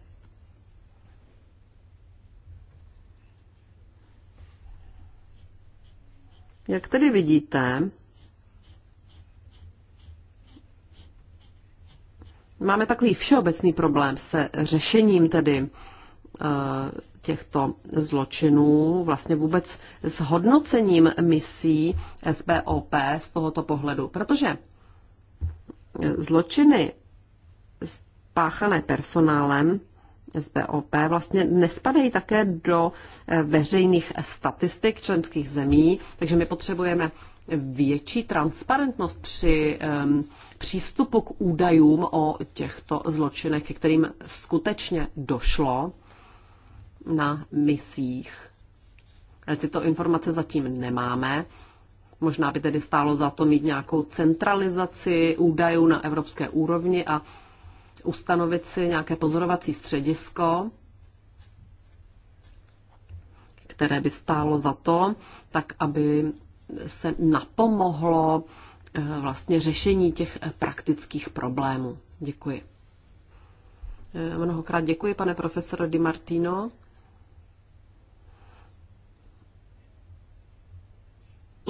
Jak tedy vidíte, máme takový všeobecný problém se řešením tedy eh, těchto zločinů, vlastně vůbec s hodnocením misí SBOP z tohoto pohledu, protože eh, zločiny spáchané personálem SBOP vlastně nespadají také do eh, veřejných statistik členských zemí, takže my potřebujeme větší transparentnost při um, přístupu k údajům o těchto zločinech, ke kterým skutečně došlo na misích. Ale tyto informace zatím nemáme. Možná by tedy stálo za to mít nějakou centralizaci údajů na evropské úrovni a ustanovit si nějaké pozorovací středisko, které by stálo za to, tak aby se napomohlo eh, vlastně řešení těch eh, praktických problémů. Děkuji. Eh, mnohokrát děkuji, pane profesoro Di Martino.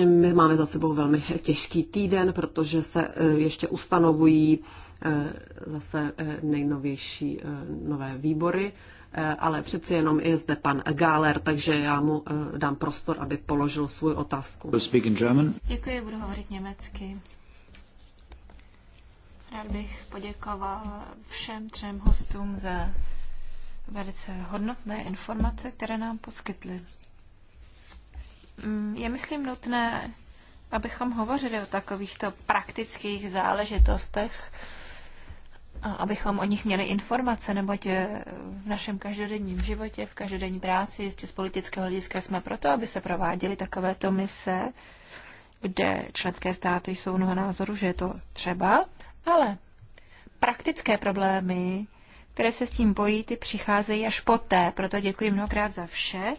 My máme za sebou velmi těžký týden, protože se ještě ustanovují zase nejnovější nové výbory ale přeci jenom je zde pan Gáler, takže já mu eh, dám prostor, aby položil svou otázku. Děkuji, budu hovořit německy. Rád bych poděkoval všem třem hostům za velice hodnotné informace, které nám poskytly. Mm, je myslím nutné, abychom hovořili o takovýchto praktických záležitostech, a abychom o nich měli informace, neboť eh, v našem každodenním životě, v každodenní práci, jistě z politického hlediska jsme proto, aby se prováděly takovéto mise, kde členské státy jsou mnoha názoru, že je to třeba, ale praktické problémy, které se s tím bojí, ty přicházejí až poté. Proto děkuji mnohokrát za vše,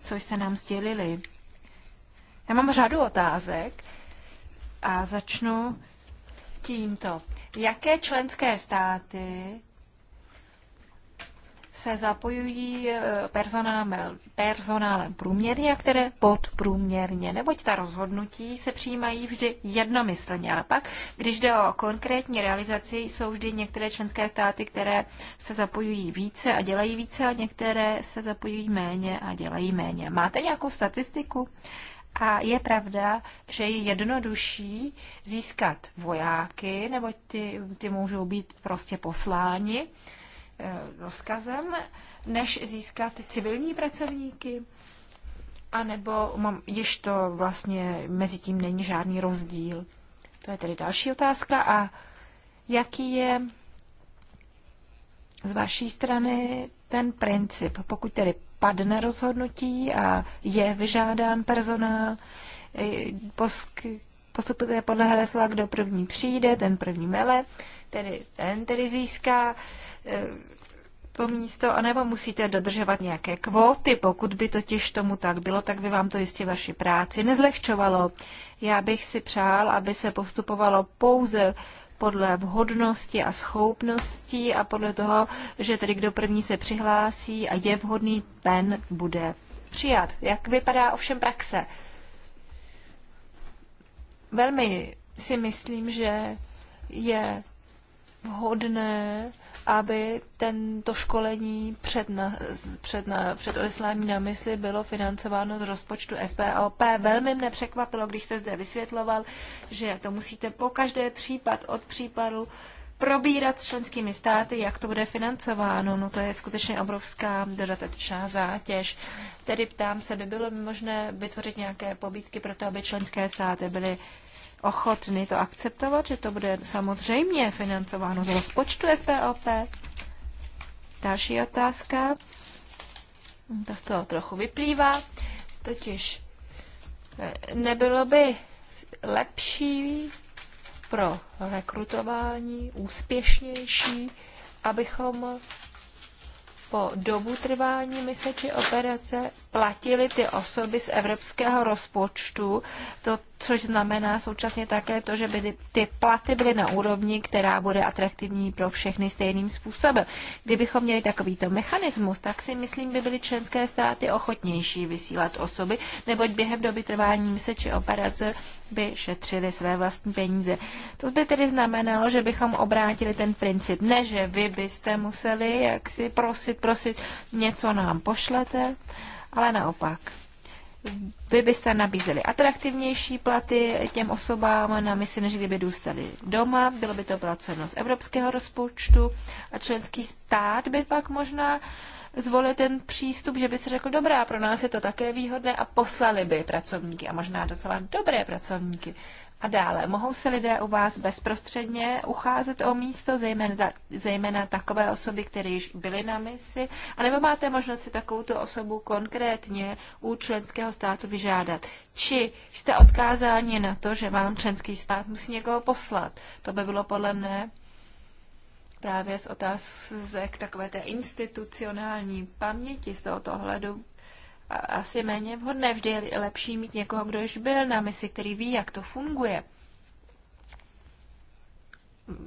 co jste nám sdělili. Já mám řadu otázek a začnu tímto jaké členské státy se zapojují eh, personálem, průměrně a které podprůměrně, neboť ta rozhodnutí se přijímají vždy jednomyslně. Ale pak, když jde o konkrétní realizaci, jsou vždy některé členské státy, které se zapojují více a dělají více a některé se zapojují méně a dělají méně. Máte nějakou statistiku? A je pravda, že je jednodušší získat vojáky, nebo ty, ty můžou být prostě posláni eh, rozkazem, než získat civilní pracovníky. A nebo mám, již to vlastně mezi tím není žádný rozdíl. To je tedy další otázka. A jaký je z vaší strany ten princip? Pokud tedy padne rozhodnutí a je vyžádán personál, postupuje podle hlesla, kdo první přijde, ten první mele, tedy ten tedy získá e, to místo, anebo musíte dodržovat nějaké kvóty. Pokud by totiž tomu tak bylo, tak by vám to jistě vaši práci nezlehčovalo. Já bych si přál, aby se postupovalo pouze podle vhodnosti a schopností a podle toho, že tedy kdo první se přihlásí a je vhodný, ten bude přijat. Jak vypadá ovšem praxe? Velmi si myslím, že je vhodné aby tento školení před, na, před, na, před odesláním na mysli bylo financováno z rozpočtu SPOP. Velmi mne překvapilo, když se zde vysvětloval, že to musíte po každé případ od případu probírat s členskými státy, jak to bude financováno. No to je skutečně obrovská dodatečná zátěž. Tedy ptám se, by bylo možné vytvořit nějaké pobídky pro to, aby členské státy byly ochotny to akceptovat, že to bude samozřejmě financováno z rozpočtu SPOP? Další otázka, ta z toho trochu vyplývá, totiž eh, nebylo by lepší pro rekrutování, úspěšnější, abychom po dobu trvání mise či operace platili ty osoby z evropského rozpočtu, to, což znamená současně také to, že by ty platy byly na úrovni, která bude atraktivní pro všechny stejným způsobem. Kdybychom měli takovýto mechanismus, tak si myslím, by byly členské státy ochotnější vysílat osoby, neboť během doby trvání mise či operace by šetřili své vlastní peníze. To by tedy znamenalo, že bychom obrátili ten princip. Ne, že vy byste museli jaksi prosit, prosit, něco nám pošlete, ale naopak vy byste nabízeli atraktivnější platy těm osobám na misi, než kdyby důstali doma. Bylo by to placeno z evropského rozpočtu a členský stát by pak možná Zvolit ten přístup, že by se řekl, dobrá, pro nás je to také výhodné a poslali by pracovníky a možná docela dobré pracovníky. A dále, mohou se lidé u vás bezprostředně ucházet o místo, zejména, zejména takové osoby, které již byly na misi, anebo máte možnost si takovouto osobu konkrétně u členského státu vyžádat? Či jste odkázáni na to, že vám členský stát musí někoho poslat? To by bylo podle mne právě z otázek takové té institucionální paměti z tohoto ohledu asi méně vhodné. Vždy je lepší mít někoho, kdo již byl na misi, který ví, jak to funguje.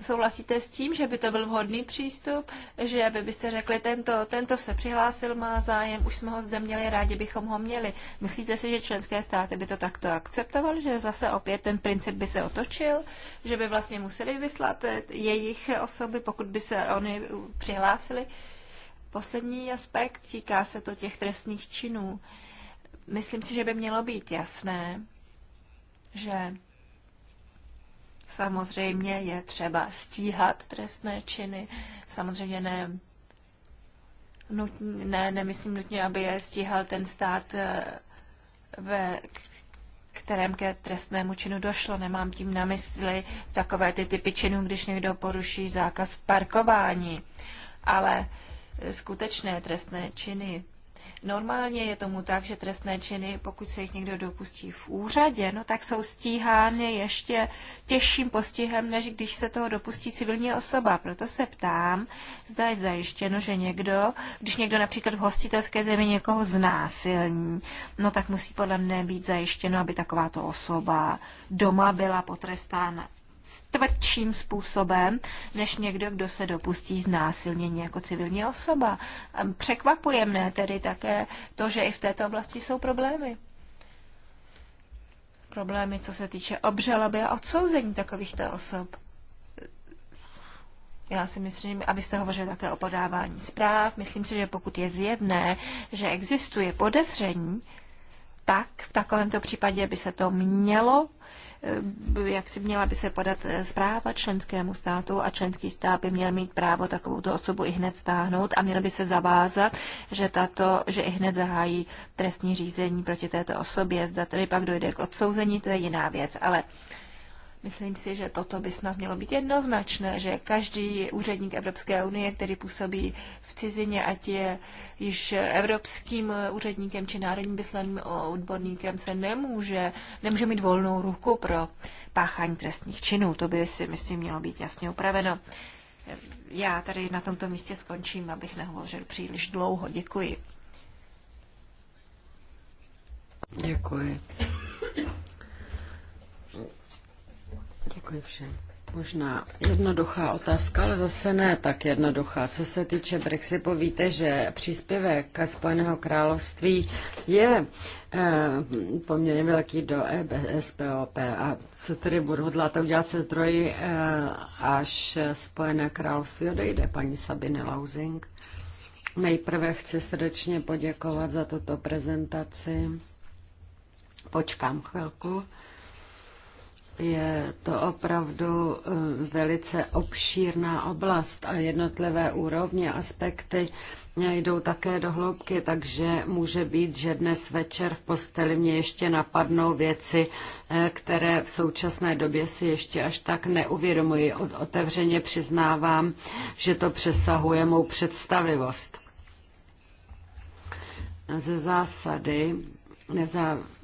Souhlasíte s tím, že by to byl vhodný přístup, že by byste řekli, tento, tento se přihlásil, má zájem, už jsme ho zde měli, rádi bychom ho měli. Myslíte si, že členské státy by to takto akceptovaly, že zase opět ten princip by se otočil, že by vlastně museli vyslat eh, jejich osoby, pokud by se oni přihlásili? Poslední aspekt týká se to těch trestných činů. Myslím si, že by mělo být jasné, že Samozřejmě je třeba stíhat trestné činy, samozřejmě ne, nutně, ne nemyslím nutně, aby je stíhal ten stát, eh, ve kterém ke trestnému činu došlo. Nemám tím na mysli takové ty typy činů, když někdo poruší zákaz parkování, ale eh, skutečné trestné činy, Normálně je tomu tak, že trestné činy, pokud se jich někdo dopustí v úřadě, no tak jsou stíhány ještě těžším postihem, než když se toho dopustí civilní osoba. Proto se ptám, zda je zajištěno, že někdo, když někdo například v hostitelské zemi někoho znásilní, no tak musí podle mne být zajištěno, aby takováto osoba doma byla potrestána tvrdším způsobem, než někdo, kdo se dopustí znásilnění jako civilní osoba. Překvapuje mne tedy také to, že i v této oblasti jsou problémy. Problémy, co se týče obžaloby a odsouzení takovýchto osob. Já si myslím, abyste hovořili také o podávání zpráv, myslím si, že pokud je zjevné, že existuje podezření, tak v takovémto případě by se to mělo uh, Eh, jak si měla by se podat eh, zpráva členskému státu a členský stát by měl mít právo takovou osobu i hned stáhnout a měl by se zavázat, že, tato, že i hned zahájí trestní řízení proti této osobě. Zda tedy pak dojde k odsouzení, to je jiná věc. Ale Myslím si, že toto by snad mělo být jednoznačné, že každý úředník Evropské unie, který působí v cizině, ať je již evropským úředníkem či národním vyslaným odborníkem, se nemůže, nemůže mít volnou ruku pro páchání trestních činů. To by si, myslím, mělo být jasně upraveno. Já tady na tomto místě skončím, abych nehovořil příliš dlouho. Děkuji. Děkuji. Děkuji všem. Možná jednoduchá otázka, ale zase ne tak jednoduchá. Co se týče Brexitu, víte, že příspěvek Spojeného království je eh, poměrně velký do e SPOP. A co tedy budu hodlat udělat se zdroji, eh, až Spojené království odejde, paní Sabine Lausing? Nejprve chci srdečně poděkovat za tuto prezentaci. Počkám chvilku. Je to opravdu eh, velice obšírná oblast a jednotlivé úrovně, aspekty jdou také do hloubky, takže může být, že dnes večer v posteli mě ještě napadnou věci, eh, které v současné době si ještě až tak neuvědomuji. Otevřeně přiznávám, že to přesahuje mou představivost. Ze zásady nezávislosti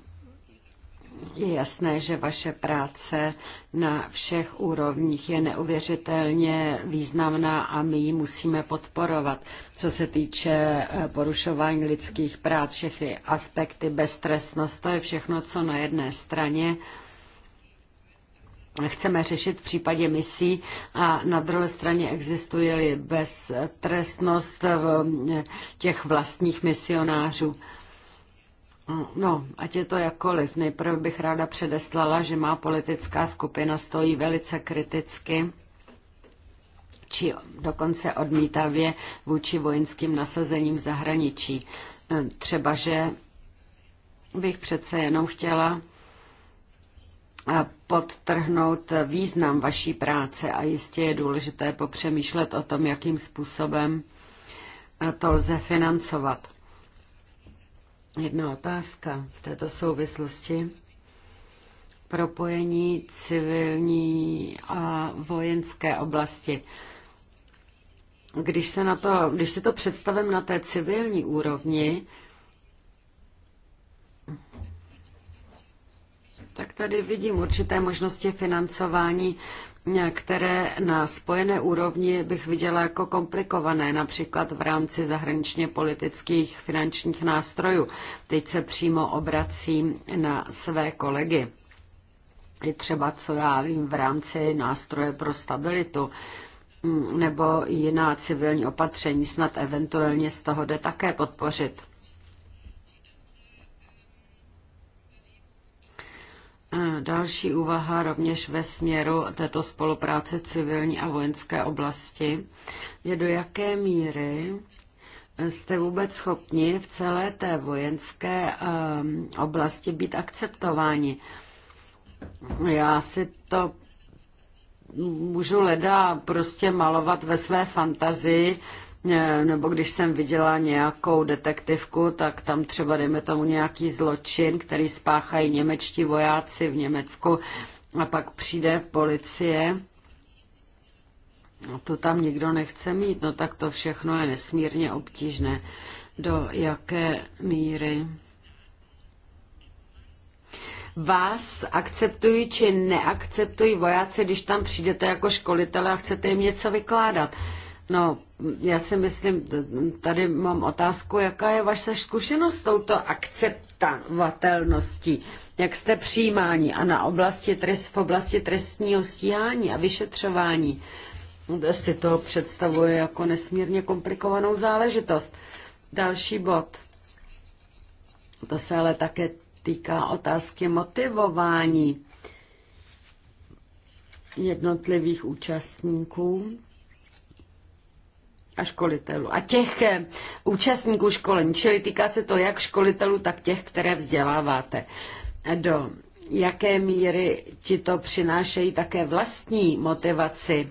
je jasné, že vaše práce na všech úrovních je neuvěřitelně významná a my ji musíme podporovat. Co se týče eh, porušování lidských práv, všechny aspekty, beztrestnost, to je všechno, co na jedné straně chceme řešit v případě misí a na druhé straně existuje-li beztrestnost eh, těch vlastních misionářů. No, ať je to jakkoliv, nejprve bych ráda předeslala, že má politická skupina stojí velice kriticky či dokonce odmítavě vůči vojenským nasazením v zahraničí. E, třeba, že bych přece jenom chtěla e, podtrhnout význam vaší práce a jistě je důležité popřemýšlet o tom, jakým způsobem e, to lze financovat. Jedna otázka v této souvislosti. Propojení civilní a vojenské oblasti. Když, se na to, když si to představím na té civilní úrovni, tak tady vidím určité možnosti financování které na spojené úrovni bych viděla jako komplikované, například v rámci zahraničně politických finančních nástrojů. Teď se přímo obracím na své kolegy. I třeba, co já vím, v rámci nástroje pro stabilitu mm, nebo jiná civilní opatření, snad eventuálně z toho jde také podpořit. Další úvaha rovněž ve směru této spolupráce civilní a vojenské oblasti je do jaké míry jste vůbec schopni v celé té vojenské ehm, oblasti být akceptováni. Já si to můžu leda prostě malovat ve své fantazii, E, nebo když jsem viděla nějakou detektivku, tak tam třeba dejme tomu nějaký zločin, který spáchají němečtí vojáci v Německu a pak přijde policie. No to tam nikdo nechce mít, no tak to všechno je nesmírně obtížné. Do jaké míry? vás akceptují či neakceptují vojáci, když tam přijdete jako školitele a chcete jim něco vykládat. No, já si myslím, tady mám otázku, jaká je vaše zkušenost s touto akceptovatelností? Jak jste přijímání a na oblasti trest, v oblasti trestního stíhání a vyšetřování? Si to představuje jako nesmírně komplikovanou záležitost. Další bod. To se ale také týká otázky motivování jednotlivých účastníků a školitelů a těch eh, účastníků školení, čili týká se to jak školitelů, tak těch, které vzděláváte. Do jaké míry ti to přinášejí také vlastní motivaci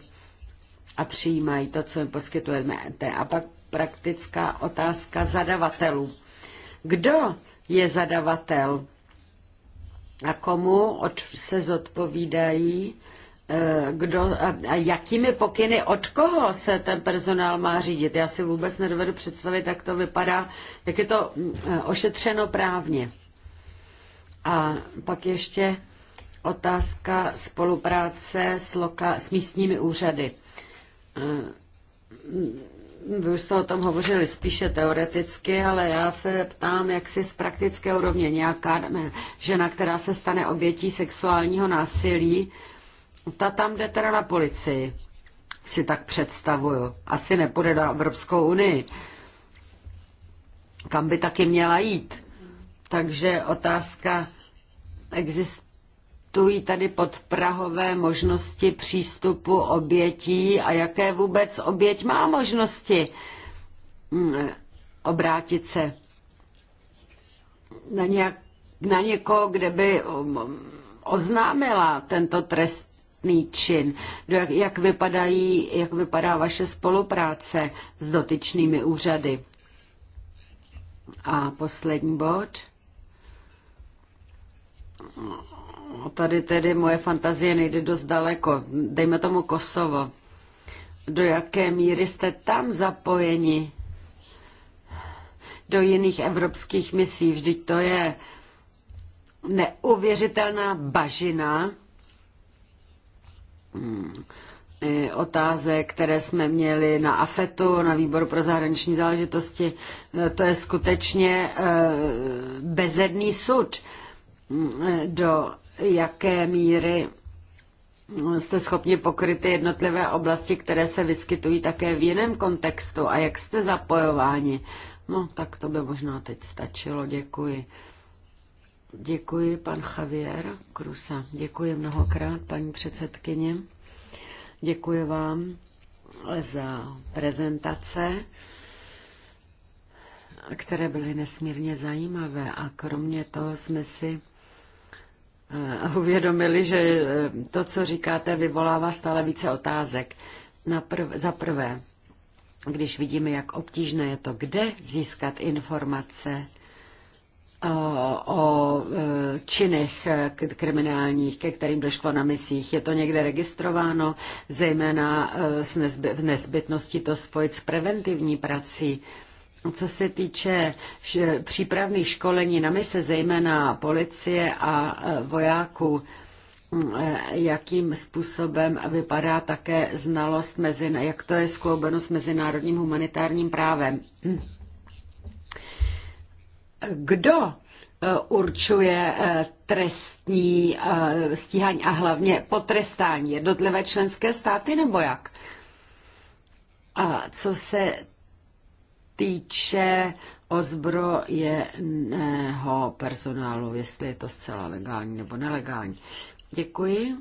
a přijímají to, co jim poskytujeme. A pak praktická otázka zadavatelů. Kdo je zadavatel a komu od, se zodpovídají Eh, kdo, a jakými pokyny, od koho se ten personál má řídit. Já si vůbec nedovedu představit, jak to vypadá, jak je to mm, eh, ošetřeno právně. A pak ještě otázka spolupráce s, loka, s místními úřady. Eh, mm, vy už jste o tom hovořili spíše teoreticky, ale já se ptám, jak si z praktické úrovně nějaká žena, která se stane obětí sexuálního násilí, ta tam jde teda na policii, si tak představuju. Asi nepůjde na Evropskou unii, kam by taky měla jít. Takže otázka, existují tady podprahové možnosti přístupu obětí a jaké vůbec oběť má možnosti hm, obrátit se na, nějak, na někoho, kde by hm, hm, oznámila tento trest trestný čin. Jak, jak, vypadají, jak vypadá vaše spolupráce s dotyčnými úřady? A poslední bod. No, tady tedy moje fantazie nejde dost daleko. Dejme tomu Kosovo. Do jaké míry jste tam zapojeni? Do jiných evropských misí. Vždyť to je neuvěřitelná bažina, Hmm. otázek, které jsme měli na AFETu, na výboru pro zahraniční záležitosti. Eh, to je skutečně eh, bezedný sud, hmm. do jaké míry jste schopni pokryt jednotlivé oblasti, které se vyskytují také v jiném kontextu a jak jste zapojováni. No, tak to by možná teď stačilo. Děkuji. Děkuji, pan Javier Krusa. Děkuji mnohokrát, paní předsedkyně. Děkuji vám za prezentace, které byly nesmírně zajímavé a kromě toho jsme si eh, uvědomili, že eh, to, co říkáte, vyvolává stále více otázek. Naprv, za prvé, když vidíme, jak obtížné je to, kde získat informace, o e, činech e, kriminálních, ke kterým došlo na misích. Je to někde registrováno, zejména e, s nezbytnosti to spojit s preventivní prací. Co se týče přípravných školení na mise, zejména policie a vojáků, jakým způsobem vypadá také znalost, mezi, jak to je skloubeno s mezinárodním humanitárním právem kdo eh, určuje eh, trestní eh, stíhání a hlavně potrestání jednotlivé členské státy nebo jak? A co se týče ozbrojeného personálu, jestli je to zcela legální nebo nelegální. Děkuji.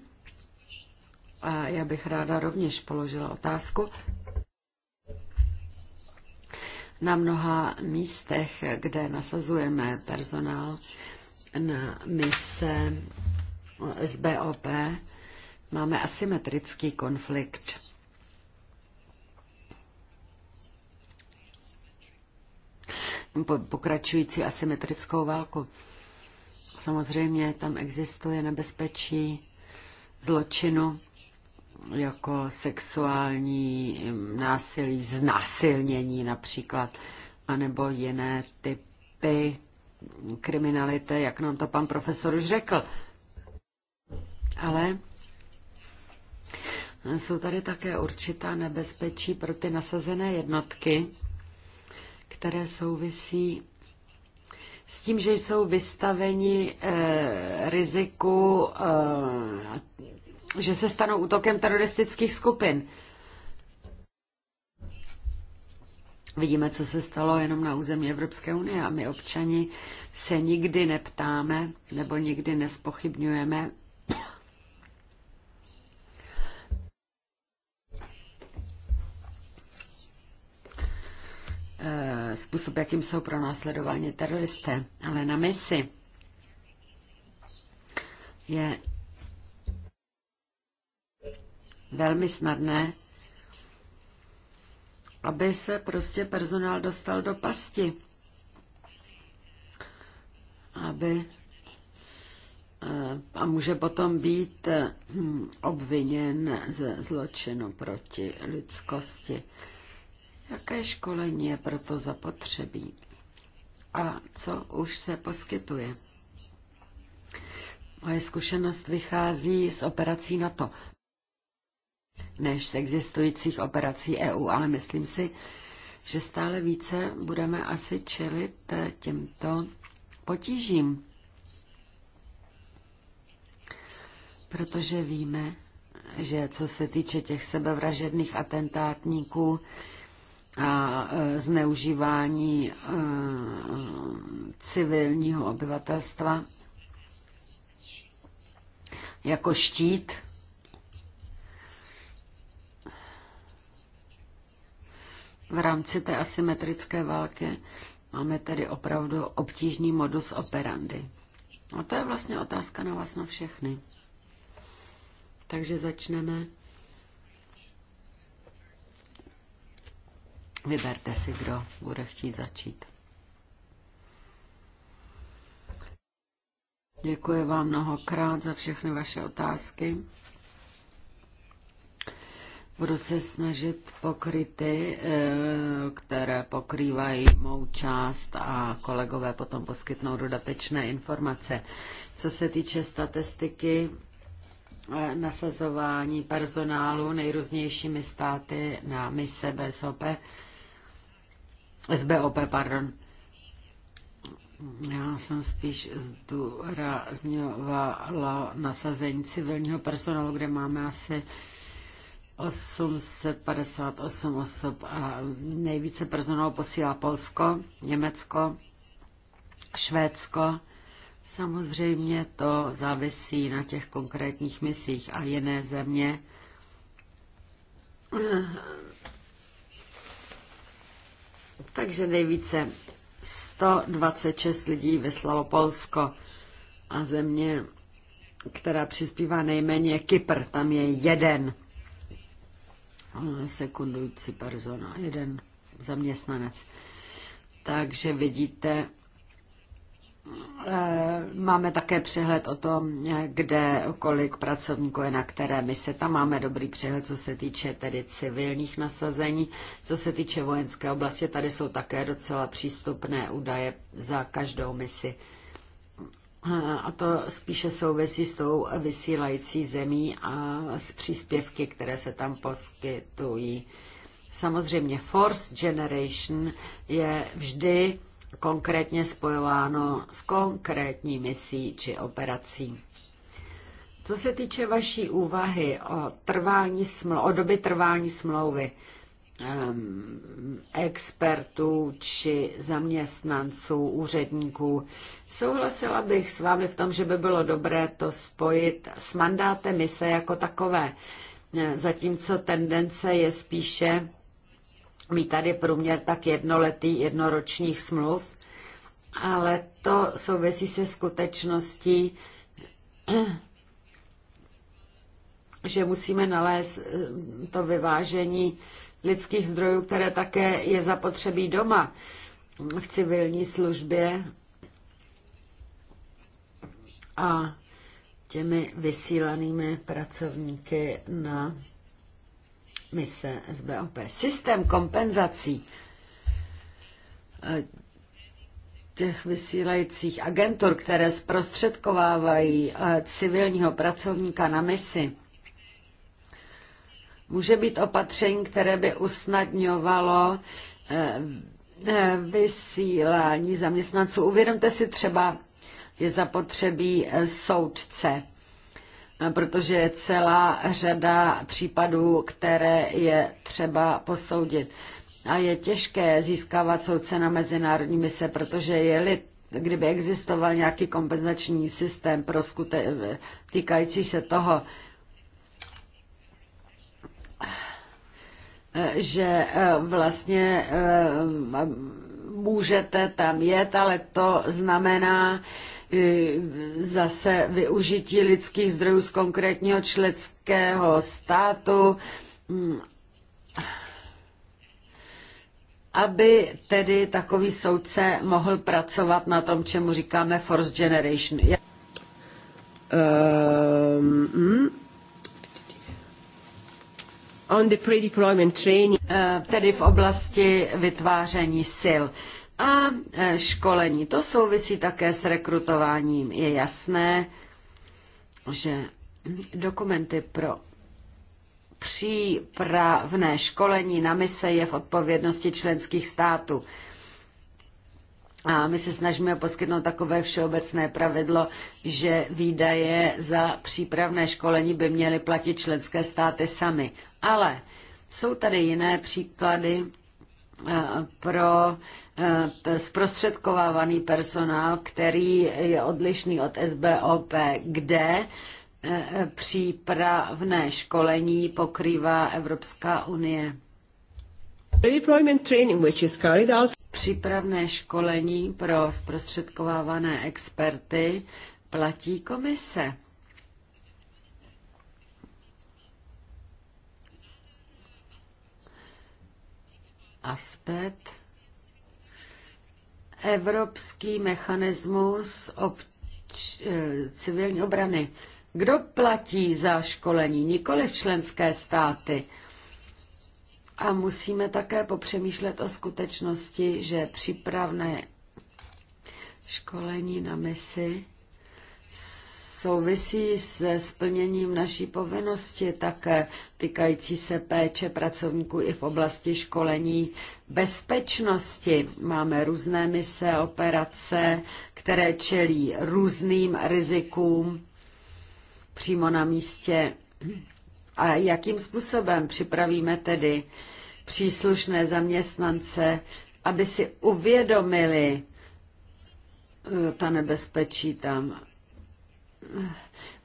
A já bych ráda rovněž položila otázku na mnoha místech, kde nasazujeme personál na mise SBOP, máme asymetrický konflikt. Pokračující asymetrickou válku. Samozřejmě tam existuje nebezpečí zločinu jako sexuální násilí, znásilnění například, anebo jiné typy kriminality, jak nám to pan profesor už řekl. Ale jsou tady také určitá nebezpečí pro ty nasazené jednotky, které souvisí s tím, že jsou vystaveni eh, riziku eh, že se stanou útokem teroristických skupin. Vidíme, co se stalo jenom na území Evropské unie a my občani se nikdy neptáme nebo nikdy nespochybňujeme. Eh, způsob, jakým jsou pro následování teroristé, ale na misi je velmi snadné, aby se prostě personál dostal do pasti. Aby eh, a může potom být eh, obviněn ze zločinu proti lidskosti. Jaké školení je proto zapotřebí? A co už se poskytuje? Moje zkušenost vychází z operací na to než z existujících operací EU, ale myslím si, že stále více budeme asi čelit eh, těmto potížím. Protože víme, že co se týče těch sebevražedných atentátníků a eh, zneužívání eh, civilního obyvatelstva jako štít, v rámci té asymetrické války máme tedy opravdu obtížný modus operandi. A to je vlastně otázka na vás na všechny. Takže začneme. Vyberte si, kdo bude chtít začít. Děkuji vám mnohokrát za všechny vaše otázky. Budu se snažit pokryty, eh, které pokrývají mou část a kolegové potom poskytnou dodatečné informace. Co se týče statistiky, eh, nasazování personálu nejrůznějšími státy na mise BSOP, SBOP, pardon. Já jsem spíš zdůrazňovala nasazení civilního personálu, kde máme asi 858 osob a nejvíce personálu posílá Polsko, Německo, Švédsko. Samozřejmě to závisí na těch konkrétních misích a jiné země takže nejvíce 126 lidí vyslalo Polsko a země, která přispívá nejméně Kypr, tam je jeden sekundující persona, jeden zaměstnanec. Takže vidíte, eh, Máme také přehled o tom, kde kolik pracovníků je na které mise. Tam máme dobrý přehled, co se týče tedy civilních nasazení. Co se týče vojenské oblasti, tady jsou také docela přístupné údaje za každou misi. A to spíše souvisí s tou vysílající zemí a s příspěvky, které se tam poskytují. Samozřejmě Force Generation je vždy konkrétně spojováno s konkrétní misí či operací. Co se týče vaší úvahy o, trvání sml- o doby trvání smlouvy, expertů či zaměstnanců, úředníků. Souhlasila bych s vámi v tom, že by bylo dobré to spojit s mandátem mise jako takové, e, zatímco tendence je spíše mít tady průměr tak jednoletý jednoročních smluv, ale to souvisí se skutečností, že musíme nalézt e, to vyvážení lidských zdrojů, které také je zapotřebí doma v civilní službě a těmi vysílanými pracovníky na mise SBOP. Systém kompenzací eh, těch vysílajících agentur, které zprostředkovávají eh, civilního pracovníka na misi, může být opatření, které by usnadňovalo eh, eh, vysílání zaměstnanců. Uvědomte si třeba, je zapotřebí eh, soudce, protože je celá řada případů, které je třeba posoudit. A je těžké získávat soudce na mezinárodní mise, protože je-li kdyby existoval nějaký kompenzační systém pro skute- týkající se toho, že eh, vlastně eh, můžete tam jet, ale to znamená eh, zase využití lidských zdrojů z konkrétního členského státu, mm, aby tedy takový soudce mohl pracovat na tom, čemu říkáme force generation. Um, mm on the pre-deployment training. Eh, tedy v oblasti vytváření sil a eh, školení. To souvisí také s rekrutováním. Je jasné, že dokumenty pro přípravné školení na mise je v odpovědnosti členských států. A my se snažíme poskytnout takové všeobecné pravidlo, že výdaje za přípravné školení by měly platit členské státy sami. Ale jsou tady jiné příklady eh, pro eh, zprostředkovávaný personál, který je odlišný od SBOP, kde eh, přípravné školení pokrývá Evropská unie. Přípravné školení pro zprostředkovávané experty platí komise. aspekt. Evropský mechanismus obč- eh, civilní obrany. Kdo platí za školení? Nikoli v členské státy. A musíme také popřemýšlet o skutečnosti, že přípravné školení na misi souvisí se splněním naší povinnosti také týkající se péče pracovníků i v oblasti školení bezpečnosti. Máme různé mise, operace, které čelí různým rizikům přímo na místě. A jakým způsobem připravíme tedy příslušné zaměstnance, aby si uvědomili eh, ta nebezpečí tam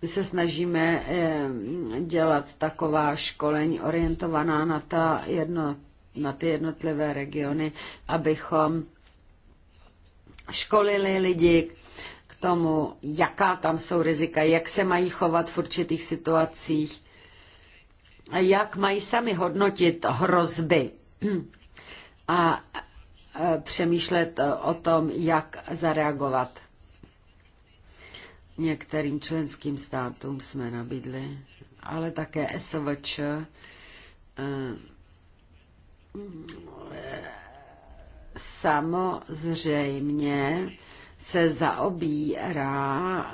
my se snažíme eh, dělat taková školení orientovaná na, ta jedno, na ty jednotlivé regiony, abychom školili lidi k tomu, jaká tam jsou rizika, jak se mají chovat v určitých situacích, a jak mají sami hodnotit hrozby a eh, přemýšlet o tom, jak zareagovat. Některým členským státům jsme nabídli, ale také SVČ eh, samozřejmě se zaobírá eh,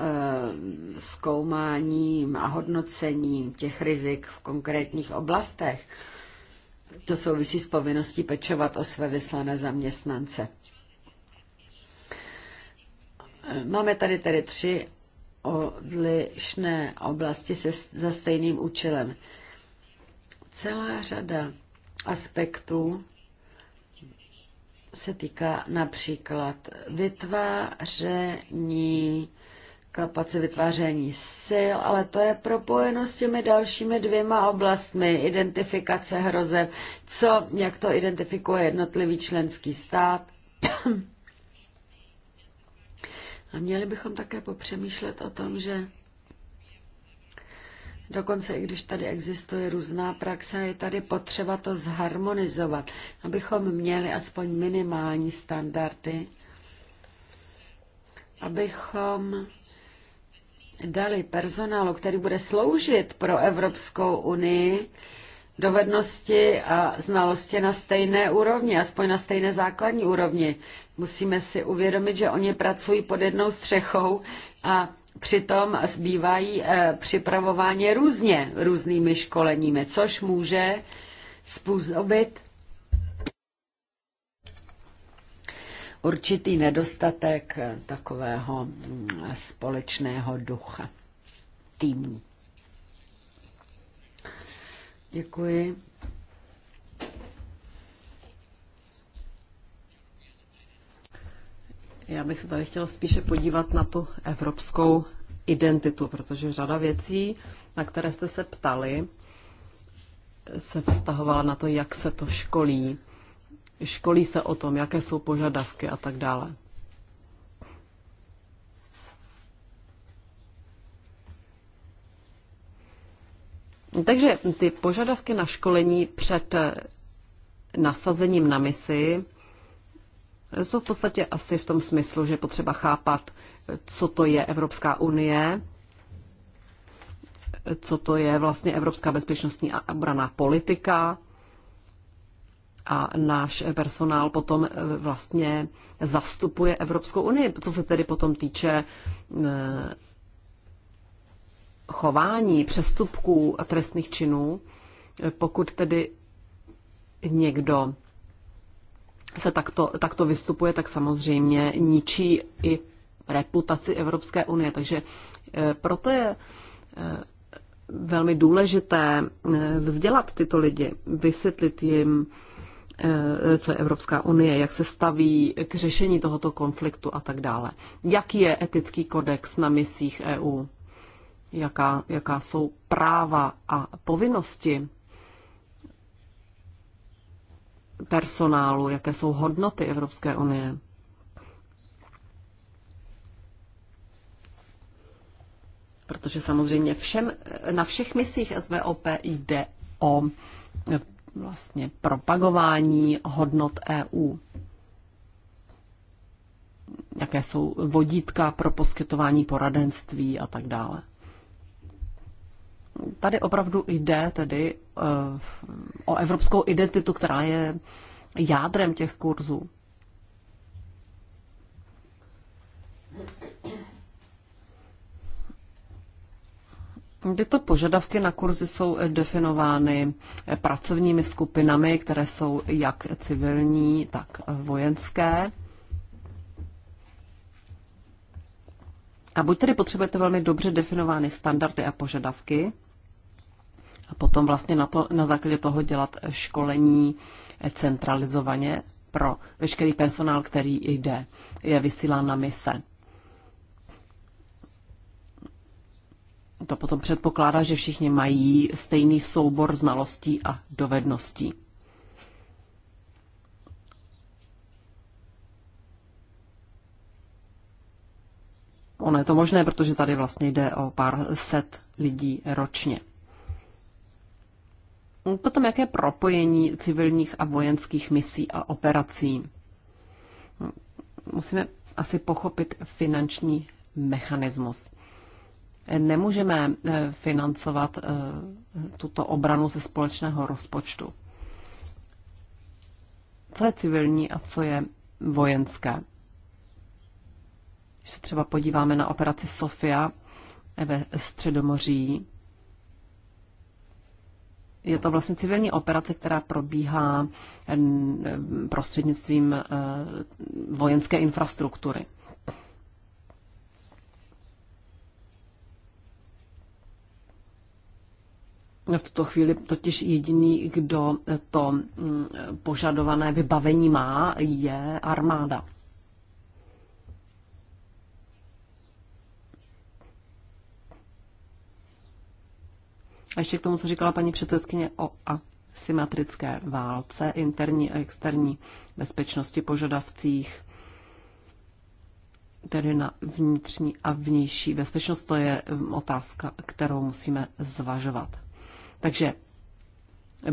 zkoumáním a hodnocením těch rizik v konkrétních oblastech. To souvisí s povinností pečovat o své vyslané zaměstnance. Máme tady tedy tři odlišné oblasti se, za stejným účelem. Celá řada aspektů se týká například vytváření kapace vytváření sil, ale to je propojeno s těmi dalšími dvěma oblastmi, identifikace hrozeb, co, jak to identifikuje jednotlivý členský stát a měli bychom také popřemýšlet o tom, že Dokonce i když tady existuje různá praxe, je tady potřeba to zharmonizovat, abychom měli aspoň minimální standardy, abychom dali personálu, který bude sloužit pro Evropskou unii, dovednosti a znalosti na stejné úrovni, aspoň na stejné základní úrovni. Musíme si uvědomit, že oni pracují pod jednou střechou a přitom zbývají eh, připravování různě různými školeními, což může způsobit určitý nedostatek eh, takového mm, společného ducha týmu. Děkuji. Já bych se tady chtěla spíše podívat na tu evropskou identitu, protože řada věcí, na které jste se ptali, se vztahovala na to, jak se to školí. Školí se o tom, jaké jsou požadavky a tak dále. Takže ty požadavky na školení před eh, nasazením na misi jsou v podstatě asi v tom smyslu, že potřeba chápat, co to je Evropská unie, co to je vlastně Evropská bezpečnostní a obraná politika a náš personál potom eh, vlastně zastupuje Evropskou unii, co se tedy potom týče eh, chování, přestupků a trestných činů, pokud tedy někdo se takto, takto vystupuje, tak samozřejmě ničí i reputaci Evropské unie. Takže eh, proto je eh, velmi důležité eh, vzdělat tyto lidi, vysvětlit jim, co je Evropská unie, jak se staví k řešení tohoto konfliktu a tak dále. Jaký je etický kodex na misích EU? jaká, jaká jsou práva a povinnosti personálu, jaké jsou hodnoty Evropské unie. Protože samozřejmě všem, na všech misích SVOP jde o eh, vlastně propagování hodnot EU. Jaké jsou vodítka pro poskytování poradenství a tak dále. Tady opravdu jde tedy eh, o evropskou identitu, která je jádrem těch kurzů. Tyto požadavky na kurzy jsou definovány pracovními skupinami, které jsou jak civilní, tak vojenské. A buď tedy potřebujete velmi dobře definovány standardy a požadavky, a potom vlastně na, to, na základě toho dělat školení centralizovaně pro veškerý personál, který jde, je vysílán na mise. To potom předpokládá, že všichni mají stejný soubor znalostí a dovedností. ono je to možné, protože tady vlastně jde o pár set lidí ročně. Potom jaké propojení civilních a vojenských misí a operací? Musíme asi pochopit finanční mechanismus. Nemůžeme eh, financovat eh, tuto obranu ze společného rozpočtu. Co je civilní a co je vojenské? Když se třeba podíváme na operaci Sofia ve Středomoří, je to vlastně civilní operace, která probíhá prostřednictvím e, vojenské infrastruktury. V tuto chvíli totiž jediný, kdo to požadované vybavení má, je armáda. A ještě k tomu, co říkala paní předsedkyně o asymetrické válce, interní a externí bezpečnosti požadavcích, tedy na vnitřní a vnější bezpečnost, to je um, otázka, kterou musíme zvažovat. Takže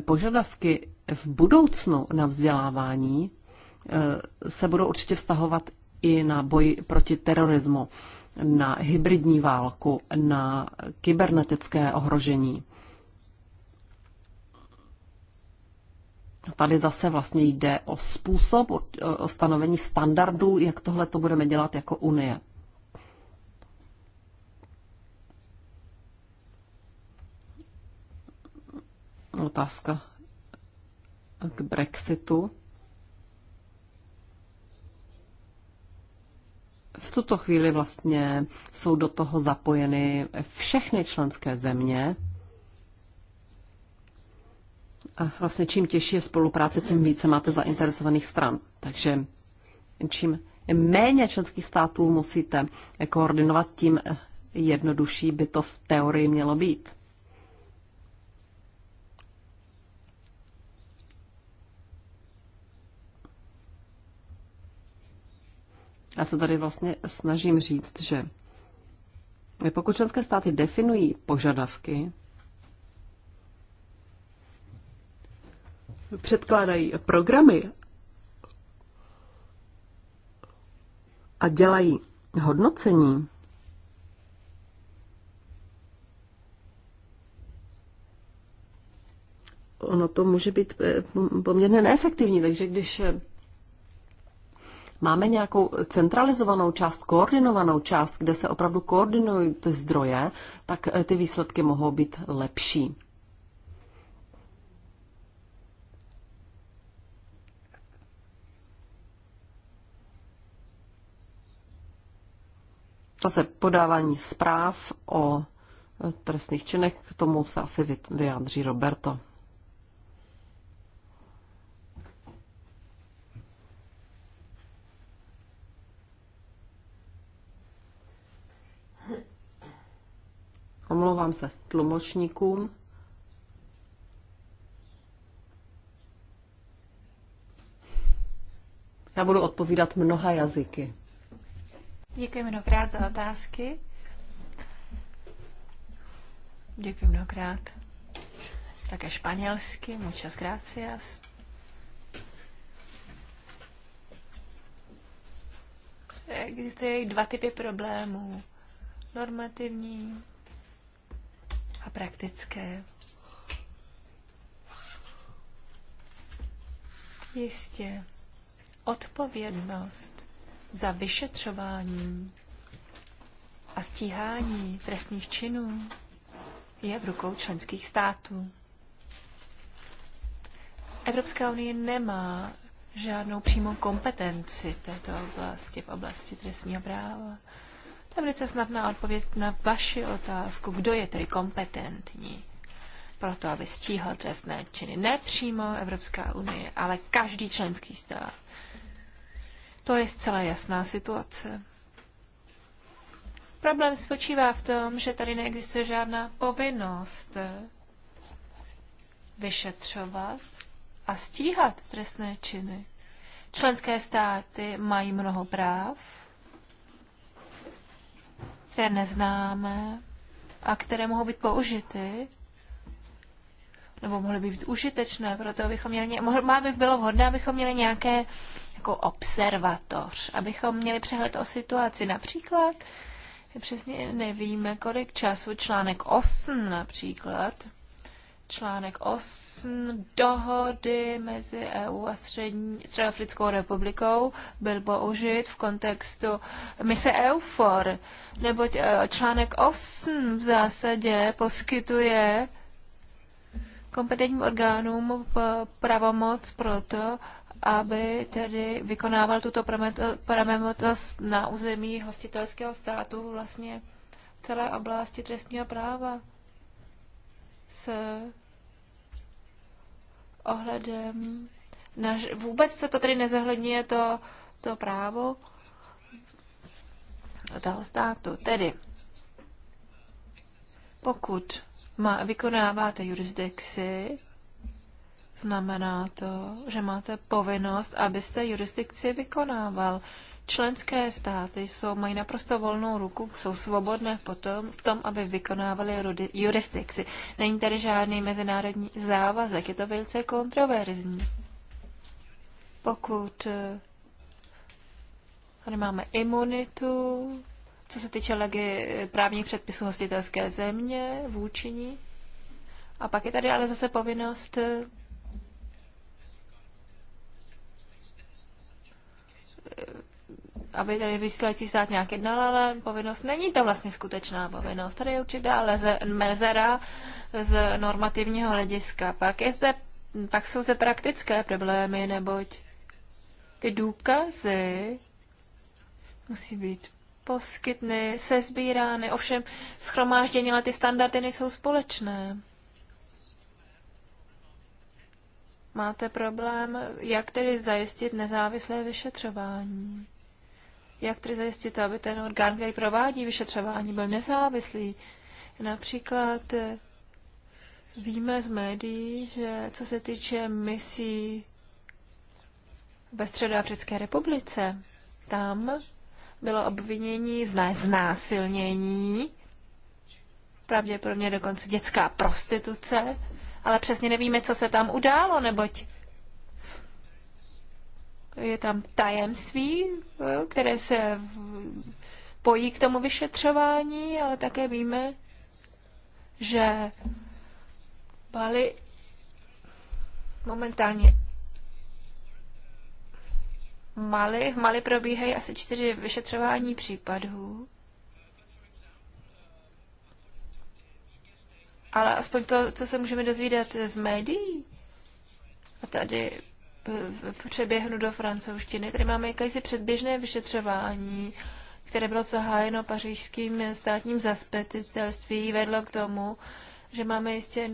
požadavky v budoucnu na vzdělávání uh, se budou určitě vztahovat i na boj proti terorismu, na hybridní válku, na kybernetické ohrožení. Tady zase vlastně jde o způsob, o stanovení standardů, jak tohle to budeme dělat jako Unie. Otázka k Brexitu. V tuto chvíli vlastně jsou do toho zapojeny všechny členské země, a vlastně čím těžší je spolupráce, tím více máte zainteresovaných stran. Takže čím méně členských států musíte koordinovat, tím jednodušší by to v teorii mělo být. Já se tady vlastně snažím říct, že pokud členské státy definují požadavky, předkládají programy a dělají hodnocení, ono to může být eh, poměrně neefektivní, takže když eh, máme nějakou centralizovanou část, koordinovanou část, kde se opravdu koordinují ty zdroje, tak eh, ty výsledky mohou být lepší. zase podávání zpráv o trestných činech, k tomu se asi vyjádří Roberto. Omlouvám se tlumočníkům. Já budu odpovídat mnoha jazyky. Děkuji mnohokrát za otázky. Děkuji mnohokrát. Také španělsky, muchas gracias. Existují dva typy problémů. Normativní a praktické. Jistě. Odpovědnost za vyšetřování a stíhání trestných činů je v rukou členských států. Evropská unie nemá žádnou přímou kompetenci v této oblasti, v oblasti trestního práva. To je velice snadná odpověď na vaši otázku, kdo je tedy kompetentní pro to, aby stíhal trestné činy. Ne přímo Evropská unie, ale každý členský stát. To je zcela jasná situace. Problém spočívá v tom, že tady neexistuje žádná povinnost vyšetřovat a stíhat trestné činy. Členské státy mají mnoho práv, které neznáme a které mohou být použity nebo mohly by být užitečné, proto bychom měli, mohli, by bylo vhodné, abychom měli nějaké jako observatoř, abychom měli přehled o situaci. Například přesně nevíme, kolik času článek 8 například, článek 8 dohody mezi EU a Středoafrickou republikou byl použit v kontextu mise EUFOR, neboť e, článek 8 v zásadě poskytuje kompetentním orgánům pravomoc pro to, aby tedy vykonával tuto pravomoc na území hostitelského státu vlastně v celé oblasti trestního práva s ohledem na, vůbec se to tedy nezohledňuje to, to právo toho státu. Tedy, pokud má, vykonáváte jurisdikci, Znamená to, že máte povinnost, abyste jurisdikci vykonával. Členské státy jsou, mají naprosto volnou ruku, jsou svobodné potom v tom, aby vykonávali jurisdikci. Není tady žádný mezinárodní závazek, je to velice kontroverzní. Pokud eh, tady máme imunitu, co se týče legi- právních předpisů hostitelské země, vůči ní, a pak je tady ale zase povinnost eh, aby tady vysílající stát nějak jednal, ale povinnost není to vlastně skutečná povinnost. Tady je určitá leze, mezera z normativního hlediska. Pak, je zde, pak jsou zde praktické problémy, neboť ty důkazy musí být poskytny, sezbírány, ovšem schromáždění, ale ty standardy nejsou společné. máte problém, jak tedy zajistit nezávislé vyšetřování. Jak tedy zajistit to, aby ten orgán, který provádí vyšetřování, byl nezávislý. Například eh, víme z médií, že co se týče misí ve Středoafrické republice, tam bylo obvinění z znásilnění, pravděpodobně dokonce dětská prostituce, ale přesně nevíme, co se tam událo, neboť je tam tajemství, eh, které se pojí k tomu vyšetřování, ale také víme, že Bali momentálně Mali, v Mali probíhají asi čtyři vyšetřování případů. ale aspoň to, co se můžeme dozvídat z médií. A tady přeběhnu do francouzštiny. Tady máme jakési předběžné vyšetřování, které bylo zahájeno pařížským státním zaspetitelství, vedlo k tomu, že máme jistě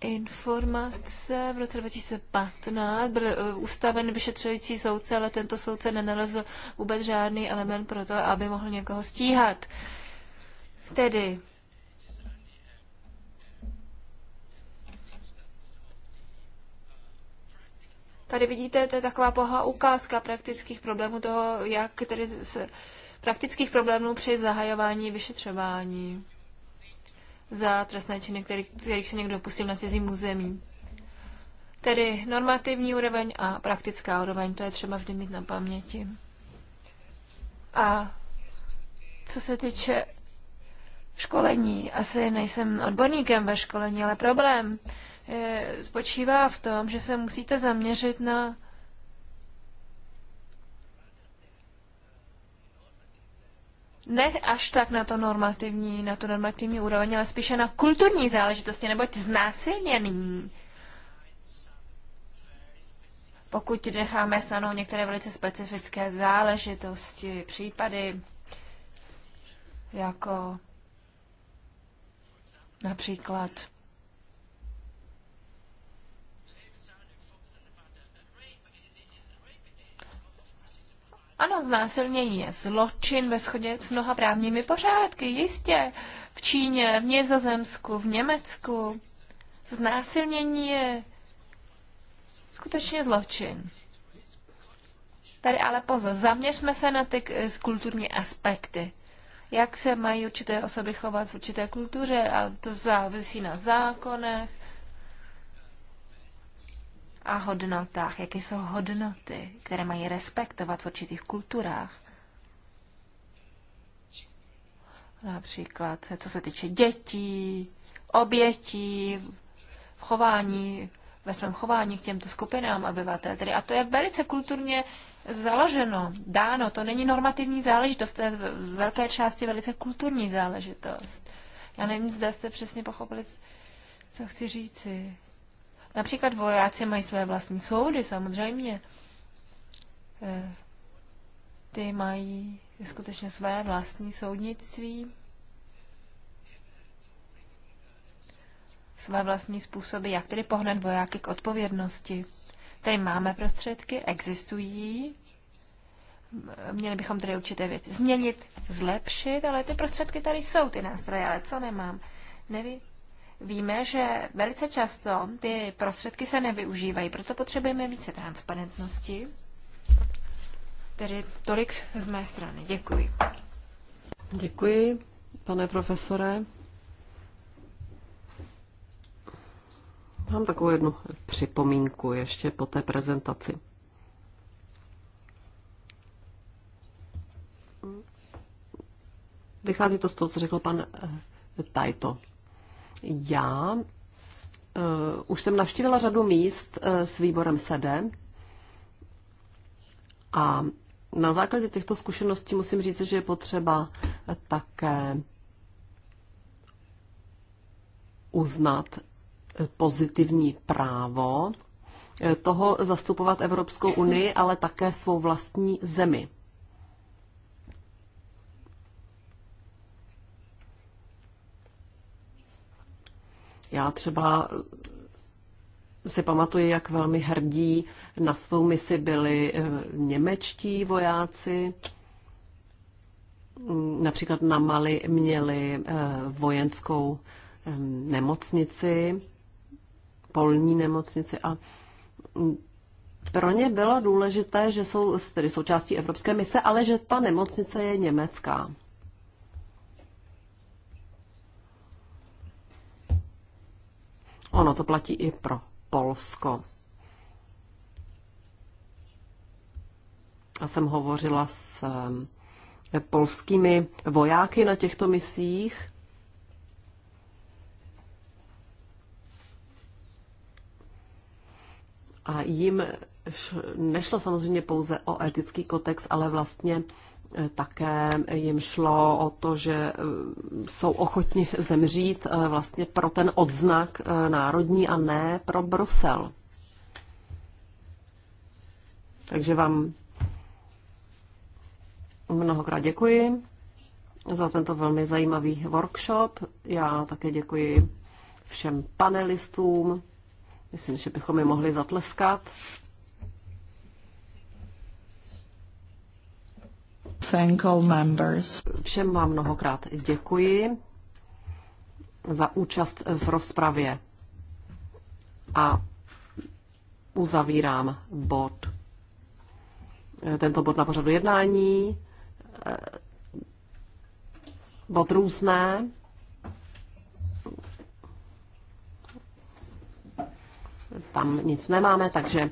informace v roce 2015. Byl eh, ustaven vyšetřující soudce, ale tento soudce nenalezl vůbec žádný element pro to, aby mohl někoho stíhat. Tedy Tady vidíte, to je taková pohá ukázka praktických problémů toho, jak tedy z, praktických problémů při zahajování vyšetřování za trestné činy, který, kterých se někdo pustil na cizím území. Tedy normativní úroveň a praktická úroveň, to je třeba vždy mít na paměti. A co se týče školení, asi nejsem odborníkem ve školení, ale problém E, spočívá v tom, že se musíte zaměřit na ne až tak na to normativní, na to normativní úroveň, ale spíše na kulturní záležitosti, neboť znásilněný. Pokud necháme stranou některé velice specifické záležitosti, případy, jako například Ano, znásilnění je zločin ve shodě s mnoha právními pořádky, jistě. V Číně, v Nizozemsku, v Německu. Znásilnění je skutečně zločin. Tady ale pozor, zaměřme se na ty kulturní aspekty. Jak se mají určité osoby chovat v určité kultuře a to závisí na zákonech, a hodnotách, jaké jsou hodnoty, které mají respektovat v určitých kulturách. Například, co se týče dětí, obětí, v chování, ve svém chování k těmto skupinám obyvatel. Tedy a to je velice kulturně založeno, dáno. To není normativní záležitost, to je v velké části velice kulturní záležitost. Já nevím, zda jste přesně pochopili, co chci říci. Například vojáci mají své vlastní soudy, samozřejmě. E, ty mají skutečně své vlastní soudnictví, své vlastní způsoby, jak tedy pohnat vojáky k odpovědnosti. Tady máme prostředky, existují, měli bychom tedy určité věci změnit, zlepšit, ale ty prostředky tady jsou, ty nástroje, ale co nemám? Nevím, víme, že velice často ty prostředky se nevyužívají, proto potřebujeme více transparentnosti. Tedy tolik z mé strany. Děkuji. Děkuji, pane profesore. Mám takovou jednu připomínku ještě po té prezentaci. Vychází to z toho, co řekl pan eh, Tajto. Já uh, už jsem navštívila řadu míst uh, s výborem SEDE a na základě těchto zkušeností musím říct, že je potřeba také uznat eh, pozitivní právo toho zastupovat Evropskou unii, ale také svou vlastní zemi. Já třeba si pamatuji, jak velmi hrdí na svou misi byli eh, němečtí vojáci. Mm, například na Mali měli eh, vojenskou nemocnici, polní nemocnici a mm, pro ně bylo důležité, že jsou tedy součástí evropské mise, ale že ta nemocnice je německá. Ono to platí i pro Polsko. Já jsem hovořila s polskými vojáky na těchto misích. A jim nešlo samozřejmě pouze o etický kotex, ale vlastně Eh, také jim šlo o to, že eh, jsou ochotni zemřít eh, vlastně pro ten odznak národní a ne pro Brusel. Takže vám mnohokrát děkuji za tento velmi zajímavý workshop. Já také děkuji všem panelistům. Myslím, že bychom je mohli zatleskat. Thank all members. Všem vám mnohokrát děkuji za účast v rozpravě a uzavírám bod. Tento bod na pořadu jednání, eh, bod různé, tam nic nemáme, takže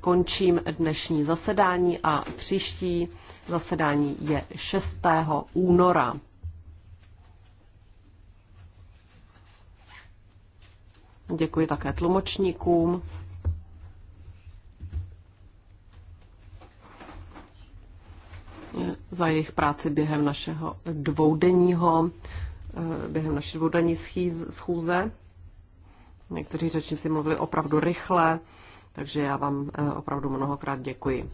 končím dnešní zasedání a příští zasedání je 6. února. Děkuji také tlumočníkům. za jejich práci během našeho dvoudenního, eh, během naší dvoudenní schůze. Někteří řečníci mluvili opravdu rychle. Takže já vám eh, opravdu mnohokrát děkuji.